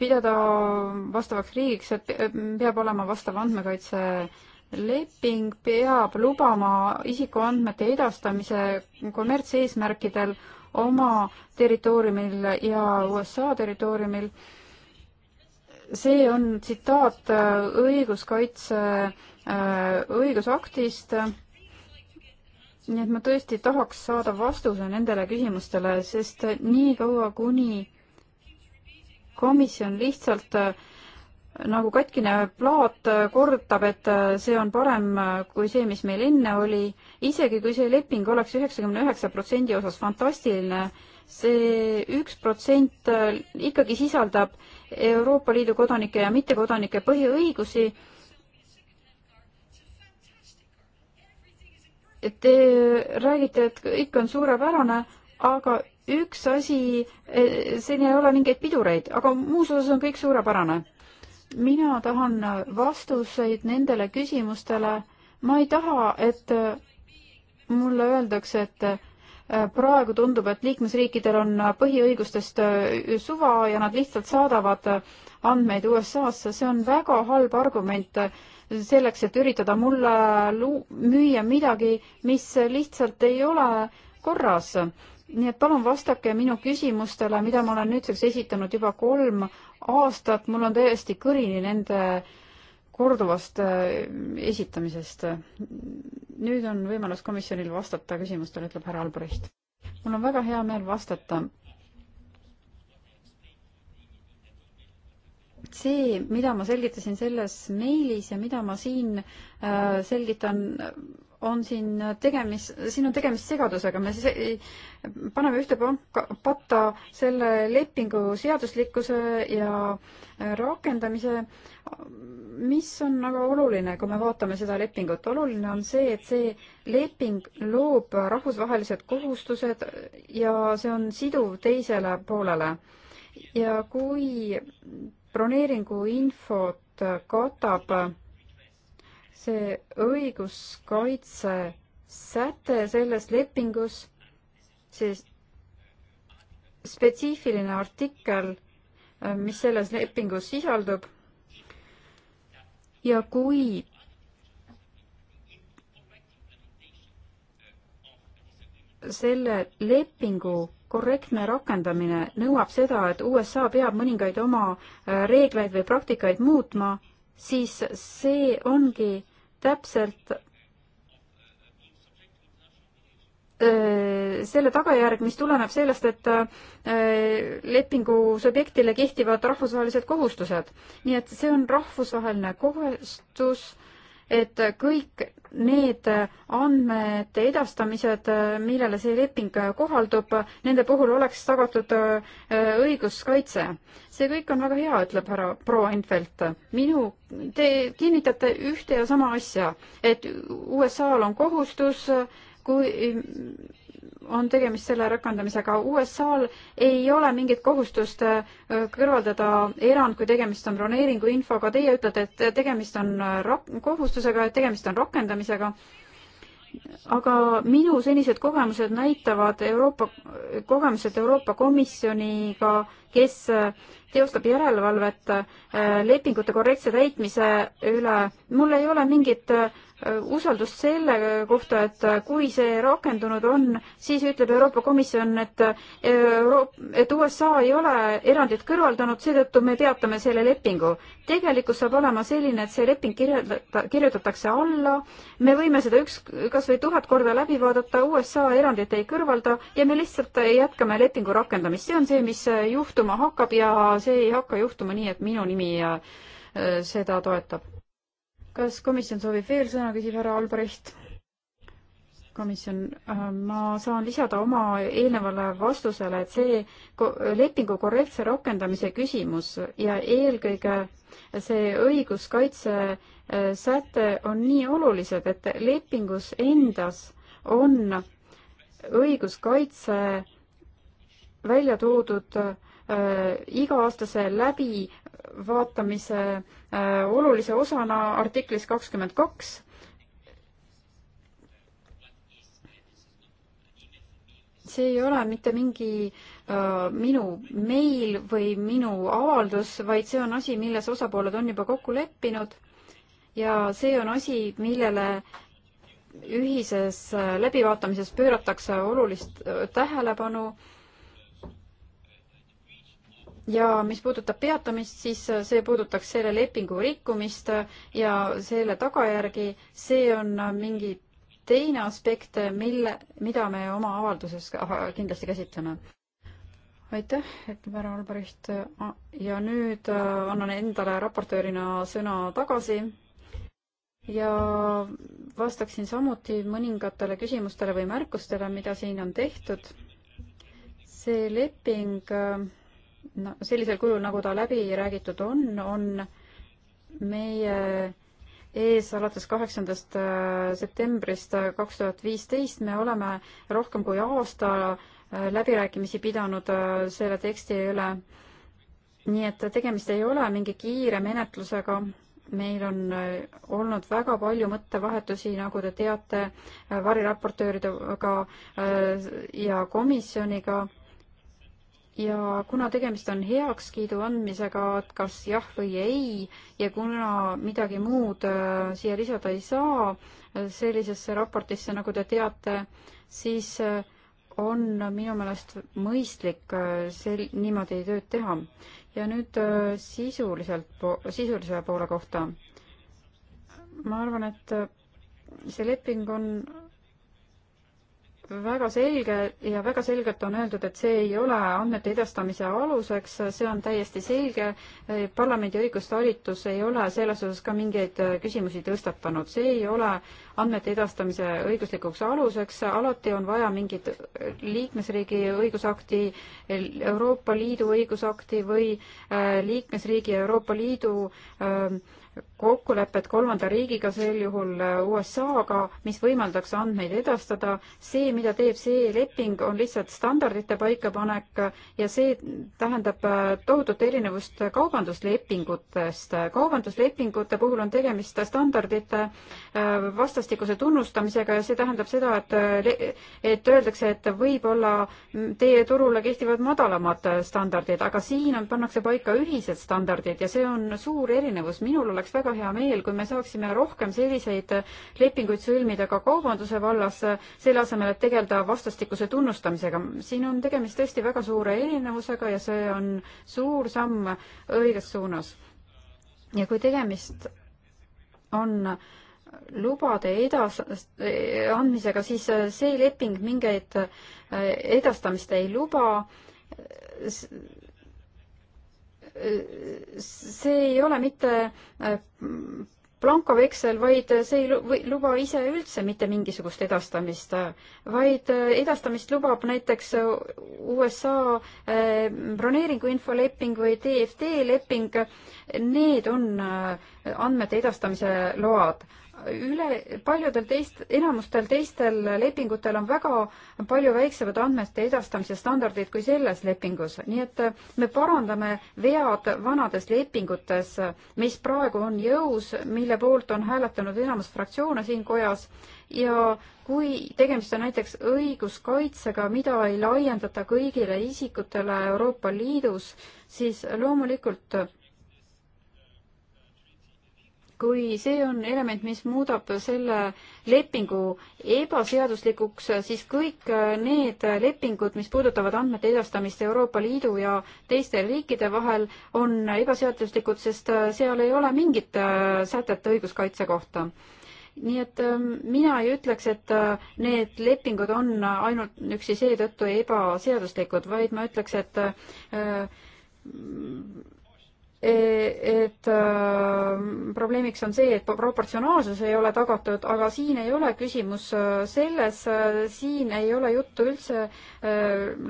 pidada vastavaks riigiks, et peab olema vastav andmekaitse leping peab lubama isikuandmete edastamise kommertseesmärkidel, oma territooriumil ja USA territooriumil. see on tsitaat äh, õiguskaitse äh, õigusaktist. nii et ma tõesti tahaks saada vastuse nendele küsimustele, sest niikaua, kuni komisjon lihtsalt äh, nagu katkine plaat kordab, et äh, see on parem äh, kui see, mis meil enne oli, isegi kui see leping oleks üheksakümne üheksa protsendi osas fantastiline see, see üks protsent äh, ikkagi sisaldab Euroopa Liidu kodanike ja mittekodanike põhiõigusi. Te räägite, et kõik on suurepärane, aga üks asi, siin ei ole mingeid pidureid, aga muus osas on kõik suurepärane mina tahan vastuseid nendele küsimustele. ma ei taha, et mulle öeldakse, et äh, praegu tundub, et liikmesriikidel on põhiõigustest äh, suva ja nad lihtsalt saadavad äh, andmeid USA-sse, see on väga halb argument selleks, et üritada mulle müüa midagi, mis lihtsalt ei ole korras. nii et palun vastake minu küsimustele, mida ma olen nüüdseks esitanud juba kolm, aastat, mul on täiesti kõrini nende korduvast äh, esitamisest. nüüd on võimalus komisjonil vastata küsimustele, ütleb härra Albrecht. mul on väga hea meel vastata. see, mida ma selgitasin selles meilis ja mida ma siin äh, selgitan, on siin tegemist, siin on tegemist segadusega, me siis ei, paneme ühte panka, patta selle lepingu seaduslikkuse ja rakendamise, mis on väga oluline, kui me vaatame seda lepingut. oluline on see, et see leping loob rahvusvahelised kohustused ja see on siduv teisele poolele. ja kui broneeringu infot katab see õiguskaitse säte selles lepingus, see spetsiifiline artikkel, äh, mis selles lepingus sisaldub ja kui selle lepingu korrektne rakendamine nõuab seda, et USA peab mõningaid oma äh, reegleid või praktikaid muutma, siis see ongi täpselt selle tagajärg, mis tuleneb sellest, et lepingu subjektile kehtivad rahvusvahelised kohustused. nii et see on rahvusvaheline kohustus äh, et kõik need andmete edastamised, millele see leping kohaldub, nende puhul oleks tagatud äh, õiguskaitse. see kõik on väga hea, ütleb härra proua Infelt. minu, te kinnitate ühte ja sama asja, et USA-l on kohustus, kui on tegemist selle rakendamisega. USA-l ei ole mingit kohustust äh, kõrvaldada erand, kui tegemist on broneeringu infoga. Teie ütlete, et tegemist on äh, rak-, kohustusega, et tegemist on rakendamisega. aga minu senised kogemused näitavad Euroopa, kogemused Euroopa Komisjoniga, kes äh, teostab järelevalvet lepingute korrektse täitmise üle. mul ei ole mingit äh, usaldust selle kohta, et kui see rakendunud on, siis ütleb Euroopa Komisjon, et Euroop-, et USA ei ole erandit kõrvaldanud, seetõttu me peatame selle lepingu. tegelikkus saab olema selline, et see leping kirjelda-, kirjutatakse alla, me võime seda üks, kas või tuhat korda läbi vaadata, USA erandit ei kõrvalda ja me lihtsalt jätkame lepingu rakendamist. see on see, mis juhtuma hakkab ja see ei hakka juhtuma nii, et minu nimi äh, seda toetab kas komisjon soovib veel sõna, küsib härra Albrecht? komisjon, äh, ma saan lisada oma eelnevale vastusele, et see lepingu korrektse rakendamise küsimus ja eelkõige see õiguskaitse äh, säte on nii olulised, et lepingus endas on õiguskaitse välja toodud äh, iga-aastase läbi läbivaatamise äh, olulise osana artiklis kakskümmend kaks see ei ole mitte mingi äh, minu meil või minu avaldus, vaid see on asi, milles osapooled on juba kokku leppinud ja see on asi, millele ühises äh, läbivaatamises pööratakse olulist äh, tähelepanu äh, ja mis puudutab peatamist, siis äh, see puudutaks selle lepingu rikkumist äh, ja selle tagajärgi, see on äh, mingi teine aspekt, mille, mida me oma avalduses kindlasti käsitleme. aitäh, ütleb härra Albrecht ja nüüd annan endale raportöörina sõna tagasi ja vastaksin samuti mõningatele küsimustele või märkustele, mida siin on tehtud. see leping äh, no sellisel kujul, nagu ta läbi räägitud on, on meie ees alates kaheksandast äh, septembrist äh, kaks tuhat viisteist me oleme rohkem kui aasta äh, läbirääkimisi pidanud selle teksti üle. nii et tegemist ei ole mingi kiire menetlusega, meil on olnud väga palju mõttevahetusi, nagu te teate, variraportööridega ja komisjoniga ja kuna tegemist on heakskiidu andmisega, et kas jah või ei ja kuna midagi muud äh, siia lisada ei saa äh, sellisesse raportisse, nagu te teate, siis äh, on minu meelest mõistlik äh, sel-, niimoodi tööd teha. ja nüüd äh, sisuliselt po-, sisulise poole kohta. ma arvan, et äh, see leping on väga selge ja väga selgelt on öeldud, et see ei ole andmete edastamise aluseks, see on täiesti selge. parlamendi õigustalitus ei ole selles osas ka mingeid küsimusi tõstatanud, see ei ole andmete edastamise õiguslikuks aluseks, alati on vaja mingit liikmesriigi õigusakti, Euroopa Liidu õigusakti või äh, liikmesriigi ja Euroopa Liidu ähm, kokkulepet kolmanda riigiga, sel juhul USA-ga, mis võimaldaks andmeid edastada. see, mida teeb see leping, on lihtsalt standardite paikapanek ja see tähendab äh, tohutut erinevust kaubanduslepingutest. kaubanduslepingute puhul on tegemist standardite äh, vastastikuse tunnustamisega ja see tähendab seda, et, äh, et öeldakse, et võib-olla mm, teie turule kehtivad madalamad standardid, aga siin on, pannakse paika ühised standardid ja see on suur erinevus. minul oleks oleks väga hea meel, kui me saaksime rohkem selliseid lepinguid sõlmida ka kaubanduse vallas, selle asemel, et tegeleda vastastikuse tunnustamisega. siin on tegemist tõesti väga suure erinevusega ja see on suur samm õiges suunas. ja kui tegemist on lubade edas-, andmisega, siis see leping mingeid edastamist ei luba see ei ole mitte äh, blankoveksel, vaid see ei luba ise üldse mitte mingisugust edastamist, äh, vaid äh, edastamist lubab näiteks USA broneeringuinfo leping või DFD leping. Need on andmete edastamise load üle, paljudel teist, enamustel teistel lepingutel on väga palju väiksemad andmete edastamise standardid kui selles lepingus, nii et me parandame vead vanades lepingutes, mis praegu on jõus, mille poolt on hääletanud enamus fraktsioone siin kojas ja kui tegemist on näiteks õiguskaitsega, mida ei laiendata kõigile isikutele Euroopa Liidus, siis loomulikult kui see on element, mis muudab selle lepingu ebaseaduslikuks, siis kõik need lepingud, mis puudutavad andmete edastamist Euroopa Liidu ja teiste riikide vahel, on ebaseaduslikud, sest seal ei ole mingit äh, sätet õiguskaitse kohta nii et ähm, mina ei ütleks, et äh, need lepingud on ainult üksi seetõttu ebaseaduslikud, vaid ma ütleks, et äh, E, et äh, probleemiks on see, et proportsionaalsus ei ole tagatud, aga siin ei ole küsimus äh, selles, äh, siin ei ole juttu üldse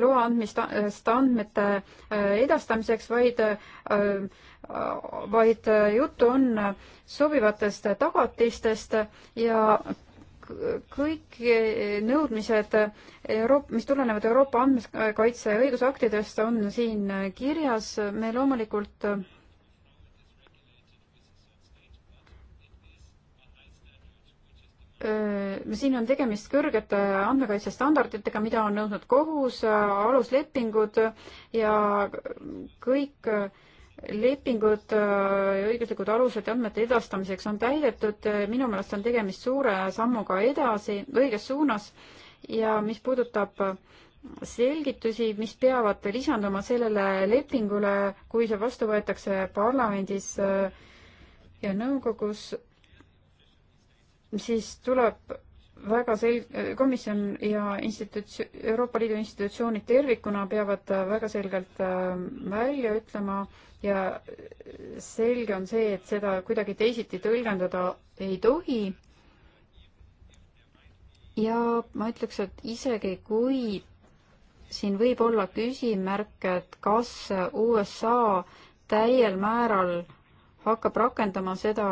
loa andmist andmete edastamiseks, vaid vaid juttu on sobivatest tagatistest ja kõik nõudmised, Euroop-, mis tulenevad Euroopa andmekaitse õigusaktidest, on siin kirjas. me loomulikult äh, siin on tegemist kõrgete andmekaitsestandarditega, mida on nõudnud kohus, aluslepingud ja kõik lepingud, õiguslikud alused andmete edastamiseks on täidetud, minu meelest on tegemist suure sammuga edasi, õiges suunas ja mis puudutab selgitusi, mis peavad lisanduma sellele lepingule, kui see vastu võetakse parlamendis ja nõukogus siis tuleb väga sel-, komisjon ja instituts-, Euroopa Liidu institutsioonid tervikuna peavad väga selgelt ähm, välja ütlema ja selge on see, et seda kuidagi teisiti tõlgendada ei tohi. ja ma ütleks, et isegi kui siin võib olla küsimärk, et kas USA täiel määral hakkab rakendama seda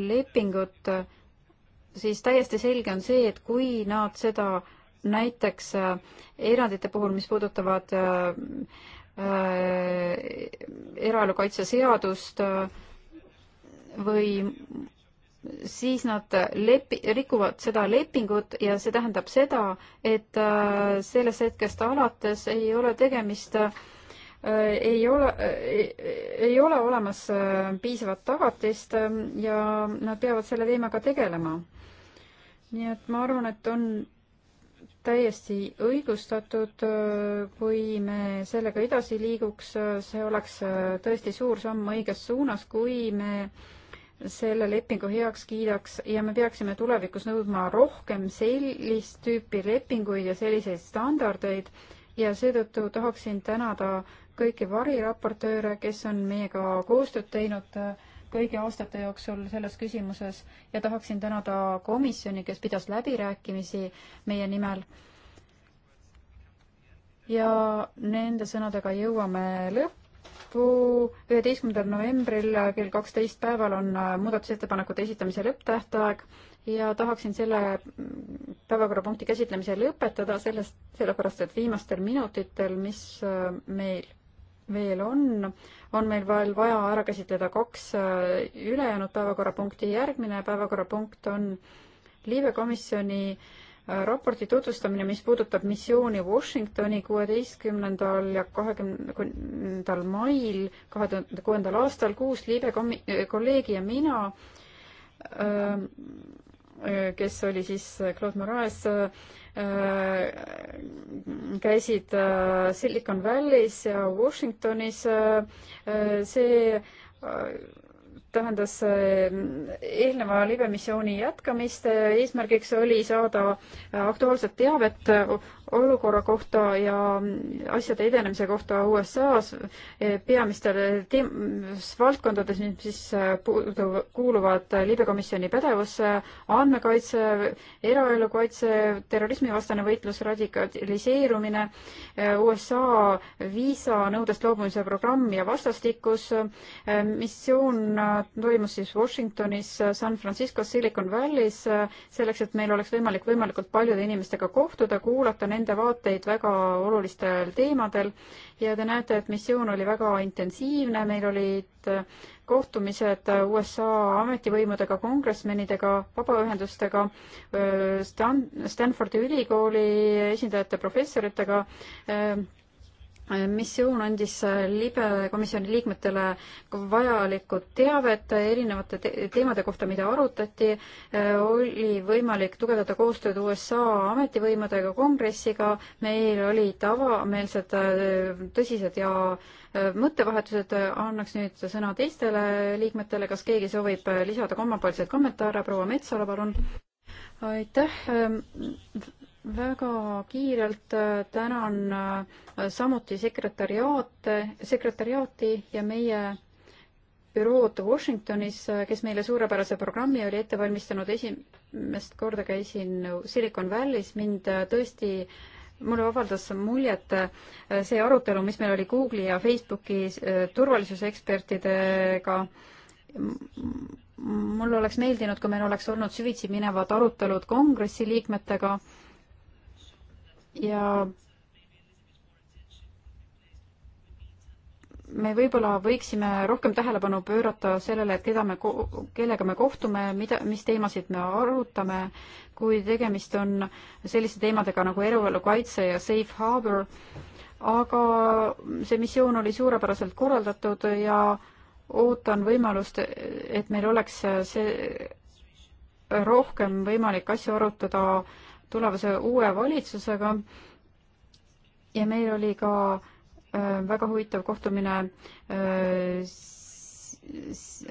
lepingut, siis täiesti selge on see, et kui nad seda näiteks äh, erandite puhul, mis puudutavad äh, äh, eraelukaitseseadust või siis nad lepi-, rikuvad seda lepingut ja see tähendab seda, et sellest hetkest alates ei ole tegemist ei ole, ei ole olemas piisavat tagatist ja nad peavad selle teemaga tegelema nii et ma arvan, et on täiesti õigustatud, äh, kui me sellega edasi liiguks, see oleks äh, tõesti suur samm õiges suunas, kui me selle lepingu heaks kiidaks ja me peaksime tulevikus nõudma rohkem sellist tüüpi lepinguid ja selliseid standardeid ja seetõttu tahaksin tänada kõiki variraportööre, kes on meiega koostööd teinud äh, kõigi aastate jooksul selles küsimuses ja tahaksin tänada komisjoni, kes pidas läbirääkimisi meie nimel. ja nende sõnadega jõuame lõppu. üheteistkümnendal novembril kell kaksteist päeval on muudatusettepanekute esitamise lõpptähtaeg ja tahaksin selle päevakorrapunkti käsitlemise lõpetada sellest, sellepärast et viimastel minutitel, mis meil veel on, on meil veel vaja ära käsitleda kaks äh, ülejäänud päevakorrapunkti. järgmine päevakorrapunkt on Liive komisjoni äh, raporti tutvustamine, mis puudutab missiooni Washingtoni kuueteistkümnendal ja kahekümnendal mail kahe tuhande kuuendal aastal kuus liibe komi-, äh, kolleegi ja mina, kes oli siis Claude Moraes, Äh, käisid äh, Silicon Valley's ja Washingtonis. Äh, see tähendas eelneva libemissiooni jätkamist. eesmärgiks oli saada aktuaalset teavet olukorra kohta ja asjade edenemise kohta USA-s eh, peamistel valdkondades, mis siis eh, kuuluvad libekomisjoni pädevusse, andmekaitse, eraelu kaitse, terrorismivastane võitlus, radikaliseerumine, eh, USA viisanõudest loobumise programm ja vastastikus. missioon toimus siis Washingtonis, San Franciscos, Silicon Valley's selleks, et meil oleks võimalik võimalikult paljude inimestega kohtuda, kuulata neid nende vaateid väga olulistel teemadel ja te näete, et missioon oli väga intensiivne, meil olid kohtumised USA ametivõimudega, kongresmenidega, vabaühendustega, Stan-, Stanfordi ülikooli esindajate, professoritega, missioon andis äh, libe komisjoni liikmetele vajalikud teavet erinevate te teemade kohta, mida arutati, äh, oli võimalik tugevdada koostööd USA ametivõimudega, kongressiga, meil olid avameelsed äh, tõsised ja mõttevahetused, annaks nüüd sõna teistele liikmetele, kas keegi soovib lisada omapoolseid kommentaare, proua Metsala, palun. aitäh, ähm, väga kiirelt äh, tänan äh, samuti sekretariaate, sekretariaati ja meie bürood Washingtonis, äh, kes meile suurepärase programmi oli ette valmistanud, esimest korda käisin Silicon Valley's, mind tõesti mulle avaldas muljet see arutelu, mis meil oli Google'i ja Facebooki turvalisuse ekspertidega mul oleks meeldinud, kui meil oleks olnud süvitsi minevad arutelud kongressi liikmetega ja me võib-olla võiksime rohkem tähelepanu pöörata sellele, et keda me, kellega me kohtume, mida, mis teemasid me arutame, kui tegemist on selliste teemadega nagu eraelu kaitse ja safe harbor, aga see missioon oli suurepäraselt korraldatud ja ootan võimalust, et meil oleks see rohkem võimalik asju arutada äh, tulevase uue valitsusega ja meil oli ka äh, väga huvitav kohtumine äh,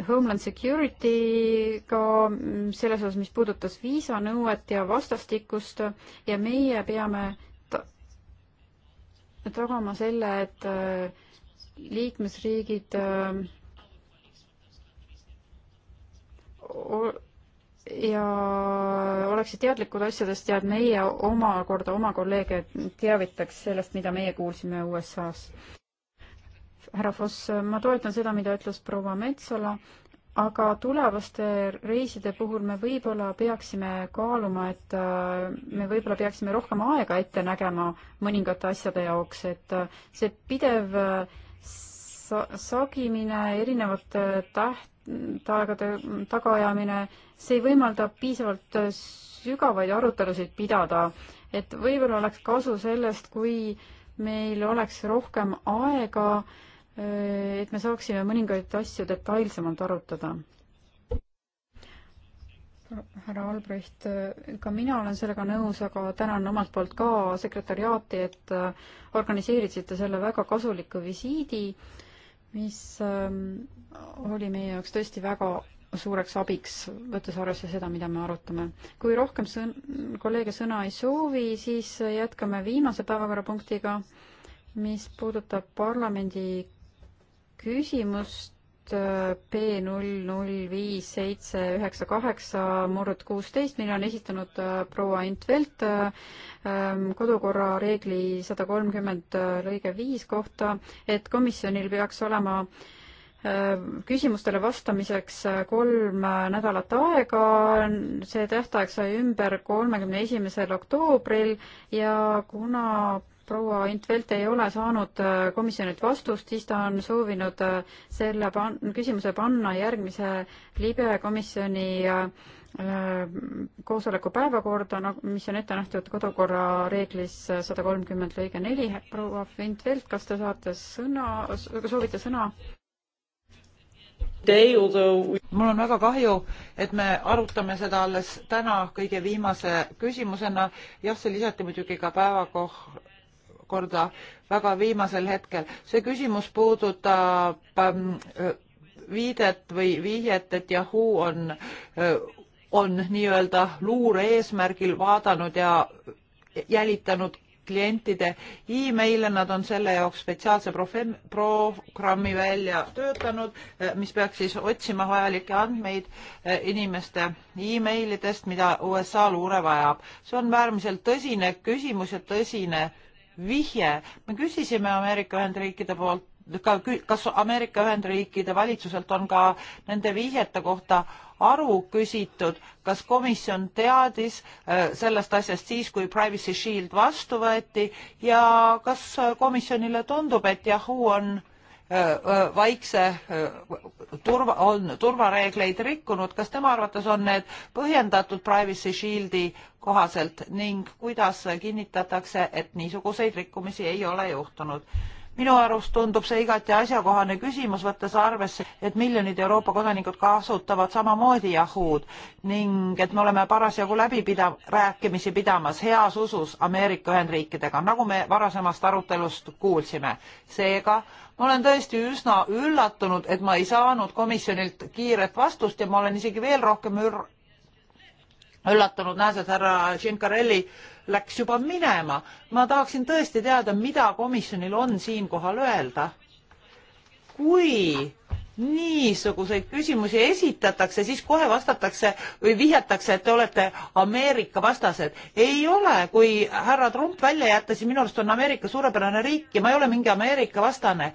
Homeland Security'ga mm, selles osas, mis puudutas viisanõuet ja vastastikust ja meie peame tagama selle, et äh, liikmesriigid ja oleksid teadlikud asjadest ja et meie omakorda oma kolleege teavitaks sellest, mida meie kuulsime USA-s. härra Foss, ma toetan seda, mida ütles proua Metsola, aga tulevaste reiside puhul me võib-olla peaksime kaaluma, et äh, me võib-olla peaksime rohkem aega ette nägema mõningate asjade jaoks, et äh, see pidev äh, sa-, sagimine, erinevad täht-, tähtaegade tagaajamine, see ei võimalda piisavalt sügavaid arutelusid pidada, et võib-olla oleks kasu sellest, kui meil oleks rohkem aega, et me saaksime mõningaid asju detailsemalt arutada. härra Albrecht, ka mina olen sellega nõus, aga tänan omalt poolt ka sekretäriaati, et organiseerisite selle väga kasuliku visiidi mis ähm, oli meie jaoks tõesti väga suureks abiks, võttes arvesse seda, mida me arutame. kui rohkem sõn-, kolleege sõna ei soovi, siis jätkame viimase päevakorrapunktiga, mis puudutab parlamendi küsimust B null null viis seitse üheksa kaheksa murd kuusteist, mille on esitanud äh, proua Ent Velt äh, ähm, kodukorra reegli sada kolmkümmend äh, lõige viis kohta, et komisjonil peaks olema küsimustele vastamiseks kolm nädalat aega, see tähtaeg sai ümber kolmekümne esimesel oktoobril ja kuna proua Intvelt ei ole saanud äh, komisjonilt vastust, siis ta on soovinud äh, selle pan-, küsimuse panna järgmise libe komisjoni äh, koosoleku päevakorda, no nagu, mis on ette nähtud kodukorra reeglis sada kolmkümmend lõige neli. proua Intvelt, kas te saate sõna, soovite sõna? mul on väga kahju, et me arutame seda alles täna kõige viimase küsimusena. jah, see lisati muidugi ka päevakohta korda väga viimasel hetkel. see küsimus puudutab ähm, viidet või vihjet, et Yahoo on, äh, on nii-öelda luure eesmärgil vaadanud ja jälitanud klientide emaile, nad on selle jaoks spetsiaalse profe-, programmi välja töötanud, äh, mis peaks siis otsima vajalikke andmeid äh, inimeste emailidest, mida USA luure vajab. see on äärmiselt tõsine küsimus ja tõsine äh, vihje. me küsisime Ameerika Ühendriikide poolt ka, kas Ameerika Ühendriikide valitsuselt on ka nende vihjete kohta aru küsitud, kas komisjon teadis äh, sellest asjast siis, kui Privacy Shield vastu võeti ja kas äh, komisjonile tundub, et Yahoo on äh, vaikse turva, on turvareegleid rikkunud, kas tema arvates on need põhjendatud Privacy Shieldi kohaselt ning kuidas kinnitatakse, et niisuguseid rikkumisi ei ole juhtunud? minu arust tundub see igati asjakohane küsimus, võttes arvesse, et miljonid Euroopa kodanikud kasutavad samamoodi Yahoo'd ning et me oleme parasjagu läbi pida-, rääkimisi pidamas heas usus Ameerika Ühendriikidega, nagu me varasemast arutelust kuulsime. seega ma olen tõesti üsna üllatunud, et ma ei saanud komisjonilt kiiret vastust ja ma olen isegi veel rohkem ür-, üllatunud, näes, et härra Tšinkarelli läks juba minema. ma tahaksin tõesti teada, mida komisjonil on siinkohal öelda. kui niisuguseid küsimusi esitatakse, siis kohe vastatakse või vihjatakse, et te olete Ameerika vastased. ei ole, kui härra Trump välja jätta, siis minu arust on Ameerika suurepärane riik ja ma ei ole mingi Ameerika vastane.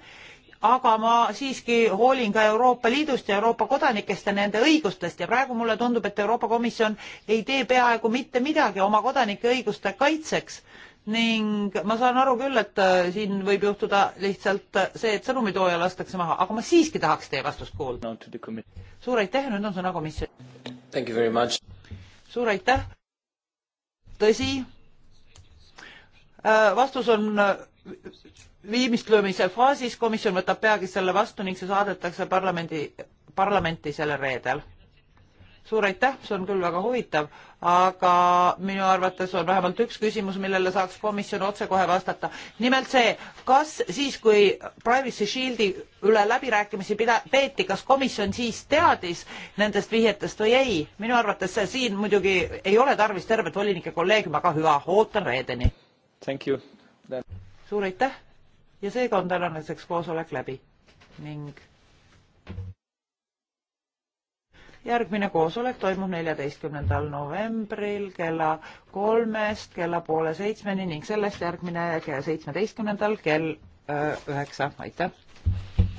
aga ma siiski hoolin ka Euroopa Liidust ja Euroopa kodanikest ja nende õigustest ja praegu mulle tundub, et Euroopa Komisjon ei tee peaaegu mitte midagi oma kodanike õiguste kaitseks ning ma saan aru küll, et äh, siin võib juhtuda lihtsalt äh, see, et sõnumitooja lastakse maha, aga ma siiski tahaks teie vastust kuulda. suur aitäh, nüüd on sõna komisjon. suur aitäh. tõsi, äh, vastus on viimistlöömise faasis, komisjon võtab peagi selle vastu ning see saadetakse parlamendi, parlamenti sellel reedel suur aitäh, see on küll väga huvitav, aga minu arvates on vähemalt üks küsimus, millele saaks komisjon otsekohe vastata. nimelt see, kas siis, kui Privacy Shieldi üle läbirääkimisi pida-, peeti, kas komisjon siis teadis nendest vihjetest või ei? minu arvates see siin muidugi ei ole tarvis tervet volinike kolleegiumi, aga hüva, ootan reedeni. suur aitäh ja seega on tänaseks koosolek läbi ning järgmine koosolek toimub neljateistkümnendal novembril kella kolmest kella poole seitsmeni ning sellest järgmine seitsmeteistkümnendal kell äh, üheksa, aitäh!